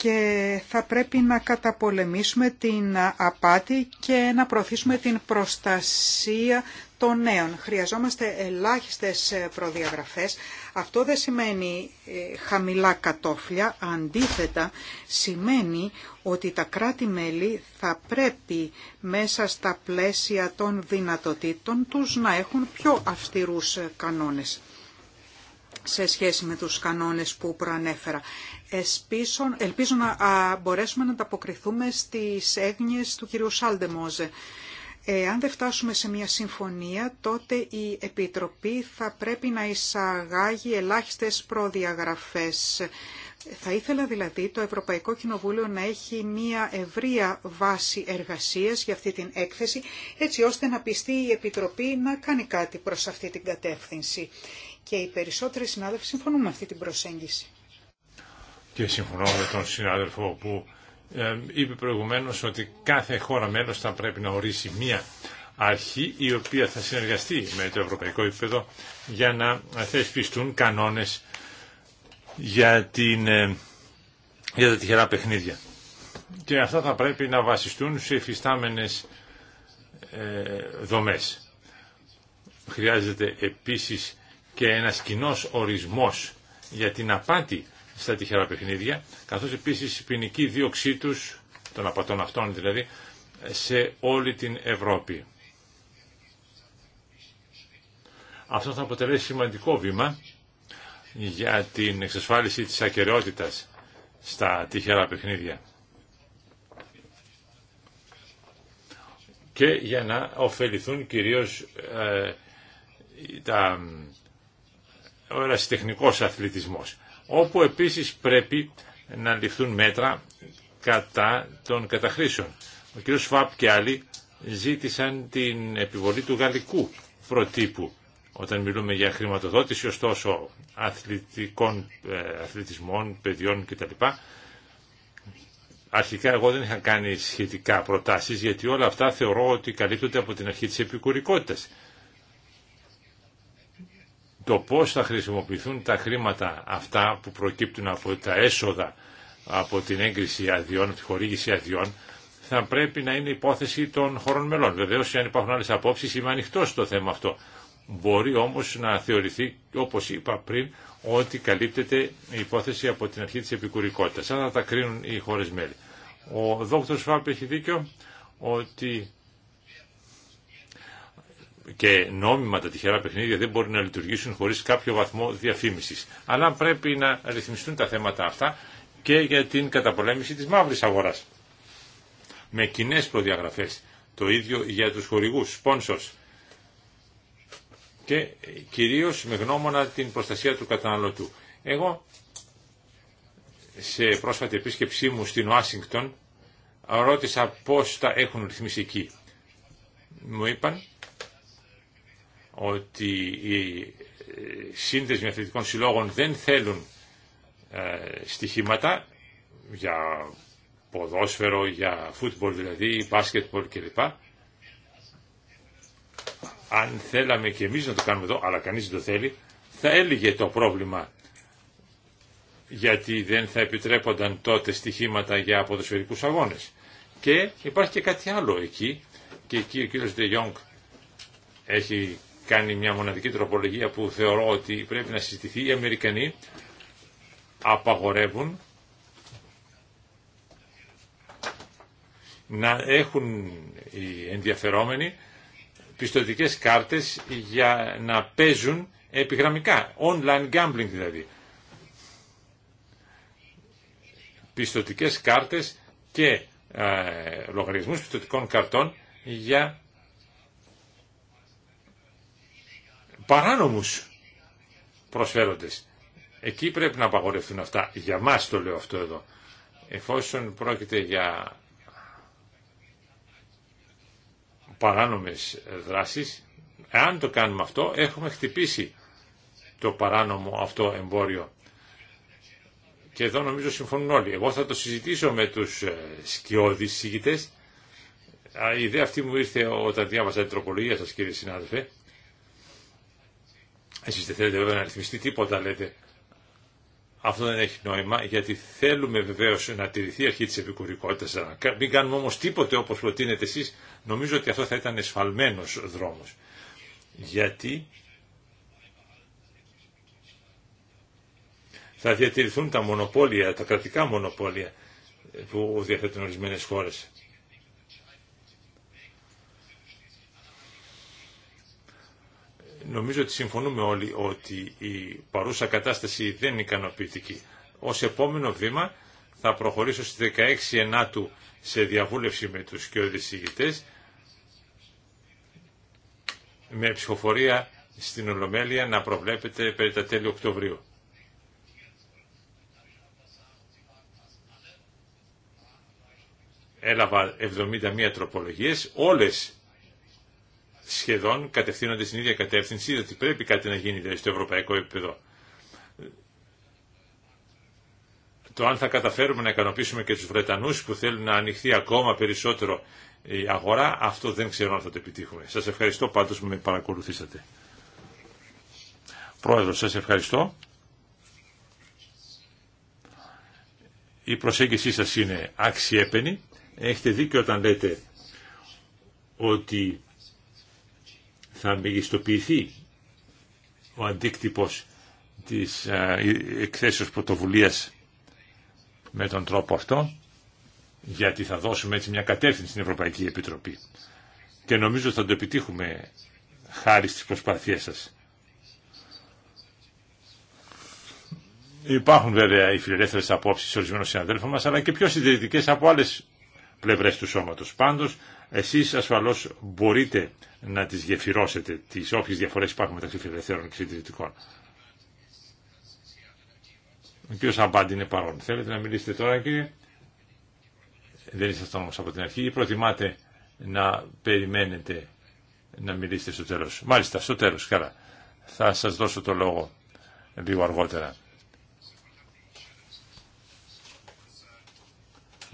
και θα πρέπει να καταπολεμήσουμε την απάτη και να προωθήσουμε την προστασία των νέων. Χρειαζόμαστε ελάχιστες προδιαγραφές. Αυτό δεν σημαίνει ε, χαμηλά κατόφλια, αντίθετα σημαίνει ότι τα κράτη-μέλη θα πρέπει μέσα στα πλαίσια των δυνατοτήτων τους να έχουν πιο αυστηρούς κανόνες σε σχέση με τους κανόνες που προανέφερα ελπίζω να μπορέσουμε να ανταποκριθούμε στις έγνοιες του κυρίου Σάλτεμοζε. Ε, αν δεν φτάσουμε σε μια συμφωνία, τότε η Επιτροπή θα πρέπει να εισαγάγει ελάχιστες προδιαγραφές. Θα ήθελα δηλαδή το Ευρωπαϊκό Κοινοβούλιο να έχει μια ευρεία βάση εργασίας για αυτή την έκθεση, έτσι ώστε να πιστεί η Επιτροπή να κάνει κάτι προς αυτή την κατεύθυνση. Και οι περισσότεροι συνάδελφοι συμφωνούν με αυτή την προσέγγιση και συμφωνώ με τον συνάδελφο που ε, είπε προηγουμένως ότι κάθε χώρα μέλος θα πρέπει να ορίσει μία αρχή η οποία θα συνεργαστεί με το ευρωπαϊκό επίπεδο για να θεσπιστούν κανόνες για, την, ε, για τα τυχερά παιχνίδια. Και αυτά θα πρέπει να βασιστούν σε εφιστάμενες ε, δομές. Χρειάζεται επίσης και ένας κοινός ορισμός για την απάτη στα τυχερά παιχνίδια, καθώς επίσης η ποινική δίωξή τους, των απατών αυτών δηλαδή, σε όλη την Ευρώπη. Αυτό θα αποτελέσει σημαντικό βήμα για την εξασφάλιση της ακαιρεότητας στα τυχερά παιχνίδια. Και για να ωφεληθούν κυρίως ε, τα, ο ερασιτεχνικός αθλητισμός όπου επίσης πρέπει να ληφθούν μέτρα κατά των καταχρήσεων. Ο κ. Σφάπ και άλλοι ζήτησαν την επιβολή του γαλλικού προτύπου όταν μιλούμε για χρηματοδότηση ωστόσο αθλητικών, ε, αθλητισμών, παιδιών κτλ. Αρχικά εγώ δεν είχα κάνει σχετικά προτάσεις γιατί όλα αυτά θεωρώ ότι καλύπτονται από την αρχή της επικουρικότητας το πώς θα χρησιμοποιηθούν τα χρήματα αυτά που προκύπτουν από τα έσοδα από την έγκριση αδειών, από τη χορήγηση αδειών, θα πρέπει να είναι υπόθεση των χωρών μελών. Βεβαίως, αν υπάρχουν άλλες απόψεις, είμαι ανοιχτό στο θέμα αυτό. Μπορεί όμως να θεωρηθεί, όπως είπα πριν, ότι καλύπτεται η υπόθεση από την αρχή της επικουρικότητας. Αν θα τα κρίνουν οι χώρες μέλη. Ο Δόκτωρ Σφάπ έχει δίκιο ότι και νόμιμα τα τυχερά παιχνίδια δεν μπορεί να λειτουργήσουν χωρίς κάποιο βαθμό διαφήμισης. Αλλά πρέπει να ρυθμιστούν τα θέματα αυτά και για την καταπολέμηση της μαύρης αγοράς. Με κοινέ προδιαγραφές. Το ίδιο για τους χορηγούς, sponsors. Και κυρίως με γνώμονα την προστασία του καταναλωτού. Εγώ σε πρόσφατη επίσκεψή μου στην Ουάσιγκτον ρώτησα πώς τα έχουν ρυθμίσει εκεί. Μου είπαν ότι οι ε, σύνδεσμοι αθλητικών συλλόγων δεν θέλουν ε, στοιχήματα για ποδόσφαιρο, για φούτμπολ δηλαδή, μπάσκετμπολ κλπ. Αν θέλαμε και εμείς να το κάνουμε εδώ, αλλά κανείς δεν το θέλει, θα έλυγε το πρόβλημα γιατί δεν θα επιτρέπονταν τότε στοιχήματα για ποδοσφαιρικούς αγώνες. Και υπάρχει και κάτι άλλο εκεί και εκεί ο κύριος De έχει κάνει μια μοναδική τροπολογία που θεωρώ ότι πρέπει να συζητηθεί. Οι Αμερικανοί απαγορεύουν να έχουν οι ενδιαφερόμενοι πιστοτικές κάρτες για να παίζουν επιγραμμικά, online gambling δηλαδή. Πιστοτικές κάρτες και ε, λογαριασμούς πιστοτικών καρτών για παράνομους προσφέροντες. Εκεί πρέπει να απαγορευτούν αυτά. Για μας το λέω αυτό εδώ. Εφόσον πρόκειται για παράνομες δράσεις, αν το κάνουμε αυτό, έχουμε χτυπήσει το παράνομο αυτό εμπόριο. Και εδώ νομίζω συμφωνούν όλοι. Εγώ θα το συζητήσω με τους ε, σκιώδεις συγητές. Η ιδέα αυτή μου ήρθε όταν διάβασα την τροπολογία σας κύριε συνάδελφε. Εσείς δεν θέλετε βέβαια να ρυθμιστεί τίποτα λέτε. Αυτό δεν έχει νόημα γιατί θέλουμε βεβαίω να τηρηθεί η αρχή τη επικουρικότητα. Μην κάνουμε όμω τίποτε όπω προτείνετε εσεί. Νομίζω ότι αυτό θα ήταν εσφαλμένο δρόμο. Γιατί θα διατηρηθούν τα μονοπόλια, τα κρατικά μονοπόλια που διαθέτουν ορισμένε χώρε. Νομίζω ότι συμφωνούμε όλοι ότι η παρούσα κατάσταση δεν είναι ικανοποιητική. Ως επόμενο βήμα θα προχωρήσω στις 16 Ενάτου σε διαβούλευση με τους κοιόδης με ψηφοφορία στην Ολομέλεια να προβλέπεται περί τα τέλη Οκτωβρίου. Έλαβα 71 τροπολογίες, όλες σχεδόν κατευθύνονται στην ίδια κατεύθυνση, ότι πρέπει κάτι να γίνει δηλαδή, στο ευρωπαϊκό επίπεδο. Το αν θα καταφέρουμε να ικανοποιήσουμε και τους Βρετανούς που θέλουν να ανοιχθεί ακόμα περισσότερο η αγορά, αυτό δεν ξέρω αν θα το επιτύχουμε. Σας ευχαριστώ πάντως που με παρακολουθήσατε. Πρόεδρο, σας ευχαριστώ. Η προσέγγιση σας είναι αξιέπαινη. Έχετε δίκιο όταν λέτε ότι θα μεγιστοποιηθεί ο αντίκτυπος της ε, εκθέσεως πρωτοβουλίας με τον τρόπο αυτό, γιατί θα δώσουμε έτσι μια κατεύθυνση στην Ευρωπαϊκή Επιτροπή. Και νομίζω θα το επιτύχουμε χάρη στις προσπάθειές σας. Υπάρχουν βέβαια οι φιλελεύθερες απόψεις ορισμένων συναδέλφων μας, αλλά και πιο συντηρητικές από άλλες πλευρές του σώματος. Πάντως, εσείς ασφαλώς μπορείτε να τις γεφυρώσετε, τις όποιες διαφορές υπάρχουν μεταξύ φιλελευθέρων και συντηρητικών. Ο κ. Αμπάντη είναι παρόν. Θέλετε να μιλήσετε τώρα και δεν ήσασταν όμως από την αρχή ή προτιμάτε να περιμένετε να μιλήσετε στο τέλος. Μάλιστα, στο τέλος, καλά. Θα σας δώσω το λόγο λίγο αργότερα.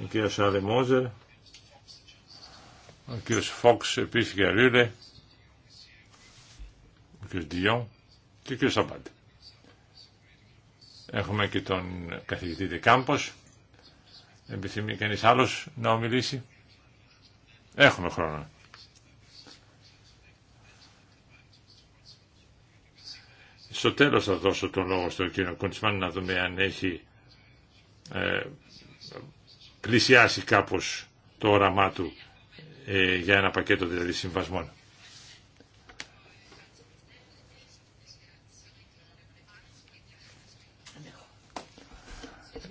Ο κ ο κ. Φόξ, επίσης και Ρίλε, ο κ. Ντιόν και ο κ. Σαμπάντ. Έχουμε και τον καθηγητή Δεκάμπος. Επιθυμεί κανείς άλλος να ομιλήσει. Έχουμε χρόνο. Στο τέλος θα δώσω τον λόγο στον κύριο Κούντσμαν να δούμε αν έχει ε, πλησιάσει κάπως το όραμά του ε, για ένα πακέτο δηλαδή συμβασμών.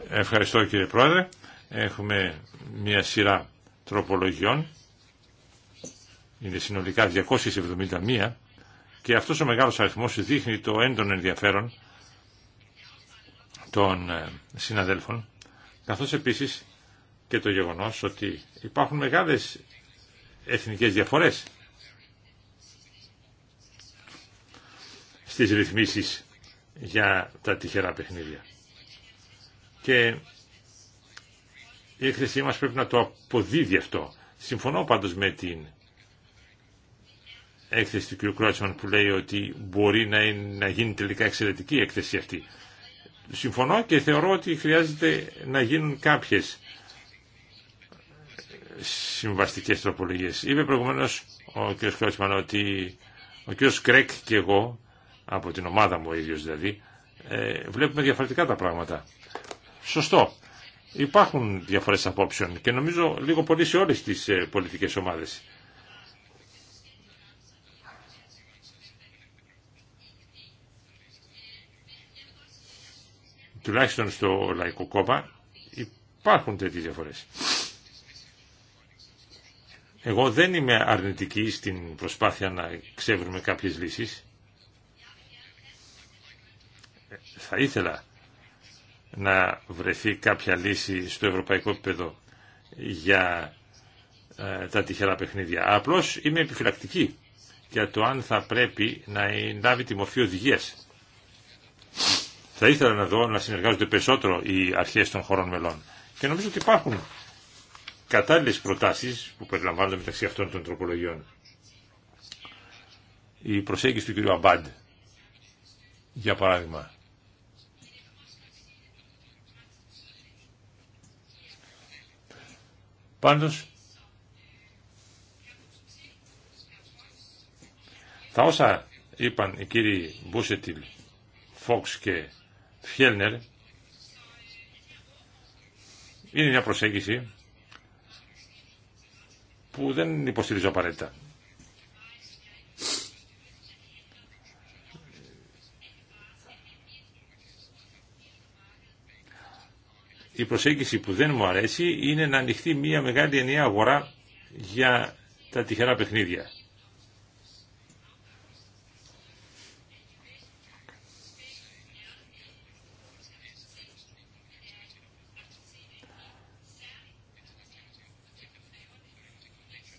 Ευχαριστώ κύριε Πρόεδρε. Έχουμε μια σειρά τροπολογιών. Είναι συνολικά 271 και αυτός ο μεγάλος αριθμός δείχνει το έντονο ενδιαφέρον των ε, συναδέλφων καθώς επίσης και το γεγονός ότι υπάρχουν μεγάλες εθνικές διαφορές στις ρυθμίσεις για τα τυχερά παιχνίδια. Και η έκθεσή μας πρέπει να το αποδίδει αυτό. Συμφωνώ πάντως με την έκθεση του κ. Κρότσμαν που λέει ότι μπορεί να, είναι, να γίνει τελικά εξαιρετική η έκθεση αυτή. Συμφωνώ και θεωρώ ότι χρειάζεται να γίνουν κάποιες συμβαστικές τροπολογίες. Είπε προηγουμένως ο κ. Κρότσμαν ότι ο κ. Κρέκ και εγώ, από την ομάδα μου ο ίδιος δηλαδή, ε, βλέπουμε διαφορετικά τα πράγματα. Σωστό. Υπάρχουν διαφορές απόψεων και νομίζω λίγο πολύ σε όλες τις ε, πολιτικές ομάδες. Τουλάχιστον στο Λαϊκό Κόμμα υπάρχουν τέτοιες διαφορές. Εγώ δεν είμαι αρνητική στην προσπάθεια να ξεύρουμε κάποιες λύσεις. Θα ήθελα να βρεθεί κάποια λύση στο ευρωπαϊκό επίπεδο για ε, τα τυχερά παιχνίδια. Απλώς είμαι επιφυλακτική για το αν θα πρέπει να λάβει τη μορφή οδηγία. Θα ήθελα να δω να συνεργάζονται περισσότερο οι αρχές των χωρών μελών. Και νομίζω ότι υπάρχουν κατάλληλε προτάσει που περιλαμβάνονται μεταξύ αυτών των τροπολογιών. Η προσέγγιση του κ. Αμπάντ, για παράδειγμα, Πάντως, τα όσα είπαν οι κύριοι Μπούσετιλ, Φόξ και Φιέλνερ, είναι μια προσέγγιση που δεν υποστηρίζω απαραίτητα. Η προσέγγιση που δεν μου αρέσει είναι να ανοιχτεί μια μεγάλη ενιαία αγορά για τα τυχερά παιχνίδια.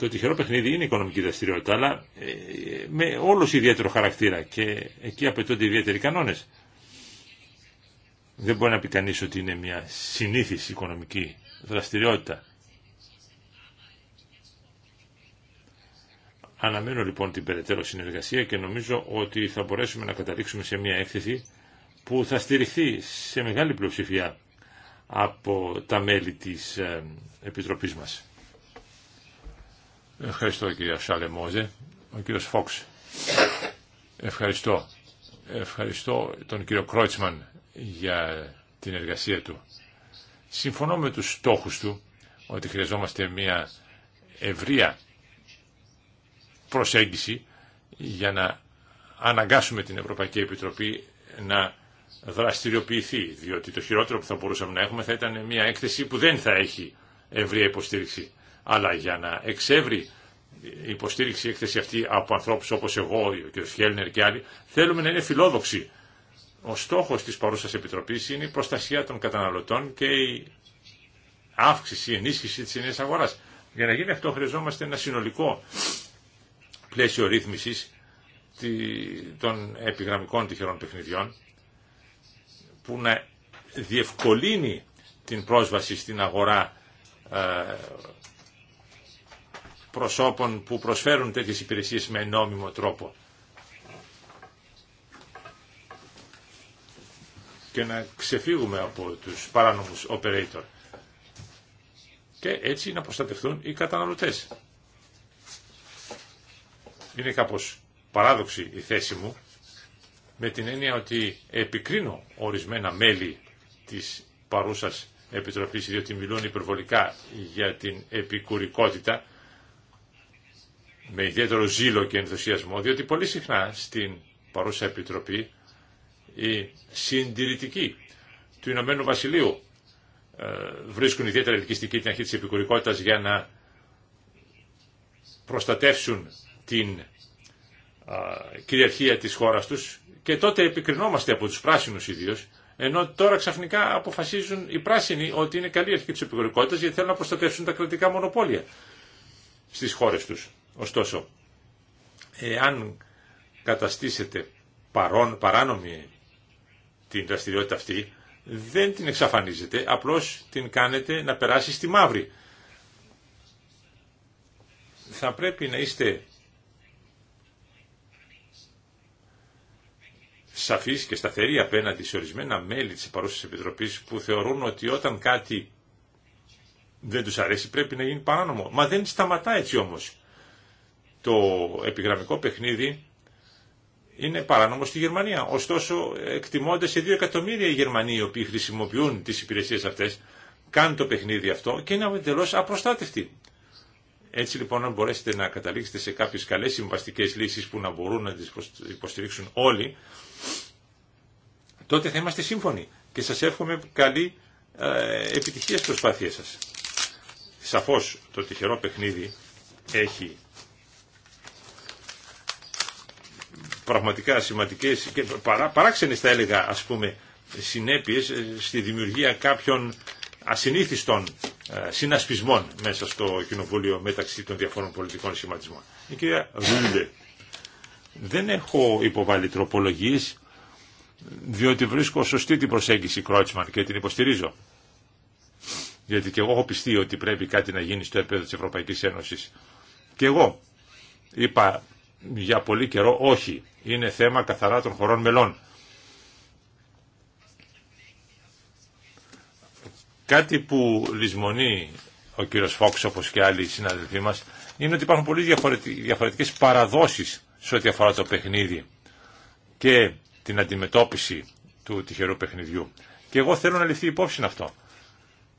το τυχερό παιχνίδι είναι οικονομική δραστηριότητα, αλλά ε, με όλο ιδιαίτερο χαρακτήρα και εκεί απαιτούνται ιδιαίτεροι κανόνες. Δεν μπορεί να πει κανεί ότι είναι μια συνήθι οικονομική δραστηριότητα. Αναμένω λοιπόν την περαιτέρω συνεργασία και νομίζω ότι θα μπορέσουμε να καταλήξουμε σε μια έκθεση που θα στηριχθεί σε μεγάλη πλειοψηφία από τα μέλη της ε, Επιτροπής μας. Ευχαριστώ κύριε Σαλεμόζε. Ο κύριος Φόξ. Ευχαριστώ. Ευχαριστώ τον κύριο Κρότσμαν για την εργασία του. Συμφωνώ με τους στόχους του ότι χρειαζόμαστε μια ευρεία προσέγγιση για να αναγκάσουμε την Ευρωπαϊκή Επιτροπή να δραστηριοποιηθεί, διότι το χειρότερο που θα μπορούσαμε να έχουμε θα ήταν μια έκθεση που δεν θα έχει ευρεία υποστήριξη αλλά για να εξεύρει η υποστήριξη η έκθεση αυτή από ανθρώπους όπως εγώ, ο κ. Φιέλνερ και άλλοι, θέλουμε να είναι φιλόδοξοι. Ο στόχος της παρούσας Επιτροπής είναι η προστασία των καταναλωτών και η αύξηση, η ενίσχυση της νέας αγοράς. Για να γίνει αυτό χρειαζόμαστε ένα συνολικό πλαίσιο ρύθμισης των επιγραμμικών τυχερών παιχνιδιών που να διευκολύνει την πρόσβαση στην αγορά ε, προσώπων που προσφέρουν τέτοιες υπηρεσίες με νόμιμο τρόπο. Και να ξεφύγουμε από τους παράνομους operator. Και έτσι να προστατευτούν οι καταναλωτές. Είναι κάπως παράδοξη η θέση μου, με την έννοια ότι επικρίνω ορισμένα μέλη της παρούσας Επιτροπής, διότι μιλούν υπερβολικά για την επικουρικότητα με ιδιαίτερο ζήλο και ενθουσιασμό, διότι πολύ συχνά στην παρούσα Επιτροπή οι συντηρητικοί του Ηνωμένου Βασιλείου ε, βρίσκουν ιδιαίτερα ελκυστική την αρχή της επικουρικότητας για να προστατεύσουν την κυριαρχία της χώρας τους και τότε επικρινόμαστε από τους πράσινους ιδίως, ενώ τώρα ξαφνικά αποφασίζουν οι πράσινοι ότι είναι καλή αρχή της επικουρικότητας γιατί θέλουν να προστατεύσουν τα κρατικά μονοπόλια στις χώρες τους. Ωστόσο, εάν καταστήσετε παρόν, παράνομη την δραστηριότητα αυτή, δεν την εξαφανίζετε, απλώς την κάνετε να περάσει στη μαύρη. Θα πρέπει να είστε σαφείς και σταθεροί απέναντι σε ορισμένα μέλη της παρούσης επιτροπής που θεωρούν ότι όταν κάτι δεν τους αρέσει πρέπει να γίνει παράνομο. Μα δεν σταματά έτσι όμως το επιγραμμικό παιχνίδι είναι παράνομο στη Γερμανία. Ωστόσο, εκτιμώνται σε 2 εκατομμύρια οι Γερμανοί οι οποίοι χρησιμοποιούν τι υπηρεσίε αυτέ, κάνουν το παιχνίδι αυτό και είναι εντελώ απροστάτευτοι. Έτσι λοιπόν, αν μπορέσετε να καταλήξετε σε κάποιε καλέ συμβαστικέ λύσει που να μπορούν να τι υποστηρίξουν όλοι, τότε θα είμαστε σύμφωνοι. Και σα εύχομαι καλή ε, επιτυχία στι προσπάθειέ σα. Σαφώ το τυχερό παιχνίδι έχει πραγματικά σημαντικές και παράξενες θα έλεγα ας πούμε συνέπειες ε, στη δημιουργία κάποιων ασυνήθιστων ε, συνασπισμών μέσα στο κοινοβούλιο μεταξύ των διαφόρων πολιτικών σχηματισμών. Η κυρία δεν έχω υποβάλει τροπολογίες διότι βρίσκω σωστή την προσέγγιση Κρότσμαν και την υποστηρίζω. Γιατί και εγώ έχω πιστεί ότι πρέπει κάτι να γίνει στο επίπεδο της Ευρωπαϊκής Ένωσης. Και εγώ είπα για πολύ καιρό όχι. Είναι θέμα καθαρά των χωρών μελών. Κάτι που λησμονεί ο κύριος Φόξ όπως και άλλοι συναδελφοί μας είναι ότι υπάρχουν πολύ διαφορετικές παραδόσεις σε ό,τι αφορά το παιχνίδι και την αντιμετώπιση του τυχερού παιχνιδιού. Και εγώ θέλω να ληφθεί υπόψη αυτό.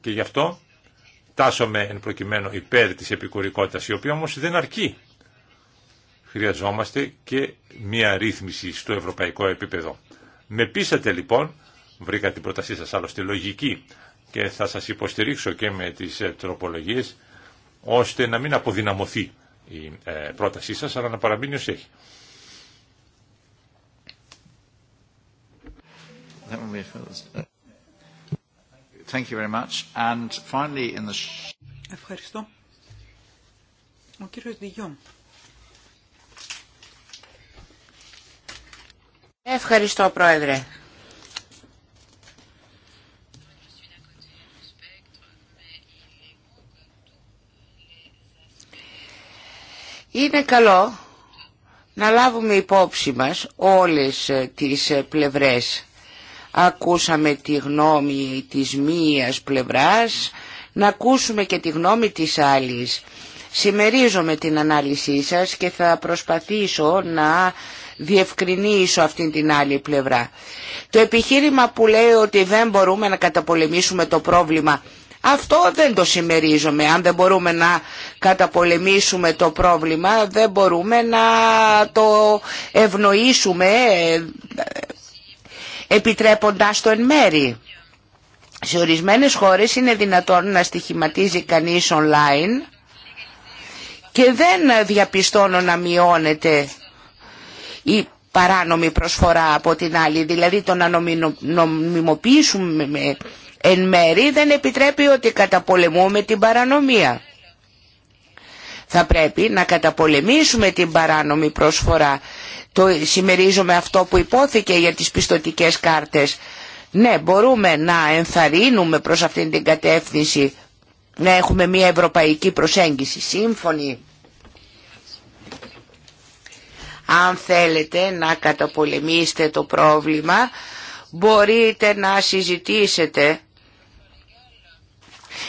Και γι' αυτό τάσομαι εν προκειμένου υπέρ της επικουρικότητας, η οποία όμως δεν αρκεί χρειαζόμαστε και μία ρύθμιση στο ευρωπαϊκό επίπεδο. Με πείσατε λοιπόν, βρήκα την πρότασή σας άλλωστε λογική και θα σας υποστηρίξω και με τις ε, τροπολογίες ώστε να μην αποδυναμωθεί η ε, πρότασή σας αλλά να παραμείνει ως έχει. Ευχαριστώ. Ο κύριος Διγιόμ. Ευχαριστώ Πρόεδρε. Είναι καλό να λάβουμε υπόψη μας όλες τις πλευρές. Ακούσαμε τη γνώμη της μίας πλευράς, να ακούσουμε και τη γνώμη της άλλης. Σημερίζομαι την ανάλυση σας και θα προσπαθήσω να διευκρινίσω αυτήν την άλλη πλευρά. Το επιχείρημα που λέει ότι δεν μπορούμε να καταπολεμήσουμε το πρόβλημα, αυτό δεν το συμμερίζομαι. Αν δεν μπορούμε να καταπολεμήσουμε το πρόβλημα, δεν μπορούμε να το ευνοήσουμε ε, επιτρέποντάς το εν μέρη. Σε ορισμένες χώρες είναι δυνατόν να στοιχηματίζει κανείς online και δεν διαπιστώνω να μειώνεται η παράνομη προσφορά από την άλλη. Δηλαδή το να νομιμοποιήσουμε εν μέρη δεν επιτρέπει ότι καταπολεμούμε την παρανομία. Θα πρέπει να καταπολεμήσουμε την παράνομη προσφορά. Το συμμερίζομαι αυτό που υπόθηκε για τις πιστοτικές κάρτες. Ναι, μπορούμε να ενθαρρύνουμε προς αυτήν την κατεύθυνση, να έχουμε μια ευρωπαϊκή προσέγγιση, σύμφωνη. Αν θέλετε να καταπολεμήσετε το πρόβλημα, μπορείτε να συζητήσετε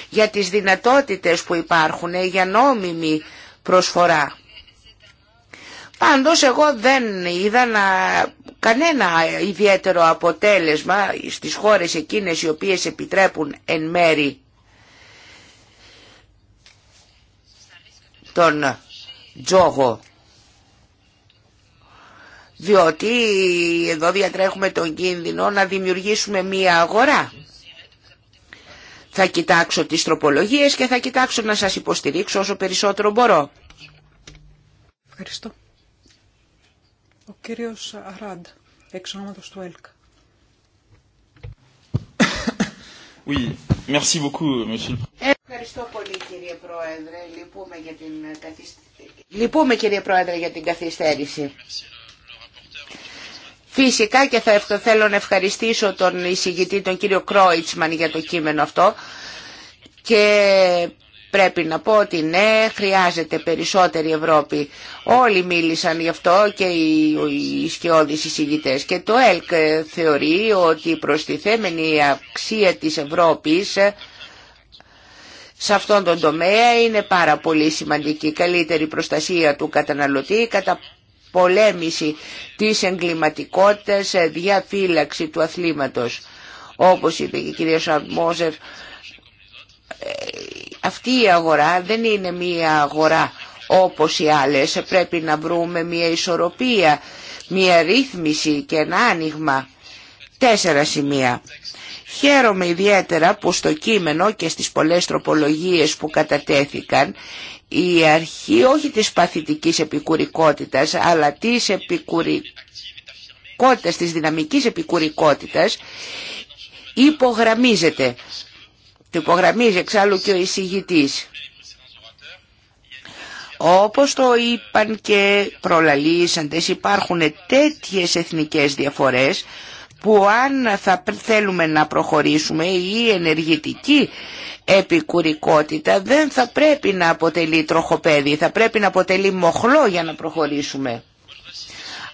για τις δυνατότητες που υπάρχουν για νόμιμη προσφορά. Πάντως εγώ δεν είδα να... κανένα ιδιαίτερο αποτέλεσμα στις χώρες εκείνες οι οποίες επιτρέπουν εν μέρη τον τζόγο διότι εδώ διατρέχουμε τον κίνδυνο να δημιουργήσουμε μία αγορά. Θα κοιτάξω τις τροπολογίες και θα κοιτάξω να σας υποστηρίξω όσο περισσότερο μπορώ. Ευχαριστώ. Ο κύριος Αράντ, εξ ονόματος του ΕΛΚ. Oui. Merci beaucoup, monsieur. Ευχαριστώ πολύ κύριε Πρόεδρε. Λυπούμε, για την Λυπούμε κύριε Πρόεδρε για την καθυστέρηση. Φυσικά και θα θέλω να ευχαριστήσω τον εισηγητή, τον κύριο Κρόιτσμαν για το κείμενο αυτό και πρέπει να πω ότι ναι, χρειάζεται περισσότερη Ευρώπη. Όλοι μίλησαν γι' αυτό και οι, οι σκιώδεις Και το ΕΛΚ θεωρεί ότι η προστιθέμενη αξία της Ευρώπης σε αυτόν τον τομέα είναι πάρα πολύ σημαντική. Καλύτερη προστασία του καταναλωτή, πολέμηση της εγκληματικότητας, διαφύλαξη του αθλήματος. Όπως είπε και η κυρία Σαρμόζερ, ε, αυτή η αγορά δεν είναι μία αγορά όπως οι άλλες. Πρέπει να βρούμε μία ισορροπία, μία ρύθμιση και ένα άνοιγμα. Τέσσερα σημεία. Χαίρομαι ιδιαίτερα που στο κείμενο και στις πολλές τροπολογίες που κατατέθηκαν η αρχή όχι της παθητικής επικουρικότητας αλλά της επικουρικότητας, της δυναμικής επικουρικότητας υπογραμμίζεται. Το υπογραμμίζει εξάλλου και ο εισηγητής. Όπως το είπαν και προλαλήσαντες υπάρχουν τέτοιες εθνικές διαφορές που αν θα θέλουμε να προχωρήσουμε η ενεργητική επικουρικότητα δεν θα πρέπει να αποτελεί τροχοπέδι, θα πρέπει να αποτελεί μοχλό για να προχωρήσουμε.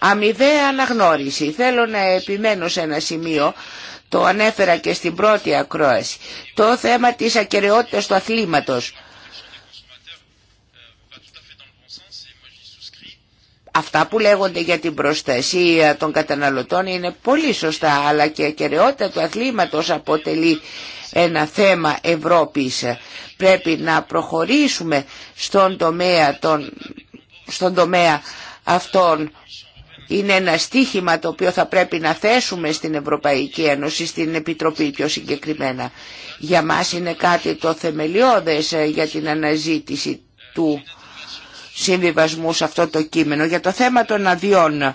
Αμοιβαία αναγνώριση. Θέλω να επιμένω σε ένα σημείο, το ανέφερα και στην πρώτη ακρόαση, το θέμα της ακαιρεότητας του αθλήματος. Αυτά που λέγονται για την προστασία των καταναλωτών είναι πολύ σωστά, αλλά και η ακαιρεότητα του αθλήματος αποτελεί ένα θέμα Ευρώπης. Πρέπει να προχωρήσουμε στον τομέα, των, στον τομέα αυτών. Είναι ένα στίχημα το οποίο θα πρέπει να θέσουμε στην Ευρωπαϊκή Ένωση, στην Επιτροπή πιο συγκεκριμένα. Για μας είναι κάτι το θεμελιώδες ε, για την αναζήτηση του συμβιβασμού σε αυτό το κείμενο. Για το θέμα των αδειών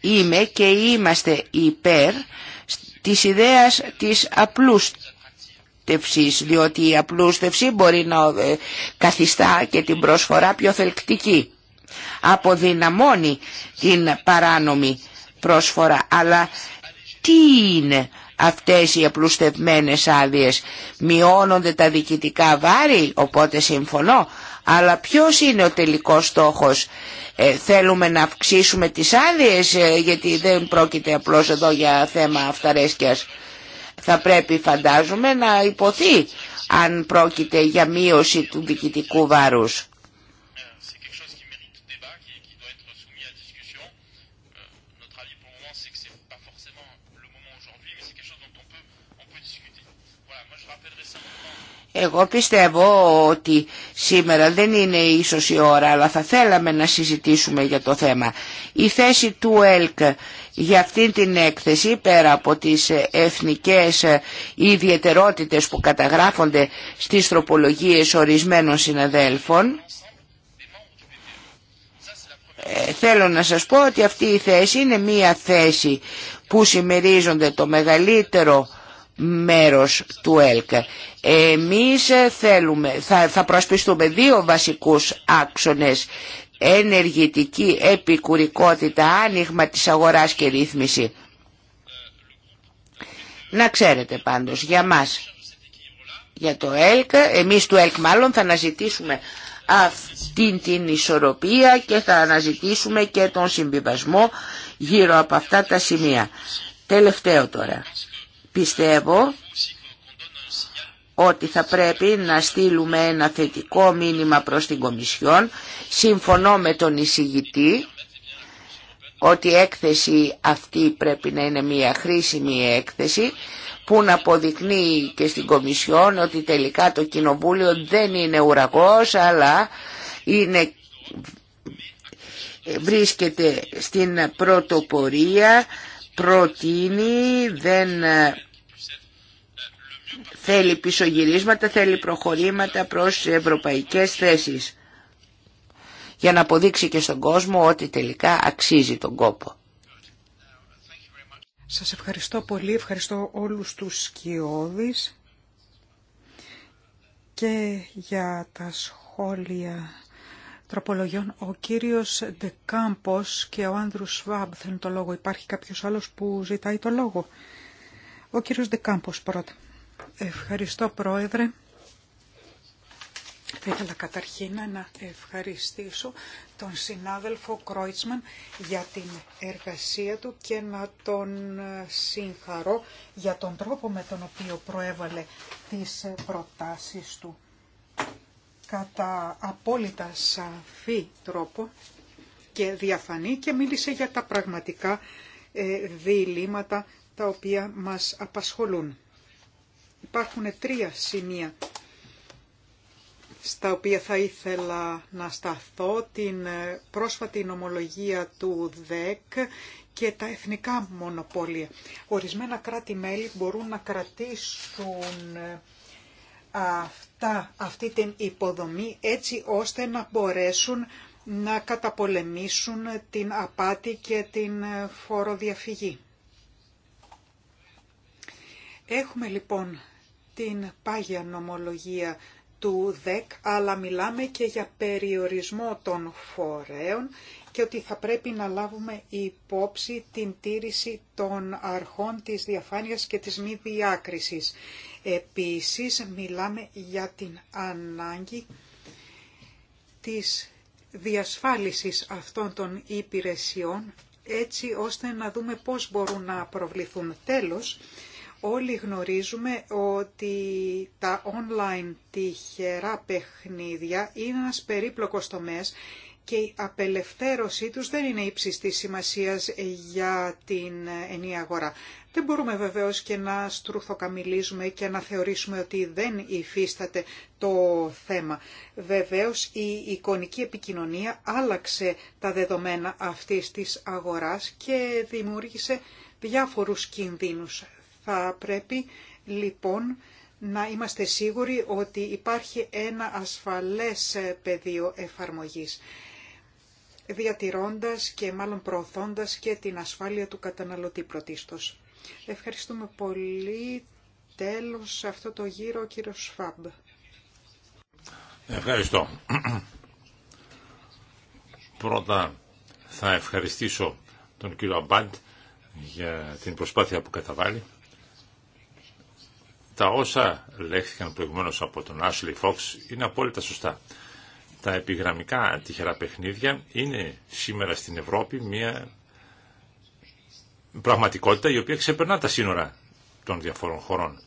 είμαι και είμαστε υπέρ της ιδέας της απλούστευσης, διότι η απλούστευση μπορεί να ε, καθιστά και την προσφορά πιο θελκτική. Αποδυναμώνει την παράνομη προσφορά, αλλά τι είναι αυτές οι απλουστευμένες άδειες. Μειώνονται τα διοικητικά βάρη, οπότε συμφωνώ, αλλά ποιος είναι ο τελικός στόχος. Ε, θέλουμε να αυξήσουμε τις άδειες ε, γιατί δεν πρόκειται απλώς εδώ για θέμα αυταρέσκειας. Θα πρέπει φαντάζομαι να υποθεί αν πρόκειται για μείωση του διοικητικού βάρους. Εγώ πιστεύω ότι σήμερα δεν είναι ίσως η ώρα, αλλά θα θέλαμε να συζητήσουμε για το θέμα. Η θέση του ΕΛΚ για αυτήν την έκθεση, πέρα από τις εθνικές ιδιαιτερότητες που καταγράφονται στις τροπολογίες ορισμένων συναδέλφων, ε, θέλω να σας πω ότι αυτή η θέση είναι μία θέση που συμμερίζονται το μεγαλύτερο μέρος του ΕΛΚ. Εμείς ε, θέλουμε, θα, θα προσπιστούμε δύο βασικούς άξονες, ενεργητική επικουρικότητα, άνοιγμα της αγοράς και ρύθμιση. Να ξέρετε πάντως, για μας, για το ΕΛΚ, εμείς του ΕΛΚ μάλλον θα αναζητήσουμε αυτή την ισορροπία και θα αναζητήσουμε και τον συμβιβασμό γύρω από αυτά τα σημεία. Τελευταίο τώρα. Πιστεύω ότι θα πρέπει να στείλουμε ένα θετικό μήνυμα προς την Κομισιόν. Συμφωνώ με τον εισηγητή ότι η έκθεση αυτή πρέπει να είναι μια χρήσιμη έκθεση που να αποδεικνύει και στην Κομισιόν ότι τελικά το Κοινοβούλιο δεν είναι ουραγός αλλά είναι, βρίσκεται στην πρωτοπορία, προτείνει, δεν θέλει πισωγυρίσματα, θέλει προχωρήματα προς ευρωπαϊκές θέσεις για να αποδείξει και στον κόσμο ότι τελικά αξίζει τον κόπο. Σας ευχαριστώ πολύ, ευχαριστώ όλους τους σκιώδεις και για τα σχόλια τροπολογιών. Ο κύριος Ντεκάμπος και ο Άνδρου Σβάμπ θέλουν το λόγο. Υπάρχει κάποιος άλλος που ζητάει το λόγο. Ο κύριος Ντεκάμπος πρώτα. Ευχαριστώ Πρόεδρε. Θα ήθελα καταρχήν να ευχαριστήσω τον συνάδελφο Κρόιτσμαν για την εργασία του και να τον συγχαρώ για τον τρόπο με τον οποίο προέβαλε τις προτάσεις του. Κατά απόλυτα σαφή τρόπο και διαφανή και μίλησε για τα πραγματικά ε, διλήμματα τα οποία μας απασχολούν. Υπάρχουν τρία σημεία στα οποία θα ήθελα να σταθώ, την ε, πρόσφατη νομολογία του ΔΕΚ και τα εθνικά μονοπόλια. Ορισμένα κράτη-μέλη μπορούν να κρατήσουν ε, αυτά, αυτή την υποδομή έτσι ώστε να μπορέσουν να καταπολεμήσουν την απάτη και την ε, φοροδιαφυγή. Έχουμε λοιπόν την πάγια νομολογία του ΔΕΚ, αλλά μιλάμε και για περιορισμό των φορέων και ότι θα πρέπει να λάβουμε υπόψη την τήρηση των αρχών της διαφάνειας και της μη διάκρισης. Επίσης, μιλάμε για την ανάγκη της διασφάλισης αυτών των υπηρεσιών, έτσι ώστε να δούμε πώς μπορούν να προβληθούν. Τέλος, Όλοι γνωρίζουμε ότι τα online τυχερά παιχνίδια είναι ένας περίπλοκος τομέας και η απελευθέρωσή τους δεν είναι ύψης της σημασίας για την ενία αγορά. Δεν μπορούμε βεβαίως και να στρουθοκαμιλίζουμε και να θεωρήσουμε ότι δεν υφίσταται το θέμα. Βεβαίως η εικονική επικοινωνία άλλαξε τα δεδομένα αυτής της αγοράς και δημιούργησε διάφορους κινδύνους. Θα πρέπει λοιπόν να είμαστε σίγουροι ότι υπάρχει ένα ασφαλές πεδίο εφαρμογής διατηρώντας και μάλλον προωθώντας και την ασφάλεια του καταναλωτή πρωτίστως. Ευχαριστούμε πολύ. Τέλος σε αυτό το γύρο, κύριο Σφάμπ. Ευχαριστώ. Πρώτα θα ευχαριστήσω τον κύριο Αμπάντ για την προσπάθεια που καταβάλει. Τα όσα λέχθηκαν προηγουμένως από τον Ashley Fox είναι απόλυτα σωστά. Τα επιγραμμικά τυχερά παιχνίδια είναι σήμερα στην Ευρώπη μια πραγματικότητα η οποία ξεπερνά τα σύνορα των διαφόρων χωρών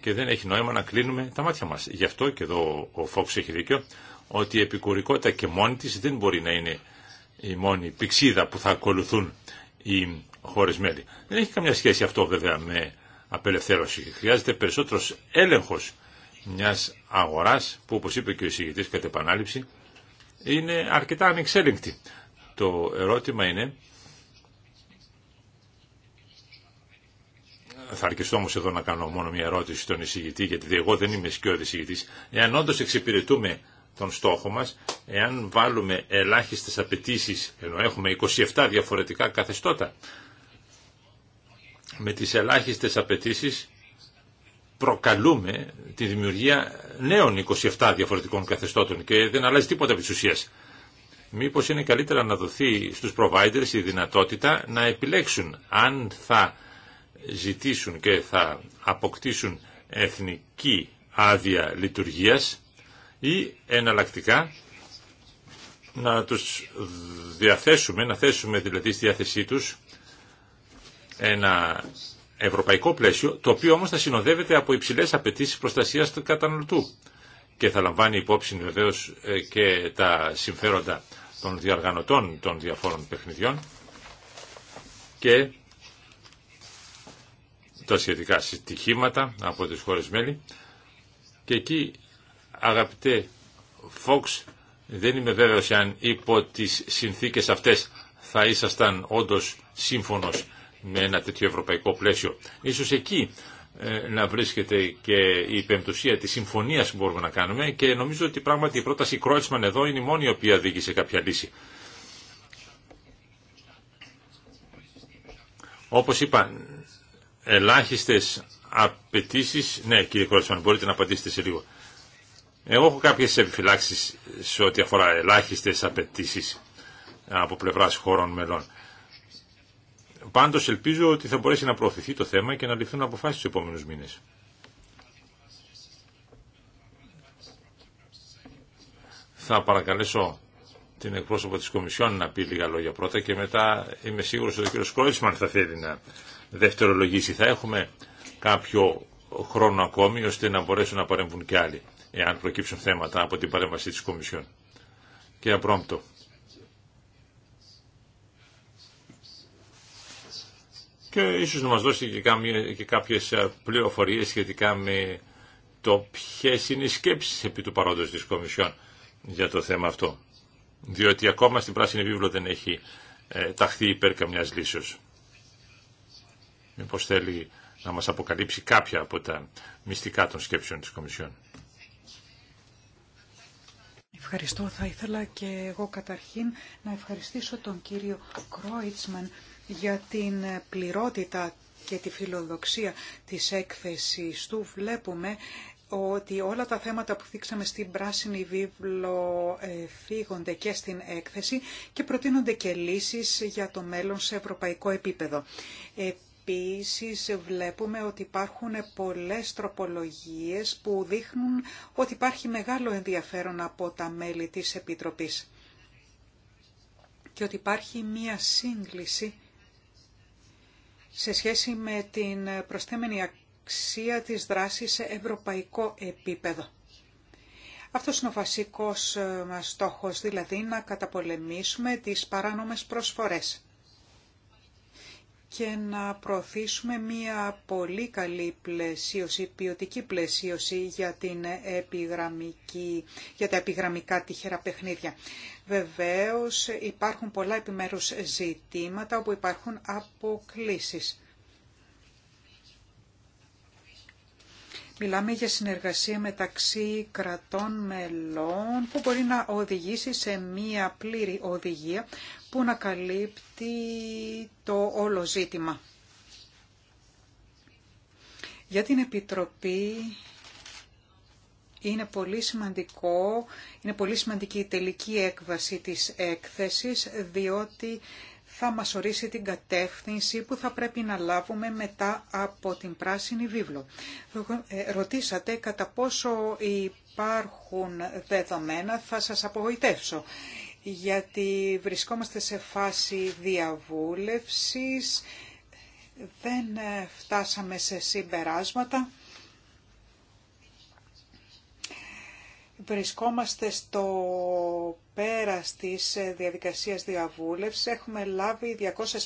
και δεν έχει νόημα να κλείνουμε τα μάτια μας. Γι' αυτό και εδώ ο Φόξ έχει δίκιο ότι η επικουρικότητα και μόνη της δεν μπορεί να είναι η μόνη πηξίδα που θα ακολουθούν οι χώρες μέλη. Δεν έχει καμιά σχέση αυτό βέβαια με απελευθέρωση. Χρειάζεται περισσότερος έλεγχος μιας αγοράς που όπως είπε και ο εισηγητής κατά επανάληψη είναι αρκετά ανεξέλεγκτη. Το ερώτημα είναι θα αρκεστώ όμω εδώ να κάνω μόνο μια ερώτηση στον εισηγητή, γιατί εγώ δεν είμαι σκιώδη εισηγητή. Εάν όντω εξυπηρετούμε τον στόχο μα, εάν βάλουμε ελάχιστε απαιτήσει, ενώ έχουμε 27 διαφορετικά καθεστώτα με τις ελάχιστες απαιτήσει προκαλούμε τη δημιουργία νέων 27 διαφορετικών καθεστώτων και δεν αλλάζει τίποτα από τη ουσίες. Μήπως είναι καλύτερα να δοθεί στους providers η δυνατότητα να επιλέξουν αν θα ζητήσουν και θα αποκτήσουν εθνική άδεια λειτουργίας ή εναλλακτικά να τους διαθέσουμε, να θέσουμε δηλαδή στη διάθεσή τους ένα ευρωπαϊκό πλαίσιο, το οποίο όμως θα συνοδεύεται από υψηλές απαιτήσει προστασίας του καταναλωτού και θα λαμβάνει υπόψη βεβαίω ε, και τα συμφέροντα των διαργανωτών των διαφόρων παιχνιδιών και τα σχετικά στοιχήματα από τις χώρες μέλη και εκεί αγαπητέ Fox δεν είμαι βέβαιος αν υπό τις συνθήκες αυτές θα ήσασταν όντως σύμφωνος με ένα τέτοιο ευρωπαϊκό πλαίσιο. Ίσως εκεί ε, να βρίσκεται και η πεμπτουσία της συμφωνίας που μπορούμε να κάνουμε και νομίζω ότι πράγματι η πρόταση Κρότσμαν εδώ είναι η μόνη η οποία δίκησε κάποια λύση. Όπως είπα, ελάχιστες απαιτήσει. Ναι, κύριε Κρότσμαν, μπορείτε να απαντήσετε σε λίγο. Εγώ έχω κάποιες επιφυλάξεις σε ό,τι αφορά ελάχιστες απαιτήσει από πλευράς χωρών μελών. Πάντως ελπίζω ότι θα μπορέσει να προωθηθεί το θέμα και να ληφθούν αποφάσεις στους επόμενους μήνες. Θα παρακαλέσω την εκπρόσωπο της Κομισιόν να πει λίγα λόγια πρώτα και μετά είμαι σίγουρος ότι ο κ. Κρόισμαν θα θέλει να δευτερολογήσει. Θα έχουμε κάποιο χρόνο ακόμη ώστε να μπορέσουν να παρέμβουν και άλλοι εάν προκύψουν θέματα από την παρέμβαση της Κομισιόν. Και απρόμπτω. και ίσως να μας δώσει και κάποιες ε, πληροφορίες σχετικά με το ποιες είναι οι σκέψεις επί του παρόντος της Κομισιόν για το θέμα αυτό. Διότι ακόμα στην Πράσινη Βίβλο δεν έχει ε, ταχθεί υπέρ καμιάς λύσεω. Μήπως θέλει να μας αποκαλύψει κάποια από τα μυστικά των σκέψεων της Κομισιόν. Ευχαριστώ. Θα ήθελα και εγώ καταρχήν να ευχαριστήσω τον κύριο Κρόιτσμαν για την πληρότητα και τη φιλοδοξία της έκθεσης του βλέπουμε ότι όλα τα θέματα που θίξαμε στην πράσινη βίβλο ε, φύγονται και στην έκθεση και προτείνονται και λύσεις για το μέλλον σε ευρωπαϊκό επίπεδο. Επίσης βλέπουμε ότι υπάρχουν πολλές τροπολογίες που δείχνουν ότι υπάρχει μεγάλο ενδιαφέρον από τα μέλη της Επιτροπής και ότι υπάρχει μία σύγκληση σε σχέση με την προσθέμενη αξία της δράσης σε ευρωπαϊκό επίπεδο. Αυτός είναι ο βασικός ε, μας στόχος, δηλαδή να καταπολεμήσουμε τις παράνομες προσφορές και να προωθήσουμε μία πολύ καλή πλαισίωση, ποιοτική πλαισίωση για, την επιγραμμική, για τα επιγραμμικά τυχερά παιχνίδια. Βεβαίως υπάρχουν πολλά επιμέρους ζητήματα όπου υπάρχουν αποκλήσεις. Μιλάμε για συνεργασία μεταξύ κρατών μελών που μπορεί να οδηγήσει σε μία πλήρη οδηγία που να καλύπτει το όλο ζήτημα. Για την Επιτροπή είναι πολύ σημαντικό, είναι πολύ σημαντική η τελική έκβαση της έκθεσης, διότι θα μας ορίσει την κατεύθυνση που θα πρέπει να λάβουμε μετά από την Πράσινη Βίβλο. Ε, ρωτήσατε κατά πόσο υπάρχουν δεδομένα, θα σας απογοητεύσω γιατί βρισκόμαστε σε φάση διαβούλευσης, δεν φτάσαμε σε συμπεράσματα. Βρισκόμαστε στο πέρας της διαδικασίας διαβούλευσης. Έχουμε λάβει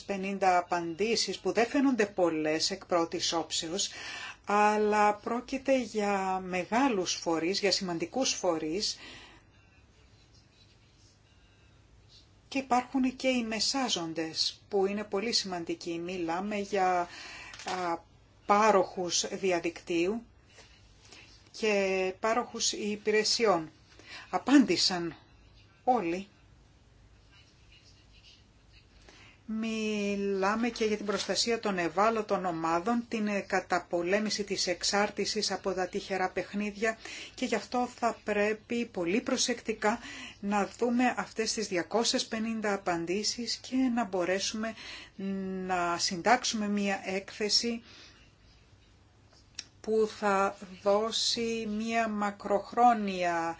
250 απαντήσεις που δεν φαίνονται πολλές εκ πρώτης όψεως, αλλά πρόκειται για μεγάλους φορείς, για σημαντικούς φορείς, Και υπάρχουν και οι μεσάζοντες που είναι πολύ σημαντικοί. Μιλάμε για πάροχους διαδικτύου και πάροχους υπηρεσιών. Απάντησαν όλοι Μιλάμε και για την προστασία των ευάλωτων ομάδων, την καταπολέμηση της εξάρτησης από τα τυχερά παιχνίδια και γι' αυτό θα πρέπει πολύ προσεκτικά να δούμε αυτές τις 250 απαντήσεις και να μπορέσουμε να συντάξουμε μία έκθεση που θα δώσει μία μακροχρόνια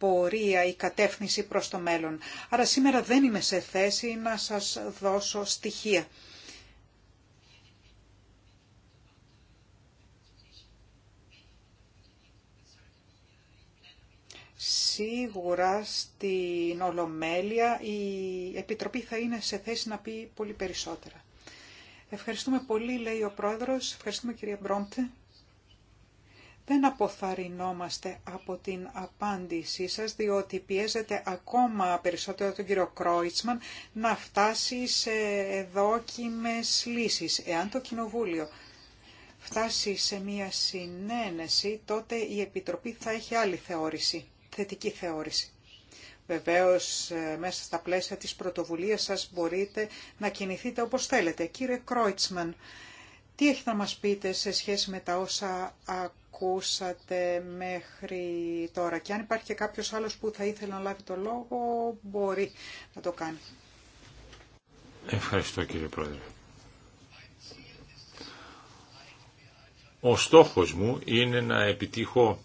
πορεία, η κατεύθυνση προς το μέλλον. Άρα σήμερα δεν είμαι σε θέση να σας δώσω στοιχεία. Σίγουρα στην Ολομέλεια η Επιτροπή θα είναι σε θέση να πει πολύ περισσότερα. Ευχαριστούμε πολύ, λέει ο Πρόεδρος. Ευχαριστούμε κυρία Μπρόντε δεν αποθαρρυνόμαστε από την απάντησή σας, διότι πιέζεται ακόμα περισσότερο τον κύριο Κρόιτσμαν να φτάσει σε δόκιμες λύσεις. Εάν το Κοινοβούλιο φτάσει σε μία συνένεση, τότε η Επιτροπή θα έχει άλλη θεώρηση, θετική θεώρηση. Βεβαίως, ε, μέσα στα πλαίσια της πρωτοβουλίας σας μπορείτε να κινηθείτε όπως θέλετε. Κύριε Κρόιτσμαν, τι έχει να μας πείτε σε σχέση με τα όσα ακούσατε μέχρι τώρα και αν υπάρχει και κάποιος άλλος που θα ήθελε να λάβει το λόγο μπορεί να το κάνει. Ευχαριστώ κύριε Πρόεδρε. Ο στόχος μου είναι να επιτύχω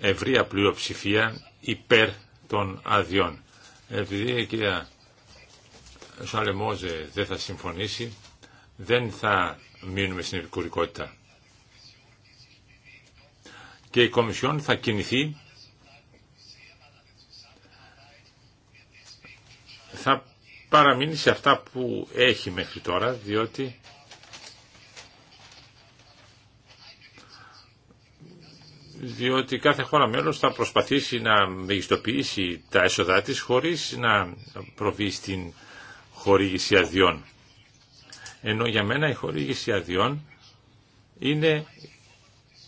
ευρία πλειοψηφία υπέρ των αδειών. Επειδή η κυρία Σαλεμόζε δεν θα συμφωνήσει, δεν θα μείνουμε στην επικουρικότητα. Και η Κομισιόν θα κινηθεί, θα παραμείνει σε αυτά που έχει μέχρι τώρα, διότι διότι κάθε χώρα μέλος θα προσπαθήσει να μεγιστοποιήσει τα έσοδά της χωρίς να προβεί στην χορήγηση αδειών. Ενώ για μένα η χορήγηση αδειών είναι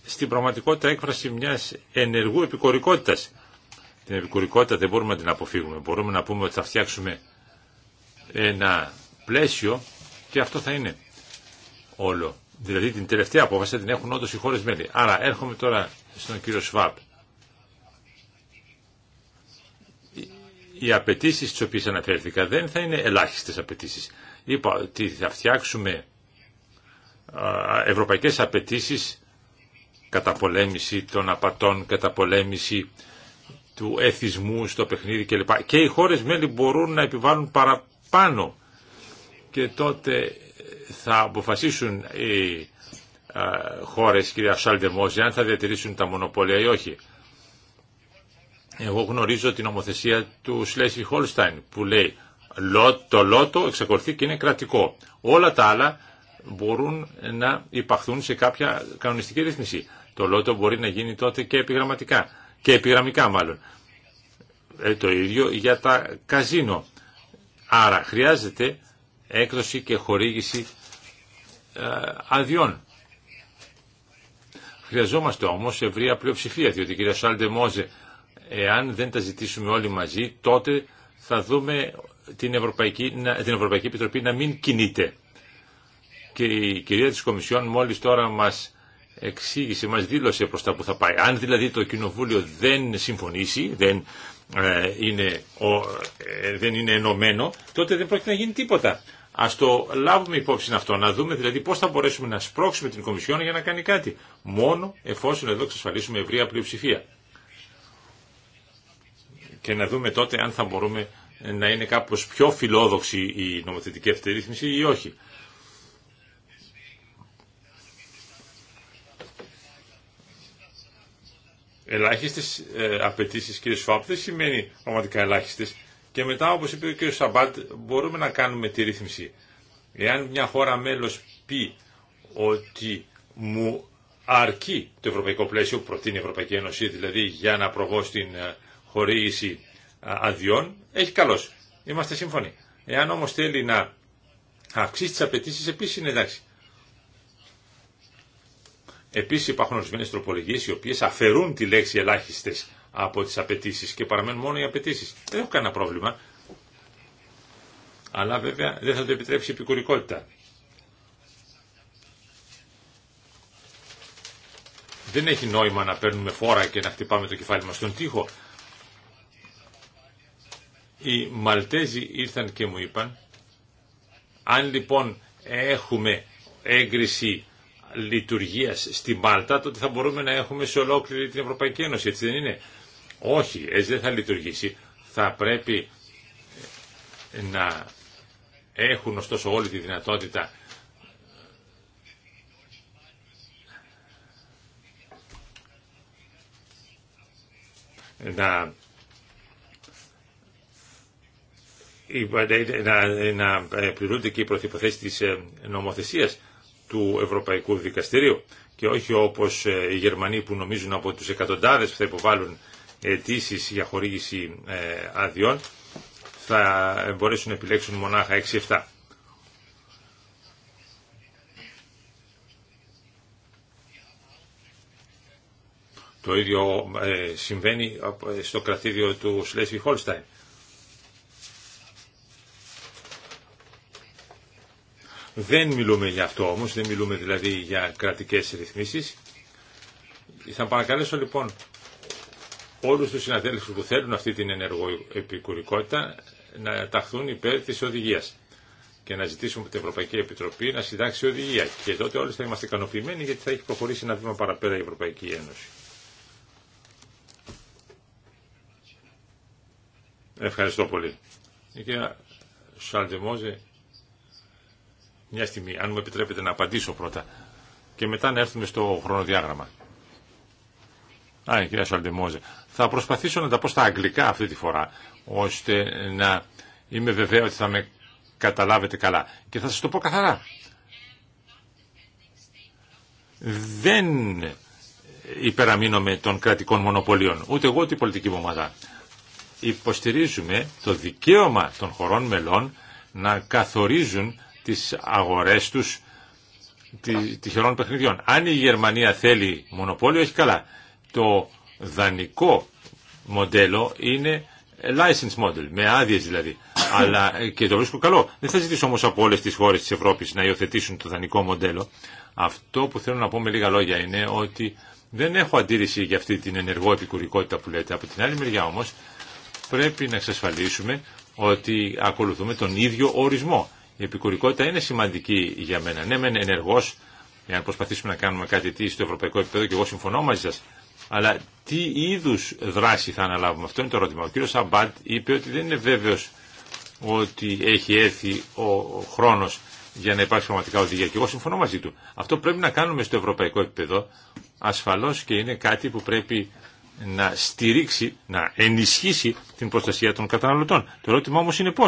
στην πραγματικότητα έκφραση μιας ενεργού επικορικότητας. Την επικορικότητα δεν μπορούμε να την αποφύγουμε. Μπορούμε να πούμε ότι θα φτιάξουμε ένα πλαίσιο και αυτό θα είναι όλο. Δηλαδή την τελευταία απόφαση την έχουν όντως οι χώρες μέλη. Άρα έρχομαι τώρα στον κύριο Σβάπ. Οι απαιτήσει τι οποίε αναφέρθηκα δεν θα είναι ελάχιστε απαιτήσει. Είπα ότι θα φτιάξουμε ευρωπαϊκές απαιτήσει καταπολέμηση των απατών, καταπολέμηση του εθισμού στο παιχνίδι κλπ. Και οι χώρες μέλη μπορούν να επιβάλλουν παραπάνω και τότε θα αποφασίσουν οι χώρες, κυρία Σαλδεμόζη, αν θα διατηρήσουν τα μονοπόλια ή όχι. Εγώ γνωρίζω την νομοθεσία του Σλέσι Χολστάιν που λέει το λότο εξακολουθεί και είναι κρατικό. Όλα τα άλλα μπορούν να υπαχθούν σε κάποια κανονιστική ρύθμιση. Το λότο μπορεί να γίνει τότε και επιγραμματικά, και επιγραμμικά μάλλον. Ε, το ίδιο για τα καζίνο. Άρα χρειάζεται έκδοση και χορήγηση ε, αδειών. Χρειαζόμαστε όμως ευρεία πλειοψηφία, διότι κυρία Σάλντε Μόζε, εάν δεν τα ζητήσουμε όλοι μαζί, τότε θα δούμε την Ευρωπαϊκή, την Ευρωπαϊκή Επιτροπή να μην κινείται. Και η κυρία της Κομισιόν μόλις τώρα μας εξήγησε, μας δήλωσε προς τα που θα πάει. Αν δηλαδή το Κοινοβούλιο δεν συμφωνήσει, δεν, ε, είναι, ο, ε, δεν είναι ενωμένο, τότε δεν πρόκειται να γίνει τίποτα. Ας το λάβουμε υπόψη αυτό, να δούμε δηλαδή πώς θα μπορέσουμε να σπρώξουμε την Κομισιόν για να κάνει κάτι. Μόνο εφόσον εδώ εξασφαλίσουμε ευρεία πλειοψηφία και να δούμε τότε αν θα μπορούμε να είναι κάπως πιο φιλόδοξη η νομοθετική αυτή ρύθμιση ή όχι. Ελάχιστες ε, απαιτήσει κύριε Σφάπ δεν σημαίνει πραγματικά ελάχιστες και μετά όπως είπε ο κύριος Σαμπάτ μπορούμε να κάνουμε τη ρύθμιση. Εάν μια χώρα μέλος πει ότι μου αρκεί το ευρωπαϊκό πλαίσιο, προτείνει η Ευρωπαϊκή Ένωση δηλαδή για να προβώ στην ε, χορήγηση αδειών, έχει καλώς. Είμαστε σύμφωνοι. Εάν όμως θέλει να αυξήσει τι απαιτήσει επίση είναι εντάξει. Επίση υπάρχουν ορισμένε τροπολογίε οι οποίε αφαιρούν τη λέξη ελάχιστε από τι απαιτήσει και παραμένουν μόνο οι απαιτήσει. Δεν έχω κανένα πρόβλημα. Αλλά βέβαια δεν θα το επιτρέψει η επικουρικότητα. Δεν έχει νόημα να παίρνουμε φόρα και να χτυπάμε το κεφάλι μας στον τοίχο οι Μαλτέζοι ήρθαν και μου είπαν, αν λοιπόν έχουμε έγκριση λειτουργίας στη Μάλτα, τότε θα μπορούμε να έχουμε σε ολόκληρη την Ευρωπαϊκή Ένωση, έτσι δεν είναι. Όχι, έτσι δεν θα λειτουργήσει. Θα πρέπει να έχουν ωστόσο όλη τη δυνατότητα να να, να ε, πληρούνται και οι προθυποθέσεις της ε, νομοθεσίας του Ευρωπαϊκού Δικαστηρίου και όχι όπως ε, οι Γερμανοί που νομίζουν από τους εκατοντάδες που θα υποβάλουν αιτήσει για χορήγηση αδειών θα μπορέσουν να επιλέξουν μονάχα 6-7. Το ίδιο συμβαίνει στο κρατήριο του Σλέσβι Χόλσταϊν. Δεν μιλούμε για αυτό όμως, δεν μιλούμε δηλαδή για κρατικές ρυθμίσεις. Θα παρακαλέσω λοιπόν όλους τους συναδέλφους που θέλουν αυτή την ενεργοεπικουρικότητα να ταχθούν υπέρ της οδηγίας και να ζητήσουμε από την Ευρωπαϊκή Επιτροπή να συντάξει οδηγία. Και τότε όλοι θα είμαστε ικανοποιημένοι γιατί θα έχει προχωρήσει ένα βήμα παραπέρα η Ευρωπαϊκή Ένωση. Ευχαριστώ πολύ. Μια στιγμή, αν μου επιτρέπετε να απαντήσω πρώτα και μετά να έρθουμε στο χρονοδιάγραμμα. Α, κυρία Σαλντεμόζε. Θα προσπαθήσω να τα πω στα αγγλικά αυτή τη φορά, ώστε να είμαι βεβαίω ότι θα με καταλάβετε καλά. Και θα σας το πω καθαρά. Δεν υπεραμείνομαι των κρατικών μονοπωλίων, ούτε εγώ ούτε η πολιτική μου ομάδα. Υποστηρίζουμε το δικαίωμα των χωρών μελών να καθορίζουν τις αγορές τους τυχερών παιχνιδιών. Αν η Γερμανία θέλει μονοπόλιο, έχει καλά. Το δανεικό μοντέλο είναι license model, με άδειες δηλαδή. Αλλά και το βρίσκω καλό. Δεν θα ζητήσω όμω από όλε τι χώρε τη Ευρώπη να υιοθετήσουν το δανεικό μοντέλο. Αυτό που θέλω να πω με λίγα λόγια είναι ότι δεν έχω αντίρρηση για αυτή την ενεργό επικουρικότητα που λέτε. Από την άλλη μεριά όμω πρέπει να εξασφαλίσουμε ότι ακολουθούμε τον ίδιο ορισμό. Η επικουρικότητα είναι σημαντική για μένα. Ναι, μεν ενεργό, να προσπαθήσουμε να κάνουμε κάτι τι στο ευρωπαϊκό επίπεδο, και εγώ συμφωνώ μαζί σα. Αλλά τι είδου δράση θα αναλάβουμε, αυτό είναι το ερώτημα. Ο κύριο Σαμπάτ είπε ότι δεν είναι βέβαιο ότι έχει έρθει ο χρόνο για να υπάρξει πραγματικά οδηγία. Και εγώ συμφωνώ μαζί του. Αυτό πρέπει να κάνουμε στο ευρωπαϊκό επίπεδο. Ασφαλώ και είναι κάτι που πρέπει να στηρίξει, να ενισχύσει την προστασία των καταναλωτών. Το ερώτημα όμω είναι πώ.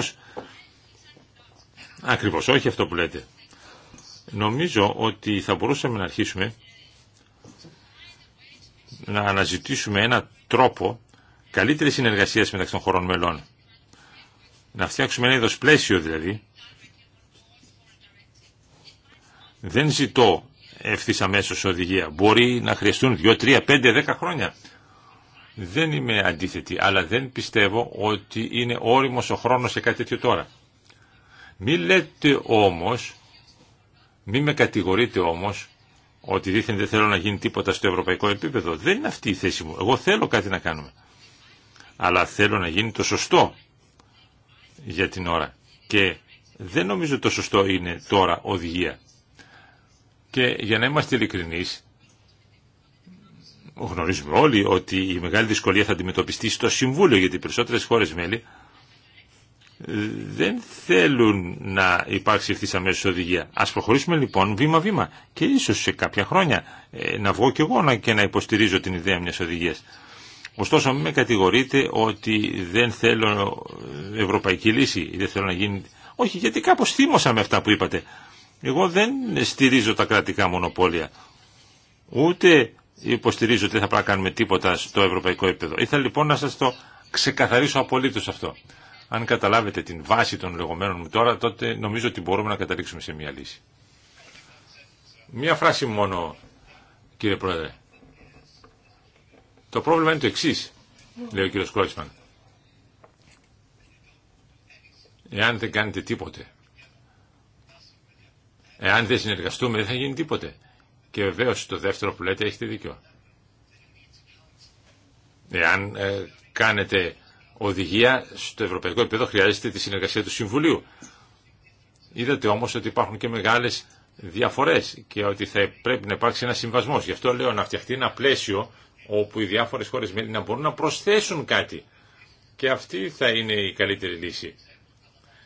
Ακριβώς, όχι αυτό που λέτε. Νομίζω ότι θα μπορούσαμε να αρχίσουμε να αναζητήσουμε ένα τρόπο καλύτερη συνεργασίας μεταξύ των χωρών μελών. Να φτιάξουμε ένα είδος πλαίσιο δηλαδή. Δεν ζητώ ευθύ αμέσω οδηγία. Μπορεί να χρειαστούν 2, 3, 5, 10 χρόνια. Δεν είμαι αντίθετη, αλλά δεν πιστεύω ότι είναι όριμος ο χρόνος σε κάτι τέτοιο τώρα. Μη λέτε όμως, μη με κατηγορείτε όμως ότι δίθεν δεν θέλω να γίνει τίποτα στο ευρωπαϊκό επίπεδο. Δεν είναι αυτή η θέση μου. Εγώ θέλω κάτι να κάνουμε. Αλλά θέλω να γίνει το σωστό για την ώρα. Και δεν νομίζω το σωστό είναι τώρα οδηγία. Και για να είμαστε ειλικρινεί, γνωρίζουμε όλοι ότι η μεγάλη δυσκολία θα αντιμετωπιστεί στο Συμβούλιο, γιατί οι περισσότερες χώρες μέλη δεν θέλουν να υπάρξει ευθύ αμέσω οδηγία. Α προχωρήσουμε λοιπόν βήμα-βήμα και ίσω σε κάποια χρόνια ε, να βγω κι εγώ να, και να υποστηρίζω την ιδέα μια οδηγία. Ωστόσο, μην με κατηγορείτε ότι δεν θέλω ε, ευρωπαϊκή λύση ή δεν θέλω να γίνει. Όχι, γιατί κάπω θύμωσα με αυτά που είπατε. Εγώ δεν στηρίζω τα κρατικά μονοπόλια. Ούτε υποστηρίζω ότι δεν θα πρέπει να κάνουμε τίποτα στο ευρωπαϊκό επίπεδο. Ήθελα λοιπόν να σα το ξεκαθαρίσω απολύτω αυτό. Αν καταλάβετε την βάση των λεγόμενων μου τώρα, τότε νομίζω ότι μπορούμε να καταλήξουμε σε μια λύση. Μια φράση μόνο, κύριε Πρόεδρε. Το πρόβλημα είναι το εξή, λέει ο κύριος Κρόισμαν. Εάν δεν κάνετε τίποτε, εάν δεν συνεργαστούμε, δεν θα γίνει τίποτε. Και βεβαίω το δεύτερο που λέτε έχετε δίκιο. Εάν ε, κάνετε οδηγία στο ευρωπαϊκό επίπεδο χρειάζεται τη συνεργασία του Συμβουλίου. Είδατε όμω ότι υπάρχουν και μεγάλε διαφορέ και ότι θα πρέπει να υπάρξει ένα συμβασμό. Γι' αυτό λέω να φτιαχτεί ένα πλαίσιο όπου οι διάφορε χώρε μέλη να μπορούν να προσθέσουν κάτι. Και αυτή θα είναι η καλύτερη λύση.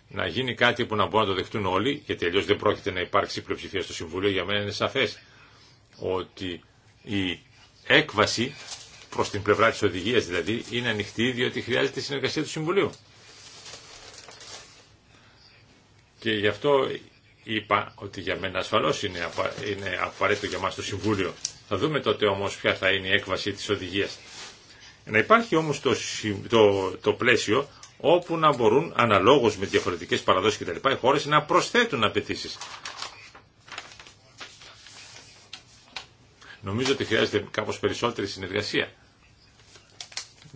Να γίνει κάτι που να μπορούν να το δεχτούν όλοι, γιατί αλλιώ δεν πρόκειται να υπάρξει πλειοψηφία στο Συμβούλιο. Για μένα είναι σαφέ ότι η έκβαση προς την πλευρά της οδηγίας δηλαδή είναι ανοιχτή διότι χρειάζεται η συνεργασία του Συμβουλίου. Και γι' αυτό είπα ότι για μένα ασφαλώς είναι, είναι απαραίτητο για μας το Συμβούλιο. Θα δούμε τότε όμως ποια θα είναι η έκβαση της οδηγίας. Να υπάρχει όμως το, το, το πλαίσιο όπου να μπορούν αναλόγως με διαφορετικές παραδόσεις κτλ. οι χώρες να προσθέτουν απαιτήσει. Νομίζω ότι χρειάζεται κάπως περισσότερη συνεργασία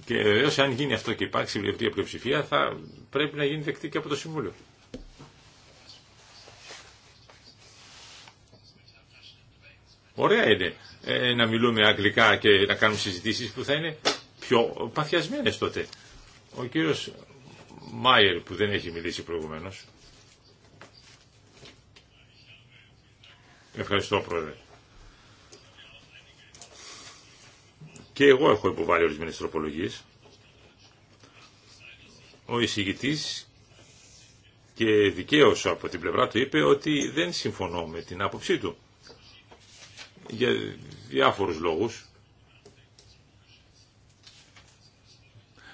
και βεβαίω, αν γίνει αυτό και υπάρξει η πλειοψηφία, θα πρέπει να γίνει δεκτή και από το Συμβούλιο. Ωραία είναι ε, να μιλούμε αγγλικά και να κάνουμε συζητήσεις που θα είναι πιο παθιασμένες τότε. Ο κύριος Μάιερ που δεν έχει μιλήσει προηγουμένως. Ευχαριστώ πρόεδρε. Και εγώ έχω υποβάλει ορισμένε τροπολογίε. Ο εισηγητή και δικαίω από την πλευρά του είπε ότι δεν συμφωνώ με την άποψή του. Για διάφορους λόγους.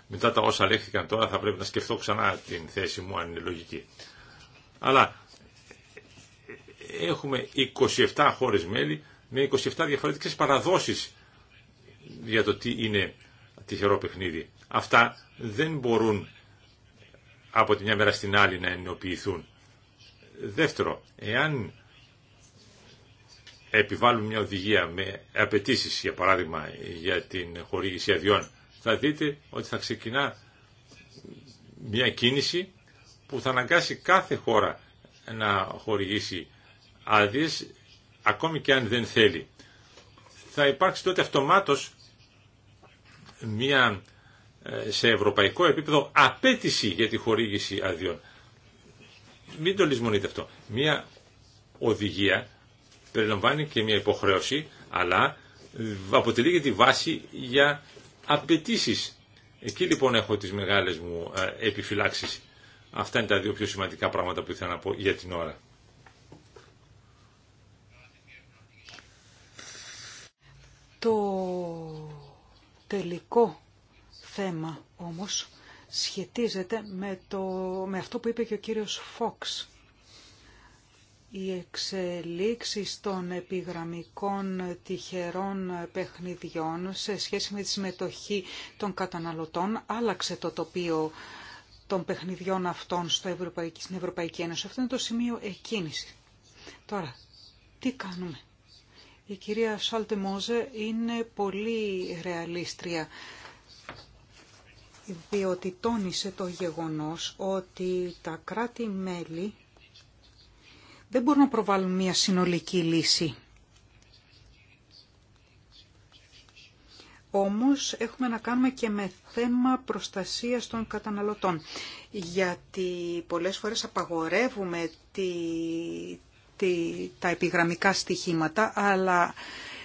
Μετά τα όσα λέχθηκαν τώρα θα πρέπει να σκεφτώ ξανά την θέση μου αν είναι λογική. Αλλά έχουμε 27 χώρες μέλη με 27 διαφορετικές παραδόσεις για το τι είναι τυχερό παιχνίδι. Αυτά δεν μπορούν από τη μια μέρα στην άλλη να εννοποιηθούν. Δεύτερο, εάν επιβάλλουν μια οδηγία με απαιτήσει, για παράδειγμα, για την χορήγηση αδειών, θα δείτε ότι θα ξεκινά μια κίνηση που θα αναγκάσει κάθε χώρα να χορηγήσει άδειε, ακόμη και αν δεν θέλει. Θα υπάρξει τότε αυτομάτως μια ε, σε ευρωπαϊκό επίπεδο απέτηση για τη χορήγηση αδειών. Μην το λησμονείτε αυτό. Μια οδηγία περιλαμβάνει και μια υποχρέωση, αλλά αποτελεί και τη βάση για απαιτήσει. Εκεί λοιπόν έχω τις μεγάλες μου ε, επιφυλάξεις. Αυτά είναι τα δύο πιο σημαντικά πράγματα που ήθελα να πω για την ώρα. Το τελικό θέμα όμως σχετίζεται με, το, με αυτό που είπε και ο κύριος Φόξ. Οι εξελίξεις των επιγραμμικών τυχερών παιχνιδιών σε σχέση με τη συμμετοχή των καταναλωτών άλλαξε το τοπίο των παιχνιδιών αυτών στο Ευρωπαϊκή, στην Ευρωπαϊκή Ένωση. Αυτό είναι το σημείο εκκίνηση. Τώρα, τι κάνουμε. Η κυρία Σάλτε Μόζε είναι πολύ ρεαλίστρια διότι τόνισε το γεγονός ότι τα κράτη-μέλη δεν μπορούν να προβάλλουν μια συνολική λύση. Όμως έχουμε να κάνουμε και με θέμα προστασίας των καταναλωτών, γιατί πολλές φορές απαγορεύουμε τη, τα επιγραμμικά στοιχήματα, αλλά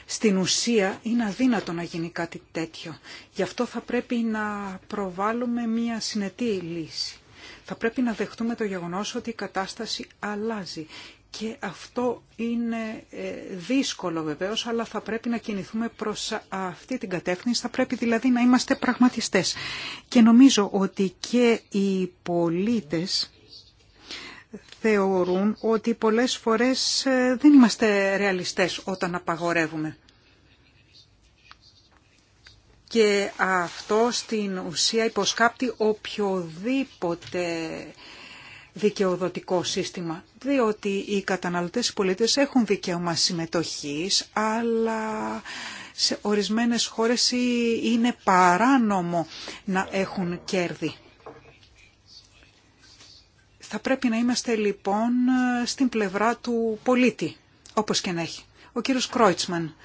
στην ουσία είναι αδύνατο να γίνει κάτι τέτοιο. Γι' αυτό θα πρέπει να προβάλλουμε μια συνετή λύση. Θα πρέπει να δεχτούμε το γεγονός ότι η κατάσταση αλλάζει. Και αυτό είναι ε, δύσκολο βεβαίως, αλλά θα πρέπει να κινηθούμε προς αυτή την κατεύθυνση. Θα πρέπει δηλαδή να είμαστε πραγματιστές. Και νομίζω ότι και οι πολίτες θεωρούν ότι πολλές φορές ε, δεν είμαστε ρεαλιστές όταν απαγορεύουμε. Και αυτό στην ουσία υποσκάπτει οποιοδήποτε δικαιοδοτικό σύστημα, διότι οι καταναλωτές πολίτες έχουν δικαίωμα συμμετοχής, αλλά σε ορισμένες χώρες είναι παράνομο να έχουν κέρδη. Θα πρέπει να είμαστε λοιπόν στην πλευρά του πολίτη, όπως και να έχει. Ο κύριος Κρόιτσμαν.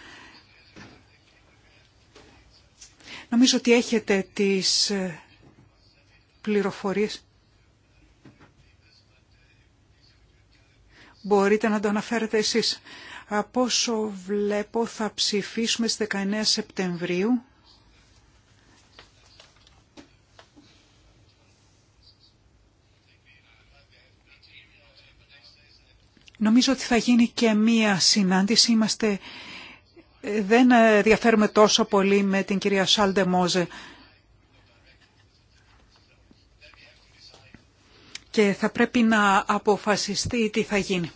Νομίζω ότι έχετε τις ε, πληροφορίες. Μπορείτε να το αναφέρετε εσείς. Από όσο βλέπω θα ψηφίσουμε στις 19 Σεπτεμβρίου Νομίζω ότι θα γίνει και μία συνάντηση. Είμαστε... Ε, δεν ε, διαφέρουμε τόσο πολύ με την κυρία Σάλντε Μόζε. Και θα πρέπει να αποφασιστεί τι θα γίνει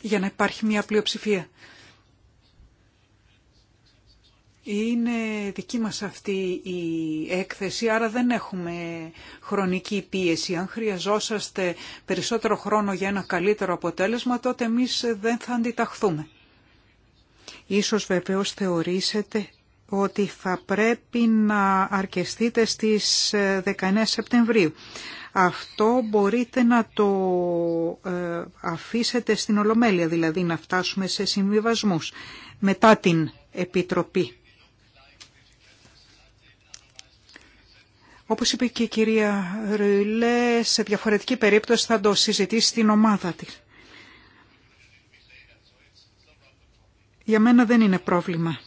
για να υπάρχει μια πλειοψηφία. Είναι δική μας αυτή η έκθεση, άρα δεν έχουμε χρονική πίεση. Αν χρειαζόσαστε περισσότερο χρόνο για ένα καλύτερο αποτέλεσμα, τότε εμείς δεν θα αντιταχθούμε. Ίσως βεβαίως θεωρήσετε ότι θα πρέπει να αρκεστείτε στις 19 ε, Σεπτεμβρίου. Αυτό μπορείτε να το ε, αφήσετε στην Ολομέλεια, δηλαδή να φτάσουμε σε συμβιβασμούς μετά την Επιτροπή. Όπως είπε και η κυρία Ρουλέ, σε διαφορετική περίπτωση θα το συζητήσει στην ομάδα της. Για μένα δεν είναι πρόβλημα.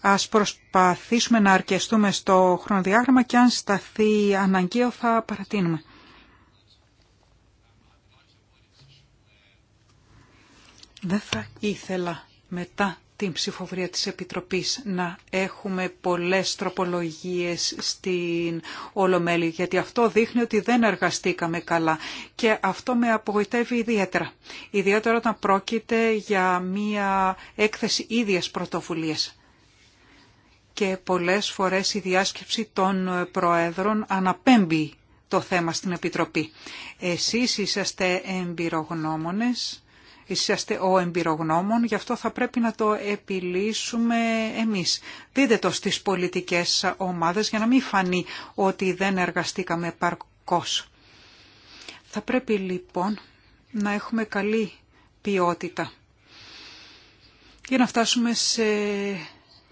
Ας προσπαθήσουμε να αρκεστούμε στο χρονοδιάγραμμα και αν σταθεί αναγκαίο θα παρατείνουμε. Δεν θα ήθελα μετά την ψηφοφορία της Επιτροπής να έχουμε πολλές τροπολογίες στην Ολομέλη, γιατί αυτό δείχνει ότι δεν εργαστήκαμε καλά και αυτό με απογοητεύει ιδιαίτερα. Ιδιαίτερα όταν πρόκειται για μία έκθεση ίδιας πρωτοβουλίας και πολλές φορές η διάσκεψη των Προέδρων αναπέμπει το θέμα στην Επιτροπή. Εσείς είσαστε εμπειρογνώμονες είσαστε ο εμπειρογνώμων, γι' αυτό θα πρέπει να το επιλύσουμε εμείς. Δείτε το στις πολιτικές ομάδες για να μην φανεί ότι δεν εργαστήκαμε παρκώς. Θα πρέπει λοιπόν να έχουμε καλή ποιότητα για να φτάσουμε σε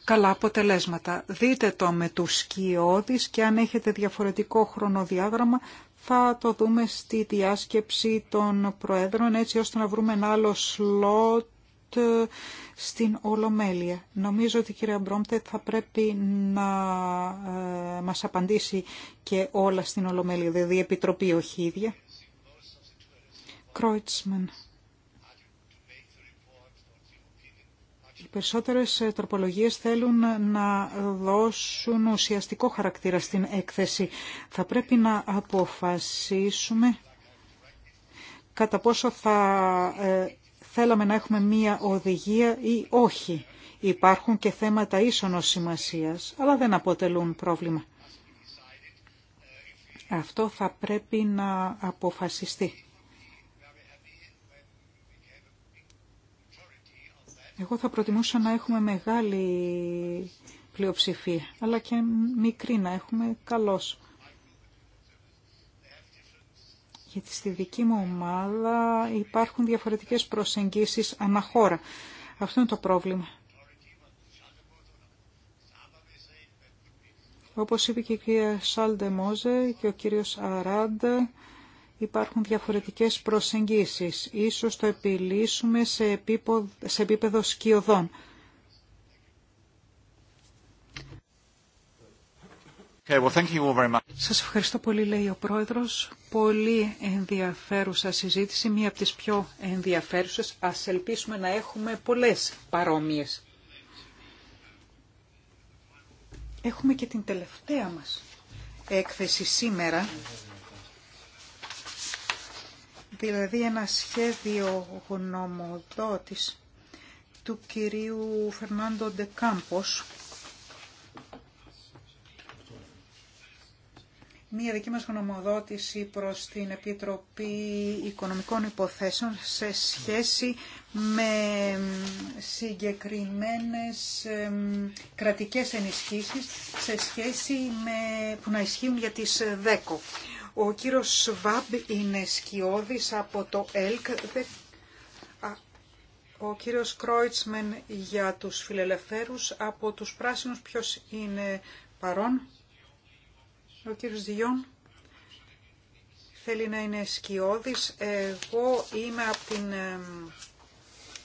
καλά αποτελέσματα. Δείτε το με τους σκιώδεις και αν έχετε διαφορετικό χρονοδιάγραμμα θα το δούμε στη διάσκεψη των Προέδρων έτσι ώστε να βρούμε ένα άλλο σλότ ε, στην Ολομέλεια. Νομίζω ότι η κυρία Μπρόμπτε θα πρέπει να ε, μας απαντήσει και όλα στην Ολομέλεια, δηλαδή η Επιτροπή όχι ίδια. περισσότερες ε, τροπολογίες θέλουν να δώσουν ουσιαστικό χαρακτήρα στην έκθεση. Θα πρέπει να αποφασίσουμε κατά πόσο θα ε, θέλαμε να έχουμε μία οδηγία ή όχι. Υπάρχουν και θέματα ίσονος σημασίας, αλλά δεν αποτελούν πρόβλημα. Αυτό θα πρέπει να αποφασιστεί. Εγώ θα προτιμούσα να έχουμε μεγάλη πλειοψηφία, αλλά και μικρή να έχουμε καλός. Γιατί στη δική μου ομάδα υπάρχουν διαφορετικές προσεγγίσεις αναχώρα. Αυτό είναι το πρόβλημα. Όπως είπε και η κυρία Σάλντε Μόζε και ο κύριος Αράντε, υπάρχουν διαφορετικές προσεγγίσεις. Ίσως το επιλύσουμε σε επίπεδο, σε σκιωδών. Okay, well, Σας ευχαριστώ πολύ, λέει ο Πρόεδρος. Πολύ ενδιαφέρουσα συζήτηση, μία από τις πιο ενδιαφέρουσες. Ας ελπίσουμε να έχουμε πολλές παρόμοιες. Έχουμε και την τελευταία μας έκθεση σήμερα δηλαδή ένα σχέδιο γνωμοδότης του κυρίου Φερνάντο Ντεκάμπος. Μία δική μας γνωμοδότηση προς την Επιτροπή Οικονομικών Υποθέσεων σε σχέση με συγκεκριμένες κρατικές ενισχύσεις σε σχέση με, που να ισχύουν για τις ΔΕΚΟ. Ο κύριος Σβάμπ είναι σκιώδης από το ΕΛΚ. Ο κύριος Κρόιτσμεν για τους φιλελευθέρους. Από τους πράσινους ποιος είναι παρόν. Ο κύριος Διόν θέλει να είναι σκιώδης. Εγώ είμαι από, την,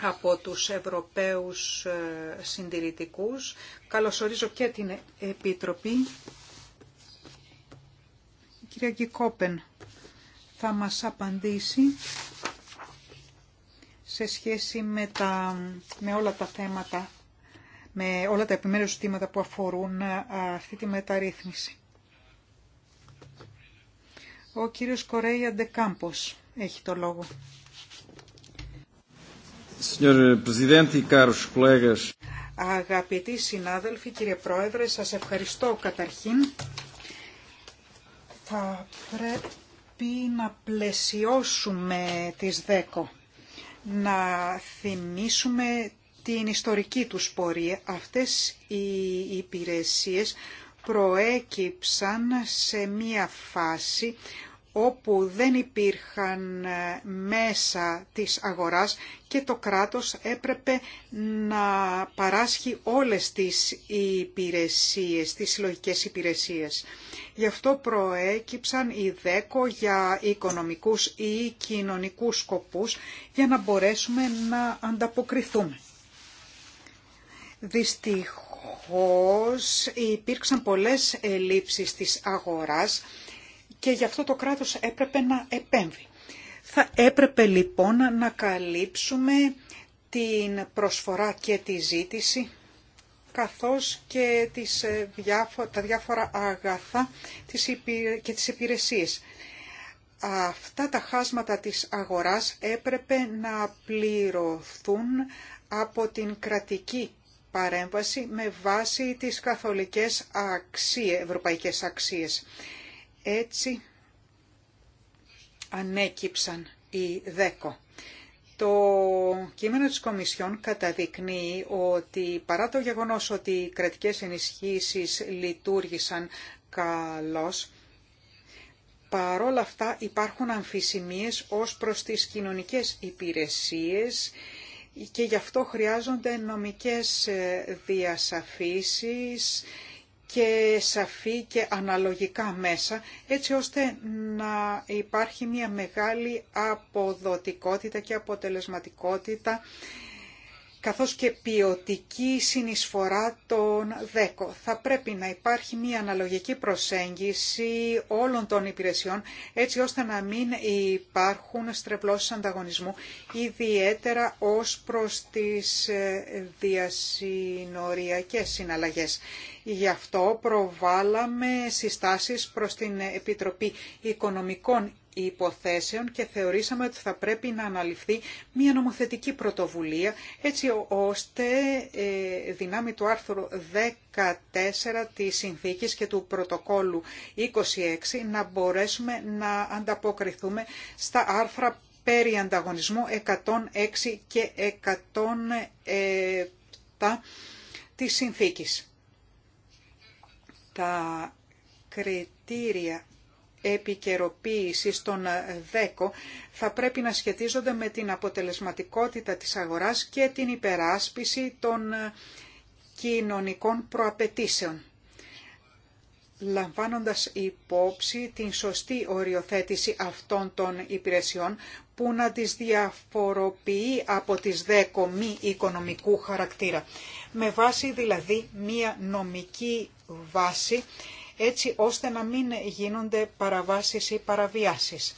από τους Ευρωπαίους ε, συντηρητικούς. Καλωσορίζω και την Επιτροπή κυρία Γκικόπεν θα μας απαντήσει σε σχέση με, τα, με όλα τα θέματα, με όλα τα επιμέρους ζητήματα που αφορούν αυτή τη μεταρρύθμιση. Ο κύριος Κορέια Ντεκάμπος έχει το λόγο. Αγαπητοί συνάδελφοι, κύριε Πρόεδρε, σας ευχαριστώ καταρχήν θα πρέπει να πλαισιώσουμε τις ΔΕΚΟ, να θυμίσουμε την ιστορική τους πορεία. Αυτές οι υπηρεσίες προέκυψαν σε μία φάση όπου δεν υπήρχαν ε, μέσα της αγοράς και το κράτος έπρεπε να παράσχει όλες τις υπηρεσίες, τις συλλογικέ υπηρεσίες. Γι' αυτό προέκυψαν οι δέκο για οικονομικούς ή κοινωνικούς σκοπούς για να μπορέσουμε να ανταποκριθούμε. Δυστυχώς υπήρξαν πολλές ελλείψεις της αγοράς και γι' αυτό το κράτος έπρεπε να επέμβει. Θα έπρεπε λοιπόν να καλύψουμε την προσφορά και τη ζήτηση καθώς και τις, ε, τα διάφορα αγαθά και τις υπηρεσίες. Αυτά τα χάσματα της αγοράς έπρεπε να πληρωθούν από την κρατική παρέμβαση με βάση τις καθολικές αξίες, ευρωπαϊκές αξίες. Έτσι ανέκυψαν οι ΔΕΚΟ. Το κείμενο της Κομισιόν καταδεικνύει ότι παρά το γεγονός ότι οι κρατικές ενισχύσεις λειτουργήσαν καλώς, παρόλα αυτά υπάρχουν αμφισημίες ως προς τις κοινωνικές υπηρεσίες και γι' αυτό χρειάζονται νομικές ε, διασαφήσεις και σαφή και αναλογικά μέσα, έτσι ώστε να υπάρχει μια μεγάλη αποδοτικότητα και αποτελεσματικότητα καθώς και ποιοτική συνεισφορά των ΔΕΚΟ. Θα πρέπει να υπάρχει μια αναλογική προσέγγιση όλων των υπηρεσιών, έτσι ώστε να μην υπάρχουν στρεβλώσεις ανταγωνισμού, ιδιαίτερα ως προς τις ε, διασυνοριακές συναλλαγές. Γι' αυτό προβάλαμε συστάσεις προς την Επιτροπή Οικονομικών υποθέσεων και θεωρήσαμε ότι θα πρέπει να αναλυφθεί μια νομοθετική πρωτοβουλία έτσι ώστε ε, δυνάμει του άρθρου 14 της συνθήκης και του πρωτοκόλου 26 να μπορέσουμε να ανταποκριθούμε στα άρθρα περί ανταγωνισμού 106 και 107 της συνθήκης. Τα κριτήρια επικαιροποίησης των ΔΕΚΟ θα πρέπει να σχετίζονται με την αποτελεσματικότητα της αγοράς και την υπεράσπιση των κοινωνικών προαπαιτήσεων λαμβάνοντας υπόψη την σωστή οριοθέτηση αυτών των υπηρεσιών που να τις διαφοροποιεί από τις δέκο μη οικονομικού χαρακτήρα. Με βάση δηλαδή μία νομική βάση έτσι ώστε να μην γίνονται παραβάσεις ή παραβιάσεις.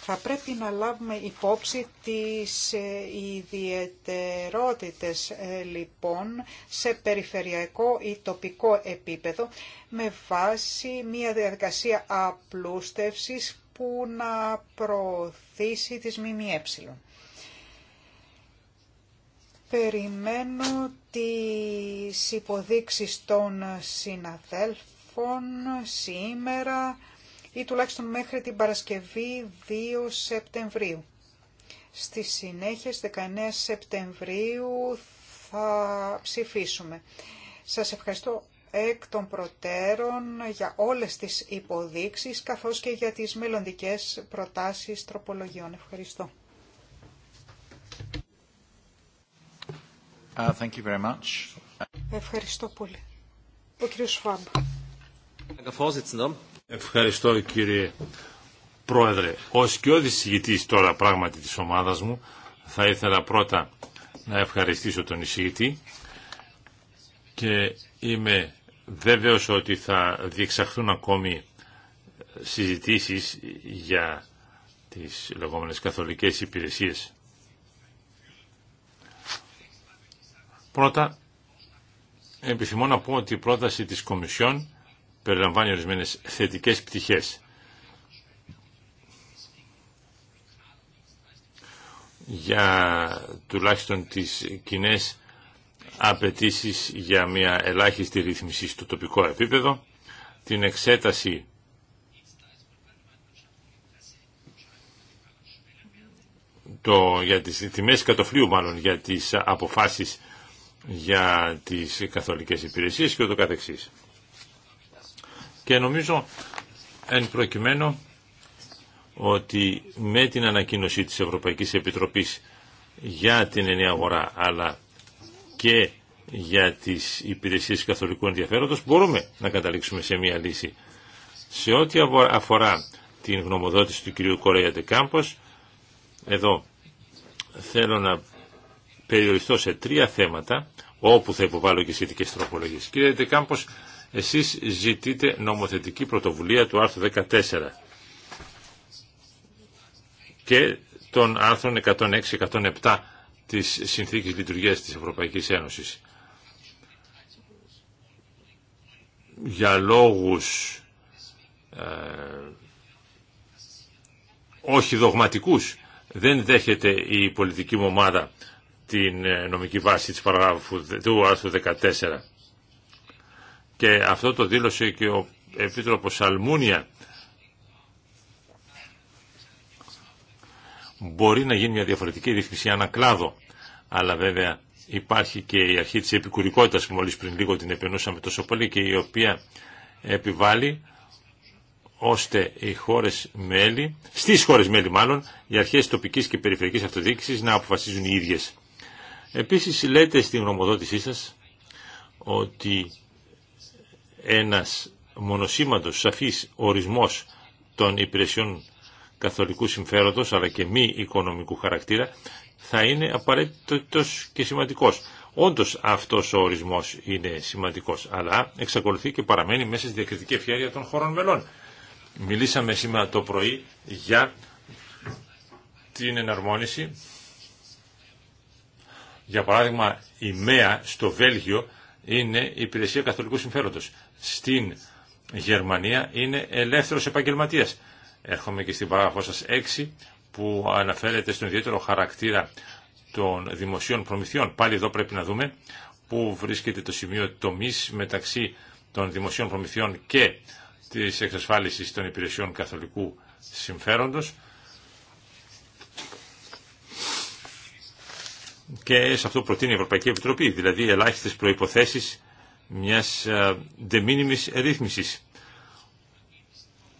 Θα πρέπει να λάβουμε υπόψη τις ε, ιδιαιτερότητες ε, λοιπόν σε περιφερειακό ή τοπικό επίπεδο με βάση μια διαδικασία απλούστευσης που να προωθήσει τις ΜΜΕ. Περιμένω τις υποδείξεις των συναδέλφων λοιπόν σήμερα ή τουλάχιστον μέχρι την Παρασκευή 2 Σεπτεμβρίου. Στη συνέχεια, στις 19 Σεπτεμβρίου θα ψηφίσουμε. Σας ευχαριστώ εκ των προτέρων για όλες τις υποδείξεις καθώς και για τις μελλοντικές προτάσεις τροπολογιών. Ευχαριστώ. Uh, thank you very much. Ευχαριστώ πολύ. Ο κύριος Φάμπ. Ευχαριστώ κύριε Πρόεδρε. Ως και εισηγητής τώρα πράγματι της ομάδας μου θα ήθελα πρώτα να ευχαριστήσω τον εισηγητή και είμαι βέβαιος ότι θα διεξαχθούν ακόμη συζητήσεις για τις λεγόμενες καθολικές υπηρεσίες. Πρώτα, επιθυμώ να πω ότι η πρόταση της Κομισιόν περιλαμβάνει ορισμένε θετικές πτυχές. για τουλάχιστον τις κοινέ απαιτήσει για μια ελάχιστη ρύθμιση στο τοπικό επίπεδο, την εξέταση το, για τις τιμές κατοφλίου μάλλον για τις αποφάσεις για τις καθολικές υπηρεσίες και ούτω καθεξής. Και νομίζω εν προκειμένου ότι με την ανακοίνωση της Ευρωπαϊκής Επιτροπής για την ενιαία αγορά αλλά και για τις υπηρεσίες καθολικού ενδιαφέροντος μπορούμε να καταλήξουμε σε μια λύση. Σε ό,τι αφορά την γνωμοδότηση του κυρίου Κορέα Τεκάμπος, εδώ θέλω να περιοριστώ σε τρία θέματα όπου θα υποβάλω και σχετικές τροπολογίες. Κύριε Τεκάμπος, εσείς ζητείτε νομοθετική πρωτοβουλία του άρθρου 14 και των άρθρων 106-107 της Συνθήκης Λειτουργίας της Ευρωπαϊκής Ένωσης. Για λόγους ε, όχι δογματικούς δεν δέχεται η πολιτική μου ομάδα την ε, νομική βάση της παραγράφου του άρθρου 14 και αυτό το δήλωσε και ο Επίτροπος Σαλμούνια μπορεί να γίνει μια διαφορετική ρύθμιση ανακλάδο αλλά βέβαια υπάρχει και η αρχή της επικουρικότητας που μόλις πριν λίγο την επενούσαμε τόσο πολύ και η οποία επιβάλλει ώστε οι χώρες μέλη, στις χώρες μέλη μάλλον, οι αρχές τοπικής και περιφερειακής αυτοδιοίκησης να αποφασίζουν οι ίδιες. Επίσης λέτε στην γνωμοδότησή σας ότι ένας μονοσήματος σαφής ορισμός των υπηρεσιών καθολικού συμφέροντος αλλά και μη οικονομικού χαρακτήρα θα είναι απαραίτητος και σημαντικός. Όντως αυτός ο ορισμός είναι σημαντικός αλλά εξακολουθεί και παραμένει μέσα στη διακριτική ευχαίρεια των χωρών μελών. Μιλήσαμε σήμερα το πρωί για την εναρμόνιση. Για παράδειγμα η ΜΕΑ στο Βέλγιο είναι υπηρεσία καθολικού συμφέροντος στην Γερμανία είναι ελεύθερος επαγγελματίας. Έρχομαι και στην παράγραφό σας 6 που αναφέρεται στον ιδιαίτερο χαρακτήρα των δημοσίων προμηθειών. Πάλι εδώ πρέπει να δούμε πού βρίσκεται το σημείο τομής μεταξύ των δημοσίων προμηθειών και της εξασφάλισης των υπηρεσιών καθολικού συμφέροντος. Και σε αυτό προτείνει η Ευρωπαϊκή Επιτροπή, δηλαδή ελάχιστες προϋποθέσεις μιας ε, de minimis ρύθμισης.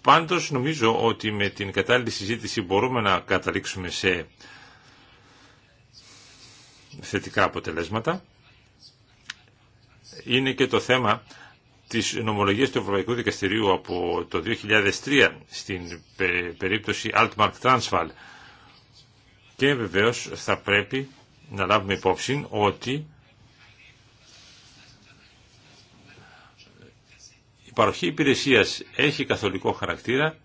Πάντως νομίζω ότι με την κατάλληλη συζήτηση μπορούμε να καταλήξουμε σε θετικά αποτελέσματα. Είναι και το θέμα της νομολογίας του Ευρωπαϊκού Δικαστηρίου από το 2003 στην περίπτωση Altmark Transval. Και βεβαίως θα πρέπει να λάβουμε υπόψη ότι παροχή υπηρεσίας έχει καθολικό χαρακτήρα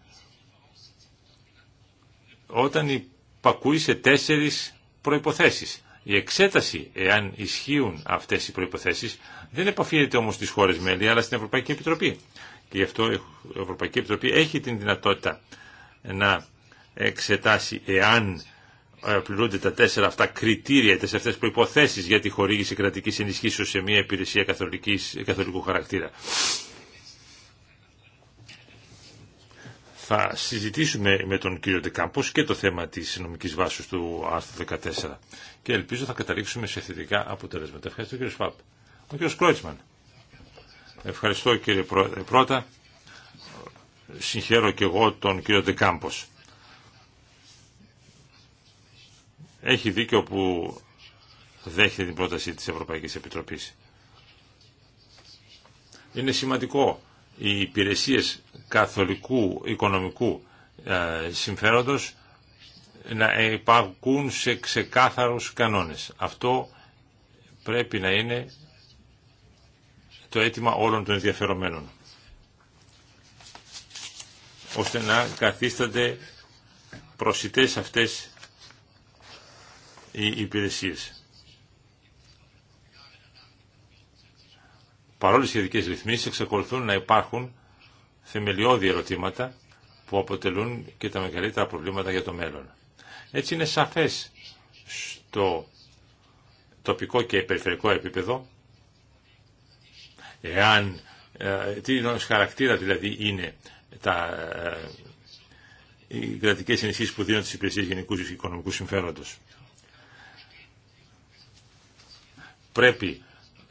όταν υπακούει σε τέσσερις προϋποθέσεις. Η εξέταση, εάν ισχύουν αυτές οι προϋποθέσεις, δεν επαφίεται όμως στις χώρες μέλη, αλλά στην Ευρωπαϊκή Επιτροπή. Και γι' αυτό η Ευρωπαϊκή Επιτροπή έχει την δυνατότητα να εξετάσει εάν ε, πληρούνται τα τέσσερα αυτά κριτήρια, τις αυτές προϋποθέσεις για τη χορήγηση κρατικής ενισχύσεως σε μια υπηρεσία καθολικού χαρακτήρα. θα συζητήσουμε με τον κύριο Ντεκάμπος και το θέμα της νομικής βάσης του άρθρου 14 και ελπίζω θα καταλήξουμε σε θετικά αποτελέσματα. Ευχαριστώ κύριο Σφάπ. Ο κύριο Κρότσμαν. Ευχαριστώ κύριε Πρόεδρε. Πρώτα συγχαίρω και εγώ τον κύριο Ντεκάμπος. Έχει δίκιο που δέχεται την πρόταση της Ευρωπαϊκής Επιτροπής. Είναι σημαντικό οι υπηρεσίες καθολικού οικονομικού ε, συμφέροντος να υπάρχουν σε ξεκάθαρους κανόνες. Αυτό πρέπει να είναι το αίτημα όλων των ενδιαφερομένων ώστε να καθίστανται προσιτές αυτές οι υπηρεσίες. παρόλες οι ειδικές ρυθμίσεις εξακολουθούν να υπάρχουν θεμελιώδη ερωτήματα που αποτελούν και τα μεγαλύτερα προβλήματα για το μέλλον. Έτσι είναι σαφές στο τοπικό και περιφερικό επίπεδο εάν ε, τι χαρακτήρα δηλαδή είναι τα, ε, οι κρατικές ενισχύσεις που δίνουν τις υπηρεσίες γενικού και οικονομικού συμφέροντος. Πρέπει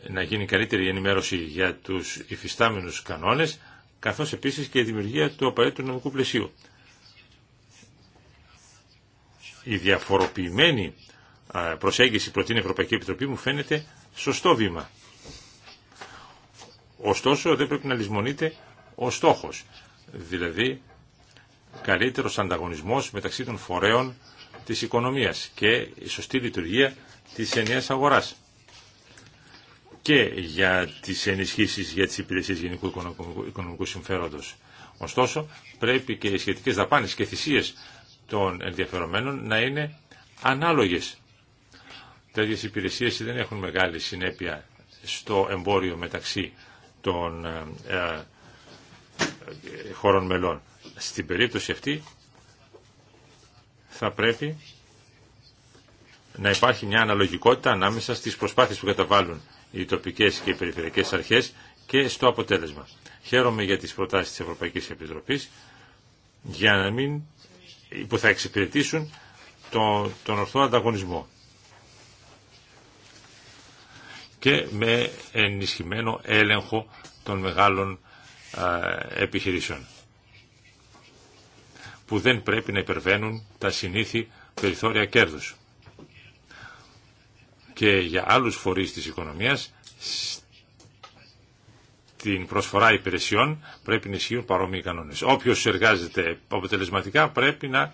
να γίνει καλύτερη η ενημέρωση για τους υφιστάμενους κανόνες, καθώς επίσης και η δημιουργία του απαραίτητου νομικού πλαισίου. Η διαφοροποιημένη προσέγγιση προ την Ευρωπαϊκή Επιτροπή μου φαίνεται σωστό βήμα. Ωστόσο δεν πρέπει να λησμονείται ο στόχος, δηλαδή καλύτερος ανταγωνισμός μεταξύ των φορέων της οικονομίας και η σωστή λειτουργία της ενιαίας αγοράς και για τις ενισχύσει για τις υπηρεσίε γενικού οικονομικού συμφέροντος. Ωστόσο, πρέπει και οι σχετικές δαπάνε και θυσίε των ενδιαφερομένων να είναι ανάλογες. Τέτοιε υπηρεσίε δεν έχουν μεγάλη συνέπεια στο εμπόριο μεταξύ των ε, ε, χωρών μελών. Στην περίπτωση αυτή θα πρέπει να υπάρχει μια αναλογικότητα ανάμεσα στις προσπάθειες που καταβάλουν οι τοπικές και οι περιφερειακές αρχές και στο αποτέλεσμα. Χαίρομαι για τις προτάσεις της Ευρωπαϊκής Επιτροπής για να μην, που θα εξυπηρετήσουν το, τον ορθό ανταγωνισμό και με ενισχυμένο έλεγχο των μεγάλων επιχειρήσεων που δεν πρέπει να υπερβαίνουν τα συνήθη περιθώρια κέρδους και για άλλους φορείς της οικονομίας την προσφορά υπηρεσιών πρέπει να ισχύουν παρόμοιοι κανόνες. Όποιος εργάζεται αποτελεσματικά πρέπει να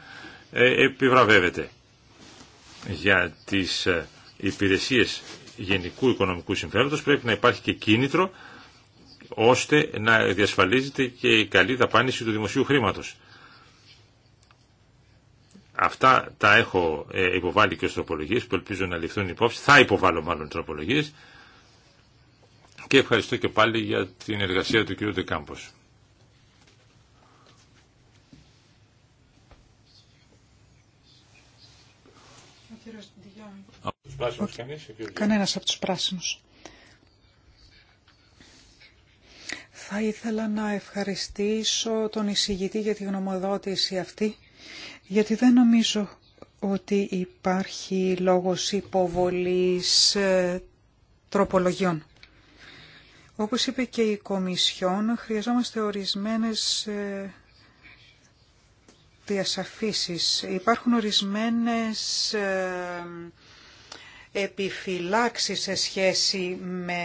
ε, επιβραβεύεται. Για τις ε, υπηρεσίες γενικού οικονομικού συμφέροντος πρέπει να υπάρχει και κίνητρο ώστε να διασφαλίζεται και η καλή δαπάνηση του δημοσίου χρήματος. Αυτά τα έχω ε, υποβάλει και ως τροπολογίες που ελπίζω να ληφθούν υπόψη. Θα υποβάλω μάλλον τροπολογίες. Και ευχαριστώ και πάλι για την εργασία του κ. Δεκάμπος. Κανένα από τους πράσινους. Θα ήθελα να ευχαριστήσω τον εισηγητή για τη γνωμοδότηση αυτή γιατί δεν νομίζω ότι υπάρχει λόγος υποβολής ε, τροπολογιών. Όπως είπε και η Κομισιόν, χρειαζόμαστε ορισμένες ε, διασαφήσεις. Υπάρχουν ορισμένες ε, επιφυλάξεις σε σχέση με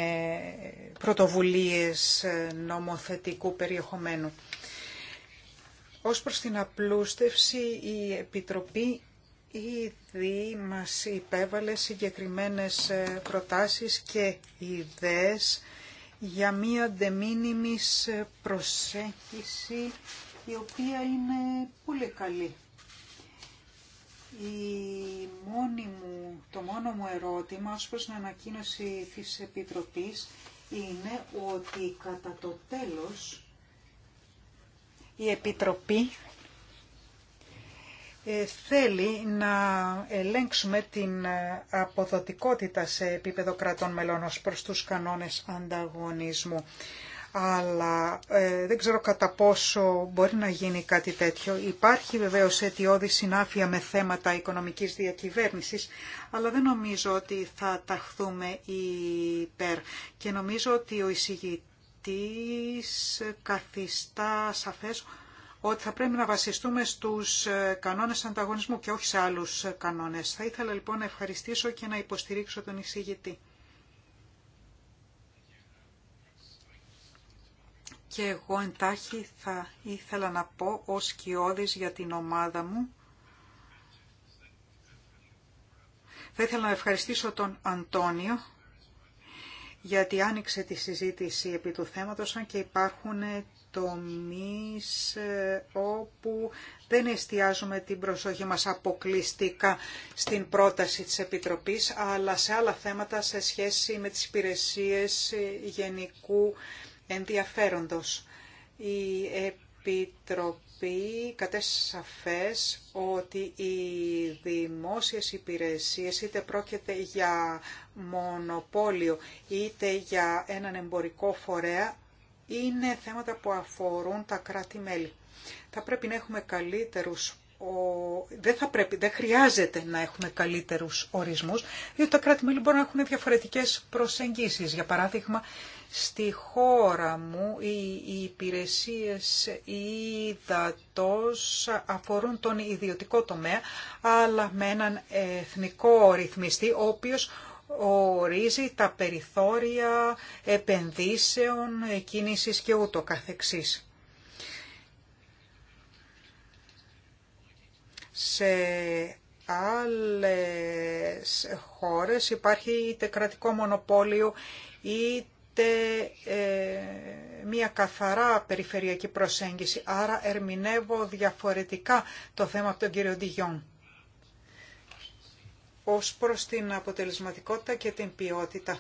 πρωτοβουλίες νομοθετικού περιεχομένου. Ως προς την απλούστευση, η Επιτροπή ήδη μας υπέβαλε συγκεκριμένες ε, προτάσεις και ιδέες για μία ντεμίνιμης ε, προσέγγιση η οποία είναι πολύ καλή. Η μόνη μου, το μόνο μου ερώτημα ως προς την ανακοίνωση της Επιτροπής είναι ότι κατά το τέλος η Επιτροπή ε, θέλει να ελέγξουμε την ε, αποδοτικότητα σε επίπεδο κρατών μελών ως προς τους κανόνες ανταγωνισμού. Αλλά ε, δεν ξέρω κατά πόσο μπορεί να γίνει κάτι τέτοιο. Υπάρχει βεβαίως αιτιώδη συνάφεια με θέματα οικονομικής διακυβέρνησης, αλλά δεν νομίζω ότι θα ταχθούμε υπέρ. Και νομίζω ότι ο εισηγητής της καθιστά σαφές ότι θα πρέπει να βασιστούμε στους ε, κανόνες ανταγωνισμού και όχι σε άλλους ε, κανόνες. Θα ήθελα λοιπόν να ευχαριστήσω και να υποστηρίξω τον εισηγητή. Και εγώ εντάχει θα ήθελα να πω ως κοιόδης για την ομάδα μου. Θα ήθελα να ευχαριστήσω τον Αντώνιο γιατί άνοιξε τη συζήτηση επί του θέματος, αν και υπάρχουν τομείς ε, όπου δεν εστιάζουμε την προσοχή μας αποκλειστικά στην πρόταση της Επιτροπής, αλλά σε άλλα θέματα σε σχέση με τις υπηρεσίες ε, γενικού ενδιαφέροντος. Η Επιτροπή κατέστησε ότι οι δημόσιες υπηρεσίες είτε πρόκειται για μονοπόλιο είτε για έναν εμπορικό φορέα είναι θέματα που αφορούν τα κράτη-μέλη. Θα πρέπει να έχουμε καλύτερους ο... δεν, θα πρέπει, δεν χρειάζεται να έχουμε καλύτερους ορισμούς, διότι τα κράτη-μέλη μπορούν να έχουν διαφορετικές προσεγγίσεις. Για παράδειγμα, Στη χώρα μου οι υπηρεσίες ύδατος αφορούν τον ιδιωτικό τομέα, αλλά με έναν εθνικό ρυθμιστή, ο οποίος ορίζει τα περιθώρια επενδύσεων, κίνησης και ούτω καθεξής. Σε άλλες χώρες υπάρχει είτε κρατικό μονοπόλιο ε, μία καθαρά περιφερειακή προσέγγιση. Άρα ερμηνεύω διαφορετικά το θέμα από τον κύριο Ντιγιόν. Ως προς την αποτελεσματικότητα και την ποιότητα.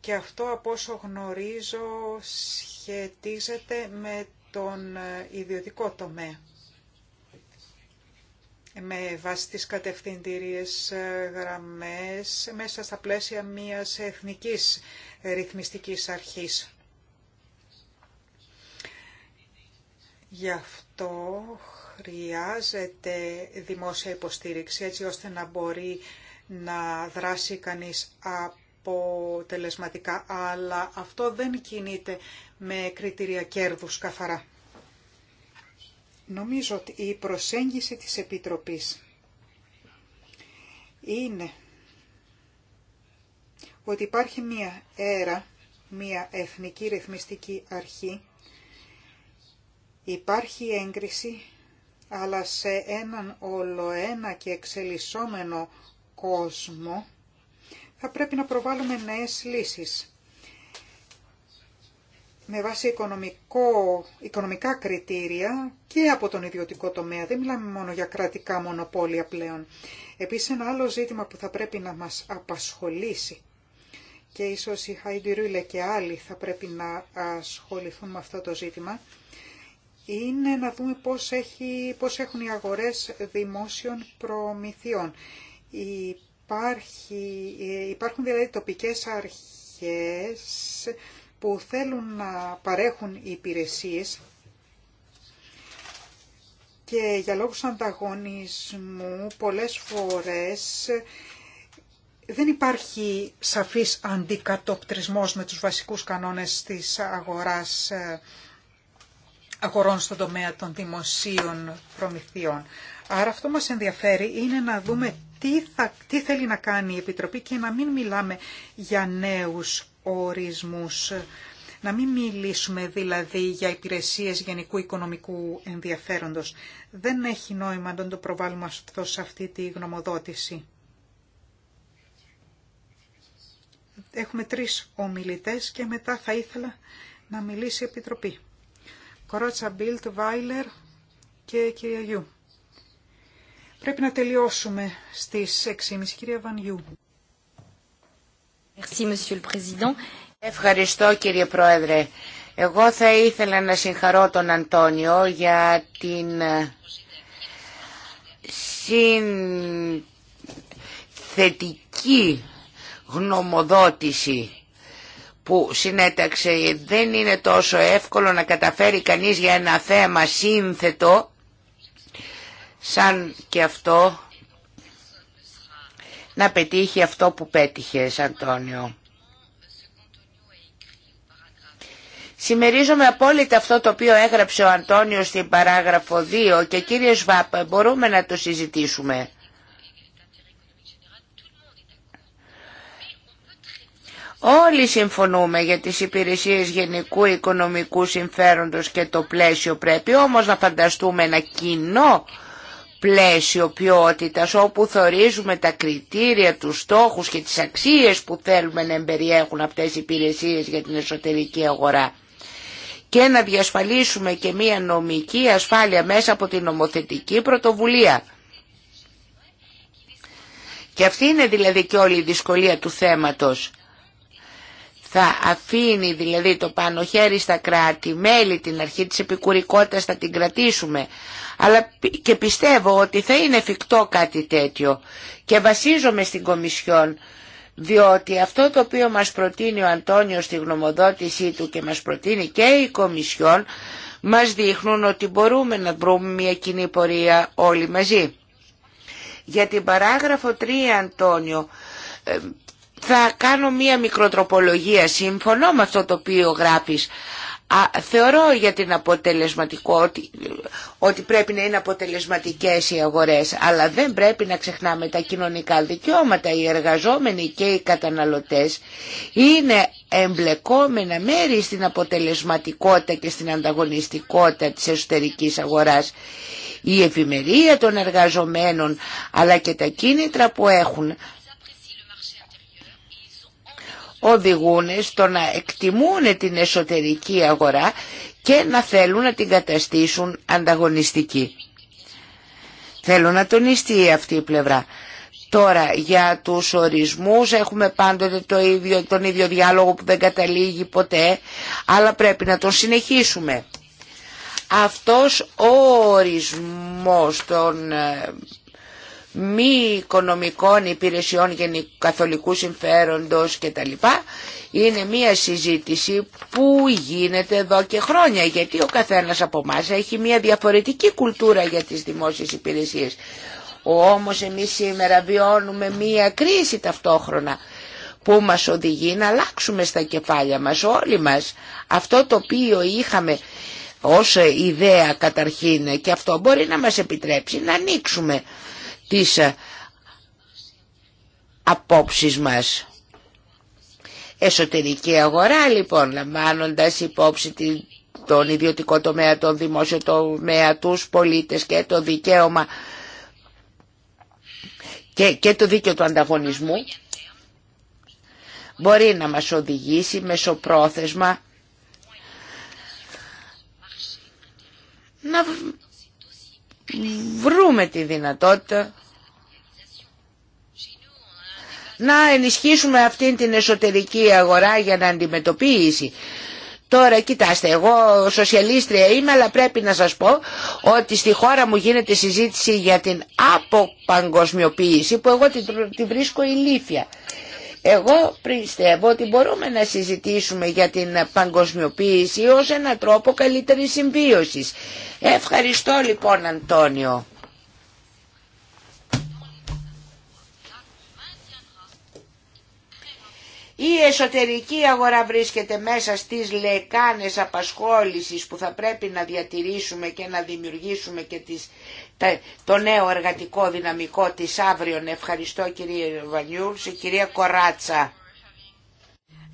Και αυτό από όσο γνωρίζω σχετίζεται με τον ε, ιδιωτικό τομέα με βάση τις κατευθυντήριες ε, γραμμές μέσα στα πλαίσια μιας εθνικής ρυθμιστικής αρχής. Γι' αυτό χρειάζεται δημόσια υποστήριξη έτσι ώστε να μπορεί να δράσει κανείς αποτελεσματικά, αλλά αυτό δεν κινείται με κριτήρια κέρδους καθαρά. Νομίζω ότι η προσέγγιση της Επιτροπής είναι ότι υπάρχει μία αίρα, μία εθνική ρυθμιστική αρχή, υπάρχει έγκριση, αλλά σε έναν ολοένα και εξελισσόμενο κόσμο θα πρέπει να προβάλλουμε νέες λύσεις με βάση οικονομικά κριτήρια και από τον ιδιωτικό τομέα. Δεν μιλάμε μόνο για κρατικά μονοπόλια πλέον. Επίσης ένα άλλο ζήτημα που θα πρέπει να μας απασχολήσει και ίσως η Χάιντι και άλλοι θα πρέπει να ασχοληθούν με αυτό το ζήτημα, είναι να δούμε πώς, έχει, πώς έχουν οι αγορές δημόσιων προμηθειών. Ε, υπάρχουν δηλαδή τοπικές αρχές που θέλουν να παρέχουν υπηρεσίες και για λόγους ανταγωνισμού πολλές φορές δεν υπάρχει σαφής αντικατοπτρισμός με τους βασικούς κανόνες της αγοράς ε, αγορών στον τομέα των δημοσίων προμηθειών. Άρα αυτό μας ενδιαφέρει είναι να δούμε τι, τι θέλει να κάνει η Επιτροπή και να μην μιλάμε για νέους ορισμούς. Να μην μιλήσουμε δηλαδή για υπηρεσίες γενικού οικονομικού ενδιαφέροντος. Δεν έχει νόημα να το προβάλλουμε αυτό σε αυτή τη γνωμοδότηση. Έχουμε τρεις ομιλητές και μετά θα ήθελα να μιλήσει η Επιτροπή. Κορότσα Μπίλτ, Βάιλερ και κυρία Γιού. Πρέπει να τελειώσουμε στις 6.30. Κυρία Βανιού. Ευχαριστώ κύριε Πρόεδρε. Εγώ θα ήθελα να συγχαρώ τον Αντώνιο για την ε, συνθετική γνωμοδότηση που συνέταξε. Δεν είναι τόσο εύκολο να καταφέρει κανείς για ένα θέμα σύνθετο σαν και αυτό να πετύχει αυτό που πέτυχε, Αντώνιο. Συμμερίζομαι απόλυτα αυτό το οποίο έγραψε ο Αντώνιος στην παράγραφο 2 και κύριε Σβάπ, μπορούμε να το συζητήσουμε. Όλοι συμφωνούμε για τις υπηρεσίες γενικού οικονομικού συμφέροντος και το πλαίσιο πρέπει όμως να φανταστούμε ένα κοινό πλαίσιο ποιότητας όπου θορίζουμε τα κριτήρια, του στόχους και τις αξίες που θέλουμε να εμπεριέχουν αυτές οι υπηρεσίες για την εσωτερική αγορά και να διασφαλίσουμε και μία νομική ασφάλεια μέσα από την νομοθετική πρωτοβουλία. Και αυτή είναι δηλαδή και όλη η δυσκολία του θέματος θα αφήνει δηλαδή το πάνω χέρι στα κράτη, μέλη την αρχή της επικουρικότητας θα την κρατήσουμε. Αλλά και πιστεύω ότι θα είναι εφικτό κάτι τέτοιο και βασίζομαι στην Κομισιόν διότι αυτό το οποίο μας προτείνει ο Αντώνιος στη γνωμοδότησή του και μας προτείνει και η Κομισιόν μας δείχνουν ότι μπορούμε να βρούμε μια κοινή πορεία όλοι μαζί. Για την παράγραφο 3 Αντώνιο ε, θα κάνω μία μικροτροπολογία. σύμφωνο με αυτό το οποίο γράφεις. θεωρώ για την αποτελεσματικό ότι, πρέπει να είναι αποτελεσματικές οι αγορές, αλλά δεν πρέπει να ξεχνάμε τα κοινωνικά δικαιώματα. Οι εργαζόμενοι και οι καταναλωτές είναι εμπλεκόμενα μέρη στην αποτελεσματικότητα και στην ανταγωνιστικότητα της εσωτερικής αγοράς. Η ευημερία των εργαζομένων αλλά και τα κίνητρα που έχουν οδηγούν στο να εκτιμούν την εσωτερική αγορά και να θέλουν να την καταστήσουν ανταγωνιστική. Θέλω να τονιστεί αυτή η πλευρά. Τώρα για τους ορισμούς έχουμε πάντοτε το ίδιο, τον ίδιο διάλογο που δεν καταλήγει ποτέ, αλλά πρέπει να τον συνεχίσουμε. Αυτός ο ορισμός των ε, μη οικονομικών υπηρεσιών καθολικού συμφέροντος λοιπά, Είναι μια συζήτηση που γίνεται εδώ και χρόνια γιατί ο καθένας από εμά έχει μια διαφορετική κουλτούρα για τις δημόσιες υπηρεσίες. Όμως εμείς σήμερα βιώνουμε μια κρίση ταυτόχρονα που μας οδηγεί να αλλάξουμε στα κεφάλια μας όλοι μας αυτό το οποίο είχαμε ως ιδέα καταρχήν και αυτό μπορεί να μας επιτρέψει να ανοίξουμε τις ε, απόψεις μας. Εσωτερική αγορά λοιπόν, λαμβάνοντας υπόψη τον ιδιωτικό τομέα, τον δημόσιο τομέα, τους πολίτες και το δικαίωμα και, και το δίκαιο του ανταγωνισμού, μπορεί να μας οδηγήσει μεσοπρόθεσμα να βρούμε τη δυνατότητα να ενισχύσουμε αυτήν την εσωτερική αγορά για να αντιμετωπίσει. Τώρα κοιτάστε, εγώ σοσιαλίστρια είμαι, αλλά πρέπει να σας πω ότι στη χώρα μου γίνεται συζήτηση για την αποπαγκοσμιοποίηση που εγώ την, βρίσκω ηλίθια. Εγώ πιστεύω ότι μπορούμε να συζητήσουμε για την παγκοσμιοποίηση ως ένα τρόπο καλύτερης συμβίωσης. Ευχαριστώ λοιπόν Αντώνιο. Η εσωτερική αγορά βρίσκεται μέσα στις λεκάνες απασχόλησης που θα πρέπει να διατηρήσουμε και να δημιουργήσουμε και τις, το νέο εργατικό δυναμικό της αύριο. Ευχαριστώ κύριε σε κυρία Κοράτσα.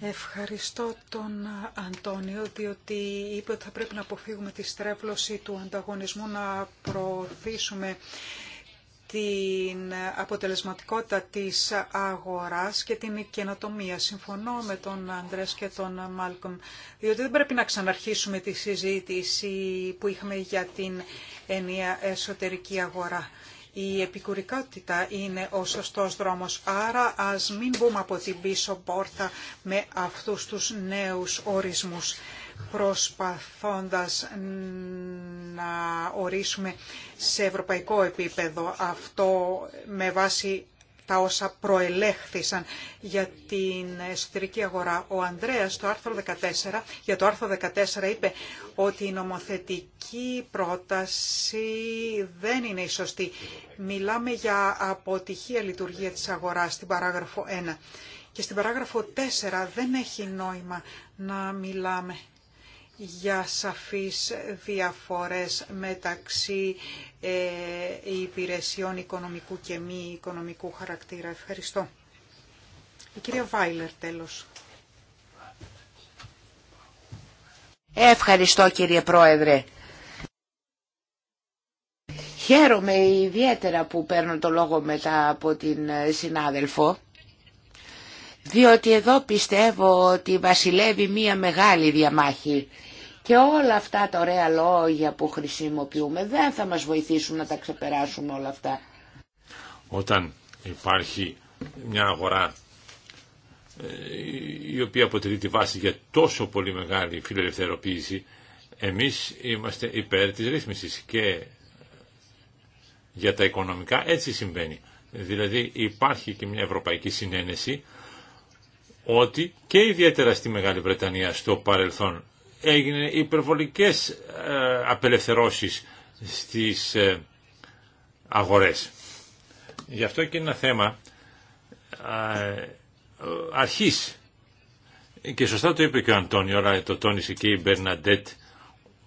Ευχαριστώ τον Αντώνιο, διότι είπε ότι θα πρέπει να αποφύγουμε τη στρέβλωση του ανταγωνισμού, να προωθήσουμε την αποτελεσματικότητα της αγοράς και την καινοτομία. Συμφωνώ με τον Ανδρέας και τον Μάλκομ, διότι δεν πρέπει να ξαναρχίσουμε τη συζήτηση που είχαμε για την ενία εσωτερική αγορά. Η επικουρικότητα είναι ο σωστός δρόμος, άρα ας μην μπούμε από την πίσω πόρτα με αυτούς τους νέους ορισμούς προσπαθώντας να ορίσουμε σε ευρωπαϊκό επίπεδο αυτό με βάση τα όσα προελέχθησαν για την εσωτερική αγορά. Ο Ανδρέας το άρθρο 14, για το άρθρο 14 είπε ότι η νομοθετική πρόταση δεν είναι η σωστή. Μιλάμε για αποτυχία λειτουργία της αγοράς στην παράγραφο 1. Και στην παράγραφο 4 δεν έχει νόημα να μιλάμε για σαφείς διαφορές μεταξύ ε, υπηρεσιών οικονομικού και μη οικονομικού χαρακτήρα. Ευχαριστώ. Η κυρία Βάιλερ τέλος. Ευχαριστώ κύριε Πρόεδρε. Χαίρομαι ιδιαίτερα που παίρνω το λόγο μετά από την ε, συνάδελφο, διότι εδώ πιστεύω ότι βασιλεύει μία μεγάλη διαμάχη και όλα αυτά τα ωραία λόγια που χρησιμοποιούμε δεν θα μας βοηθήσουν να τα ξεπεράσουμε όλα αυτά. Όταν υπάρχει μια αγορά ε, η οποία αποτελεί τη βάση για τόσο πολύ μεγάλη φιλελευθεροποίηση, εμείς είμαστε υπέρ της ρύθμισης και για τα οικονομικά έτσι συμβαίνει. Δηλαδή υπάρχει και μια ευρωπαϊκή συνένεση ότι και ιδιαίτερα στη Μεγάλη Βρετανία στο παρελθόν έγινε υπερβολικές ε, απελευθερώσεις στις ε, αγορές. Γι' αυτό και είναι ένα θέμα ε, αρχής. Και σωστά το είπε και ο Αντώνιο, αλλά το τόνισε και η Μπερναντέτ.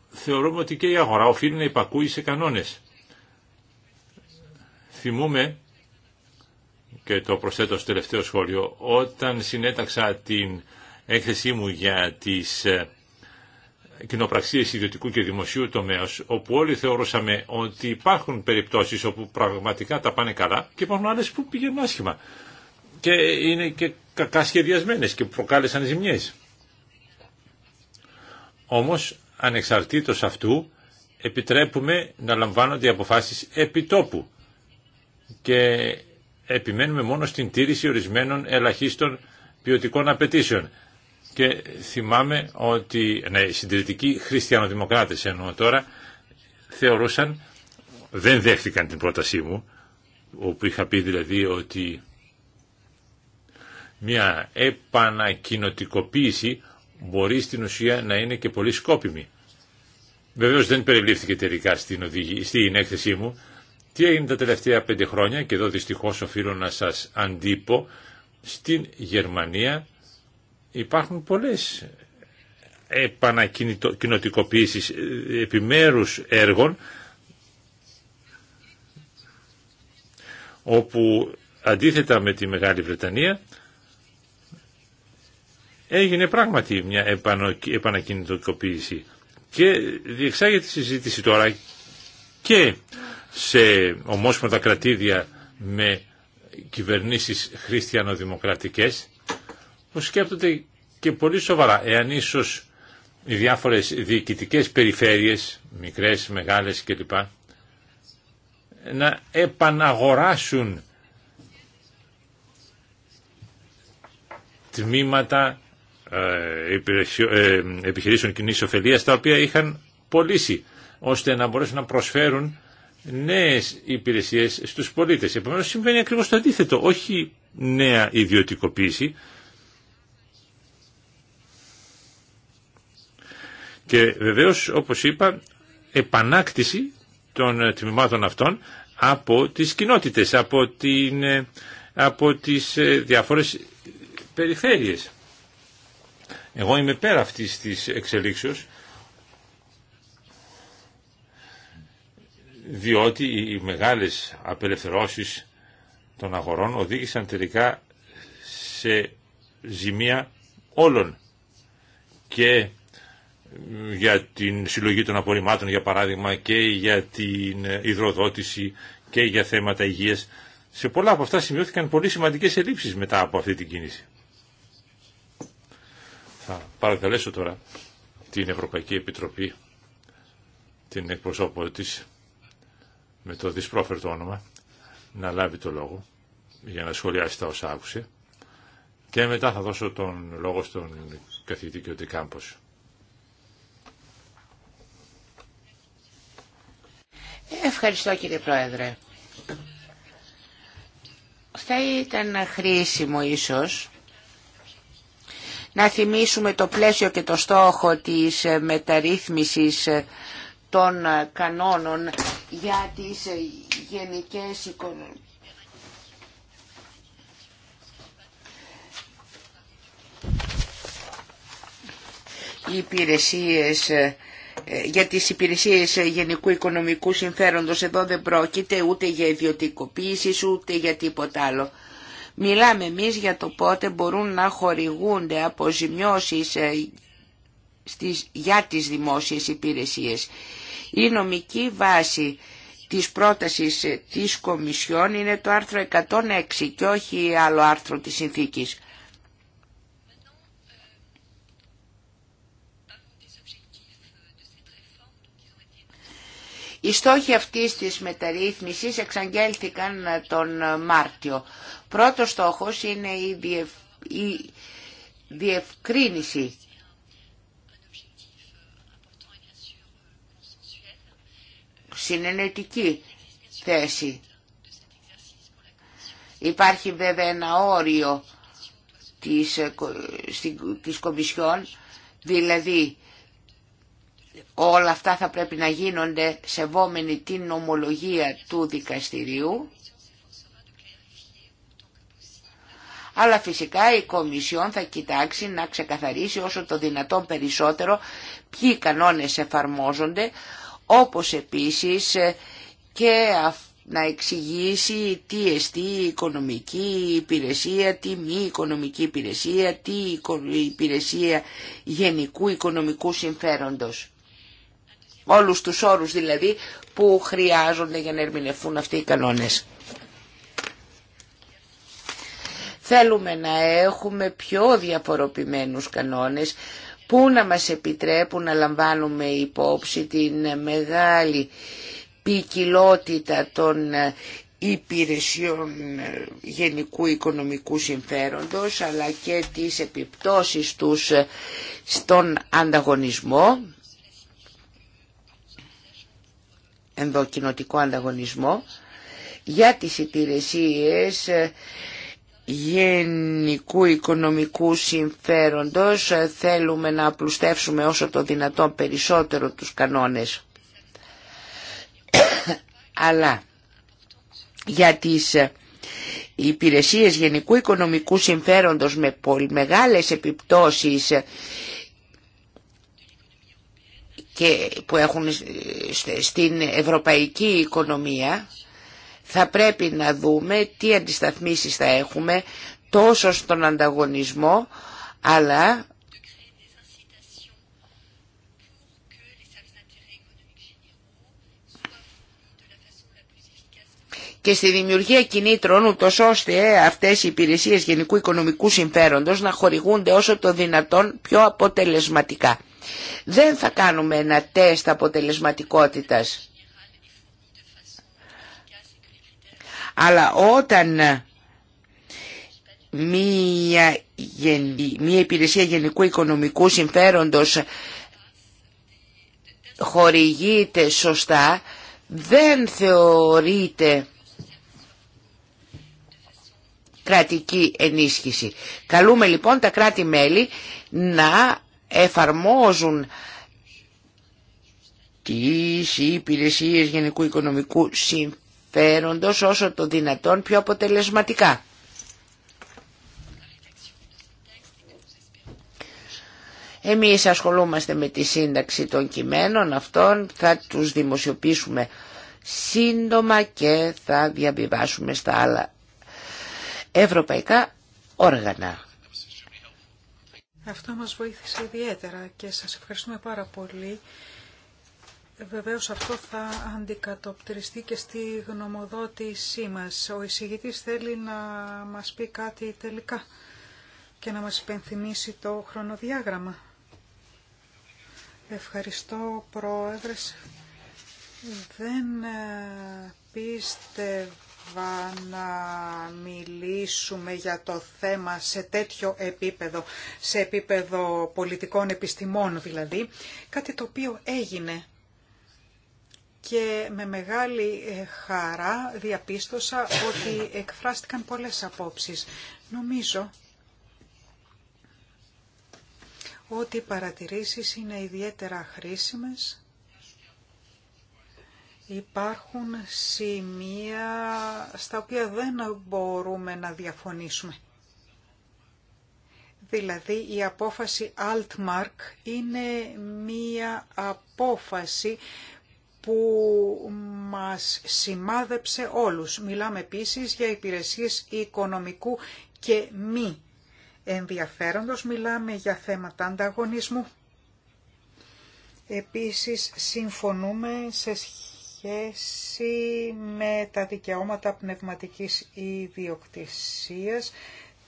Θεωρούμε ότι και η αγορά οφείλει να υπακούει σε κανόνες. Θυμούμε, και το προσθέτω στο τελευταίο σχόλιο, όταν συνέταξα την έκθεσή μου για τις κοινοπραξίες ιδιωτικού και δημοσίου τομέας, όπου όλοι θεωρούσαμε ότι υπάρχουν περιπτώσεις όπου πραγματικά τα πάνε καλά και υπάρχουν άλλες που πηγαίνουν άσχημα. Και είναι και κακά σχεδιασμένες και προκάλεσαν ζημιές. Όμως, ανεξαρτήτως αυτού, επιτρέπουμε να λαμβάνονται οι αποφάσεις επιτόπου και επιμένουμε μόνο στην τήρηση ορισμένων ελαχίστων ποιοτικών απαιτήσεων και θυμάμαι ότι ναι, οι συντηρητικοί χριστιανοδημοκράτες εννοώ τώρα θεωρούσαν, δεν δέχτηκαν την πρότασή μου όπου είχα πει δηλαδή ότι μια επανακοινοτικοποίηση μπορεί στην ουσία να είναι και πολύ σκόπιμη. Βεβαίως δεν περιλήφθηκε τελικά στην, στην έκθεσή μου. Τι έγινε τα τελευταία πέντε χρόνια και εδώ δυστυχώς οφείλω να σας αντίπω στην Γερμανία Υπάρχουν πολλές επανακοινωτικοποιήσεις επιμέρους έργων όπου αντίθετα με τη Μεγάλη Βρετανία έγινε πράγματι μια επανακοινωτικοποίηση και διεξάγεται συζήτηση τώρα και σε ομόσπονδα κρατήδια με κυβερνήσεις χριστιανοδημοκρατικές που σκέπτονται και πολύ σοβαρά εάν ίσω οι διάφορε διοικητικές περιφέρειες, μικρέ, μεγάλες κλπ, να επαναγοράσουν τμήματα ε, ε, επιχειρήσεων κοινή ωφελία τα οποία είχαν πωλήσει ώστε να μπορέσουν να προσφέρουν νέες υπηρεσίες στους πολίτες. Επομένως συμβαίνει ακριβώς το αντίθετο, όχι νέα ιδιωτικοποίηση, Και βεβαίως, όπως είπα, επανάκτηση των ε, τμήματων αυτών από τις κοινότητες, από, την, ε, από τις ε, διάφορες περιφέρειες. Εγώ είμαι πέρα αυτής της εξελίξεως, διότι οι μεγάλες απελευθερώσεις των αγορών οδήγησαν τελικά σε ζημία όλων και για την συλλογή των απορριμμάτων για παράδειγμα και για την υδροδότηση και για θέματα υγείας. Σε πολλά από αυτά σημειώθηκαν πολύ σημαντικές ελλείψεις μετά από αυτή την κίνηση. Θα παρακαλέσω τώρα την Ευρωπαϊκή Επιτροπή, την εκπροσώπο της με το δυσπρόφερτο όνομα, να λάβει το λόγο για να σχολιάσει τα όσα άκουσε και μετά θα δώσω τον λόγο στον καθηγητή Κιωτικάμπος. Ευχαριστώ κύριε Πρόεδρε. Θα ήταν χρήσιμο ίσως να θυμίσουμε το πλαίσιο και το στόχο της μεταρρύθμισης των κανόνων για τις γενικές οικονομίες. υπηρεσίες ε, για τις υπηρεσίες ε, γενικού οικονομικού συμφέροντος εδώ δεν πρόκειται ούτε για ιδιωτικοποίηση ούτε για τίποτα άλλο. Μιλάμε εμείς για το πότε μπορούν να χορηγούνται αποζημιώσεις ε, στις, για τις δημόσιες υπηρεσίες. Η νομική βάση της πρότασης της Κομισιόν είναι το άρθρο 106 και όχι άλλο άρθρο της συνθήκης. Οι στόχοι αυτής της μεταρρύθμισης εξαγγέλθηκαν τον Μάρτιο. Πρώτος στόχος είναι η, διευ... διευκρίνηση συνενετική θέση. Υπάρχει βέβαια ένα όριο της, της Κομισιόν, δηλαδή όλα αυτά θα πρέπει να γίνονται σεβόμενοι την ομολογία του δικαστηρίου. Αλλά φυσικά η Κομισιόν θα κοιτάξει να ξεκαθαρίσει όσο το δυνατόν περισσότερο ποιοι κανόνες εφαρμόζονται, όπως επίσης ε, και να εξηγήσει τι εστί η οικονομική υπηρεσία, τι μη οικονομική υπηρεσία, τι υπηρεσία γενικού οικονομικού συμφέροντος όλους τους όρους δηλαδή που χρειάζονται για να ερμηνευτούν αυτοί οι κανόνες. Θέλουμε να έχουμε πιο διαφοροποιημένους κανόνες που να μας επιτρέπουν να λαμβάνουμε υπόψη την μεγάλη ποικιλότητα των υπηρεσιών γενικού οικονομικού συμφέροντος αλλά και τις επιπτώσεις τους στον ανταγωνισμό ενδοκινοτικό ανταγωνισμό για τις υπηρεσίες γενικού οικονομικού συμφέροντος θέλουμε να απλουστεύσουμε όσο το δυνατόν περισσότερο τους κανόνες αλλά για τις υπηρεσίες γενικού οικονομικού συμφέροντος με πολύ μεγάλες επιπτώσεις και που έχουν στην ευρωπαϊκή οικονομία θα πρέπει να δούμε τι αντισταθμίσεις θα έχουμε τόσο στον ανταγωνισμό αλλά και στη δημιουργία κινήτρων ούτως ώστε αυτές οι υπηρεσίες γενικού οικονομικού συμφέροντος να χορηγούνται όσο το δυνατόν πιο αποτελεσματικά. Δεν θα κάνουμε ένα τεστ αποτελεσματικότητας. Αλλά όταν μία, υπηρεσία γενικού οικονομικού συμφέροντος χορηγείται σωστά, δεν θεωρείται κρατική ενίσχυση. Καλούμε λοιπόν τα κράτη-μέλη να εφαρμόζουν τις υπηρεσίες γενικού οικονομικού συμφέροντος όσο το δυνατόν πιο αποτελεσματικά. Εμείς ασχολούμαστε με τη σύνταξη των κειμένων αυτών, θα τους δημοσιοποιήσουμε σύντομα και θα διαβιβάσουμε στα άλλα ευρωπαϊκά όργανα. Αυτό μας βοήθησε ιδιαίτερα και σας ευχαριστούμε πάρα πολύ. Βεβαίως αυτό θα αντικατοπτριστεί και στη γνωμοδότησή μας. Ο εισηγητής θέλει να μας πει κάτι τελικά και να μας υπενθυμίσει το χρονοδιάγραμμα. Ευχαριστώ Πρόεδρες. Δεν ε, πίστευα να μιλήσουμε για το θέμα σε τέτοιο επίπεδο, σε επίπεδο πολιτικών επιστημών δηλαδή, κάτι το οποίο έγινε και με μεγάλη ε, χαρά διαπίστωσα ότι εκφράστηκαν πολλές απόψεις. Νομίζω ότι οι παρατηρήσεις είναι ιδιαίτερα χρήσιμες Υπάρχουν σημεία στα οποία δεν μπορούμε να διαφωνήσουμε. Δηλαδή η απόφαση Altmark είναι μία απόφαση που μας σημάδεψε όλους. Μιλάμε επίσης για υπηρεσίες οικονομικού και μη ενδιαφέροντος. Μιλάμε για θέματα ανταγωνισμού. Επίσης συμφωνούμε σε σχέση σχέση με τα δικαιώματα πνευματικής ιδιοκτησίας,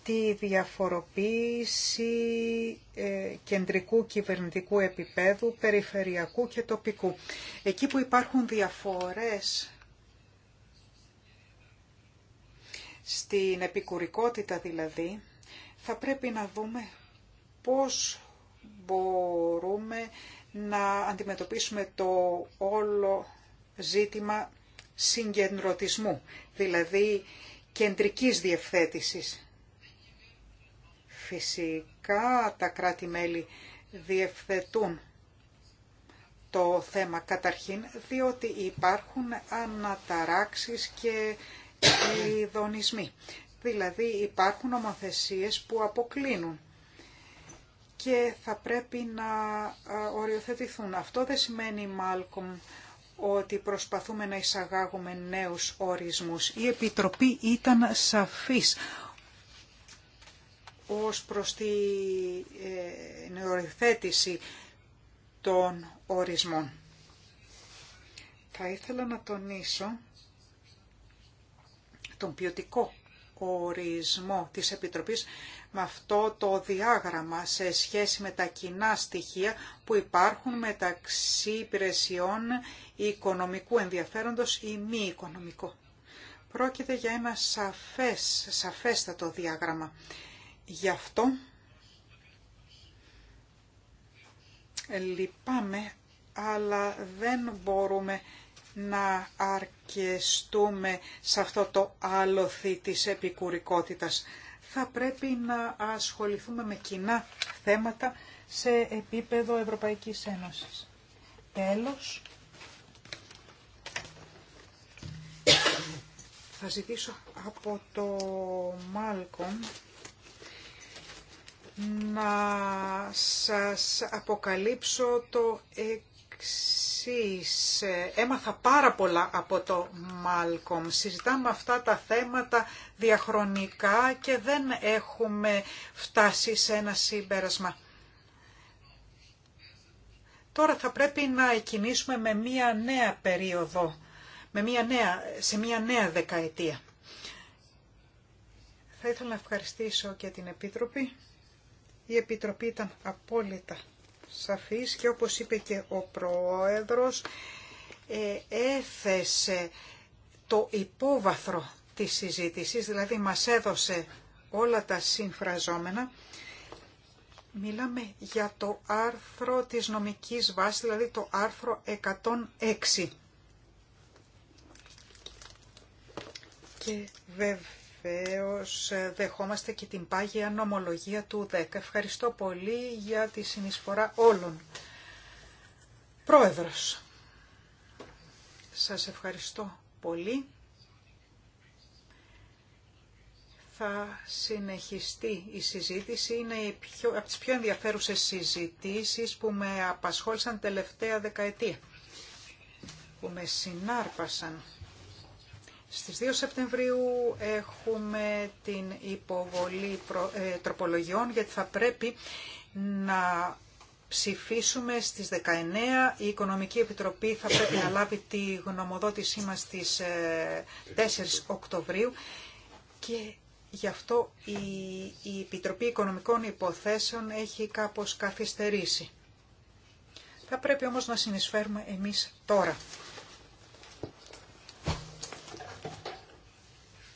τη διαφοροποίηση ε, κεντρικού κυβερνητικού επίπεδου, περιφερειακού και τοπικού. Εκεί που υπάρχουν διαφορές στην επικουρικότητα δηλαδή, θα πρέπει να δούμε πώς μπορούμε να αντιμετωπίσουμε το όλο ζήτημα συγκεντρωτισμού, δηλαδή κεντρικής διευθέτησης. Φυσικά τα κράτη-μέλη διευθετούν το θέμα καταρχήν, διότι υπάρχουν αναταράξεις και ειδονισμοί. Δηλαδή υπάρχουν νομοθεσίες που αποκλίνουν και θα πρέπει να οριοθετηθούν. Αυτό δεν σημαίνει, Μάλκομ, ότι προσπαθούμε να εισαγάγουμε νέους ορισμούς. Η Επιτροπή ήταν σαφής ως προς τη ε, νεοριθέτηση των ορισμών. Θα ήθελα να τονίσω τον ποιοτικό ορισμό της Επιτροπής με αυτό το διάγραμμα σε σχέση με τα κοινά στοιχεία που υπάρχουν μεταξύ υπηρεσιών οικονομικού ενδιαφέροντος ή μη οικονομικό. Πρόκειται για ένα σαφές, σαφέστατο διάγραμμα. Γι' αυτό ε, λυπάμαι, αλλά δεν μπορούμε να αρκεστούμε σε αυτό το άλοθη της επικουρικότητας θα πρέπει να ασχοληθούμε με κοινά θέματα σε επίπεδο Ευρωπαϊκής Ένωσης. Τέλος, θα ζητήσω από το Μάλκομ να σας αποκαλύψω το εξής εξής. Ε, έμαθα πάρα πολλά από το Μάλκομ. Συζητάμε αυτά τα θέματα διαχρονικά και δεν έχουμε φτάσει σε ένα συμπέρασμα. Τώρα θα πρέπει να εκινήσουμε με μία νέα περίοδο, με μια νέα, σε μία νέα δεκαετία. Θα ήθελα να ευχαριστήσω και την Επίτροπη. Η Επιτροπή ήταν απόλυτα σαφής και όπως είπε και ο Πρόεδρος ε, έθεσε το υπόβαθρο της συζήτησης, δηλαδή μας έδωσε όλα τα συμφραζόμενα. Μιλάμε για το άρθρο της νομικής βάσης, δηλαδή το άρθρο 106. Και βέβαια Βεβαίω ε, δεχόμαστε και την πάγια νομολογία του 10. Ευχαριστώ πολύ για τη συνεισφορά όλων. Πρόεδρος, σας ευχαριστώ πολύ. θα συνεχιστεί η συζήτηση. Είναι η πιο, από τις πιο ενδιαφέρουσες συζητήσεις που με απασχόλησαν τελευταία δεκαετία, που με συνάρπασαν. Στις 2 Σεπτεμβρίου έχουμε την υποβολή ε, τροπολογιών γιατί θα πρέπει να ψηφίσουμε στις 19. Η Οικονομική Επιτροπή θα πρέπει να λάβει τη γνωμοδότησή μας στις 4 ε, Οκτωβρίου και γι' αυτό η, η Επιτροπή Οικονομικών Υποθέσεων έχει κάπως καθυστερήσει. Θα πρέπει όμως να συνεισφέρουμε εμείς τώρα.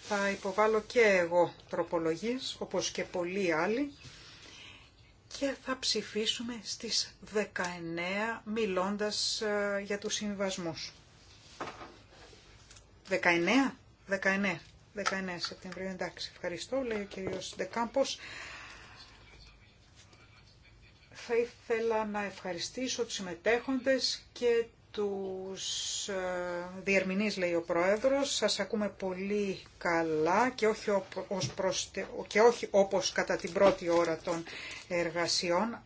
θα υποβάλω και εγώ τροπολογίες, όπως και πολλοί άλλοι, και θα ψηφίσουμε στις 19 μιλώντας ε, για τους συμβασμούς. 19, 19, 19 Σεπτεμβρίου, εντάξει, ευχαριστώ, λέει ο κύριος Ντεκάμπος. Θα ήθελα να ευχαριστήσω τους συμμετέχοντες και τους ε, διερμηνείς, λέει ο Πρόεδρος. Σας ακούμε πολύ καλά και όχι, ως και όχι όπως κατά την πρώτη ώρα των εργασιών.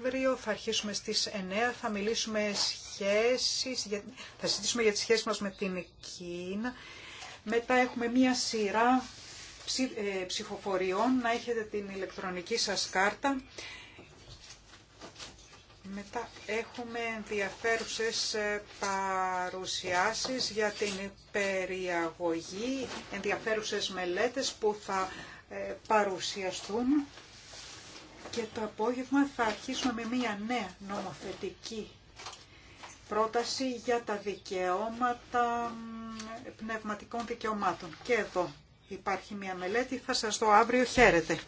Αύριο θα αρχίσουμε στις 9, θα μιλήσουμε σχέσεις, θα συζητήσουμε για τις σχέσεις μας με την Κίνα. Μετά έχουμε μία σειρά ε, ψηφοφοριών, να έχετε την ηλεκτρονική σας κάρτα. Μετά έχουμε ενδιαφέρουσες ε, παρουσιάσεις για την περιαγωγή, ενδιαφέρουσες μελέτες που θα ε, παρουσιαστούν και το απόγευμα θα αρχίσουμε με μια νέα νομοθετική πρόταση για τα δικαιώματα πνευματικών δικαιωμάτων. Και εδώ υπάρχει μια μελέτη, θα σας δω αύριο. Χαίρετε.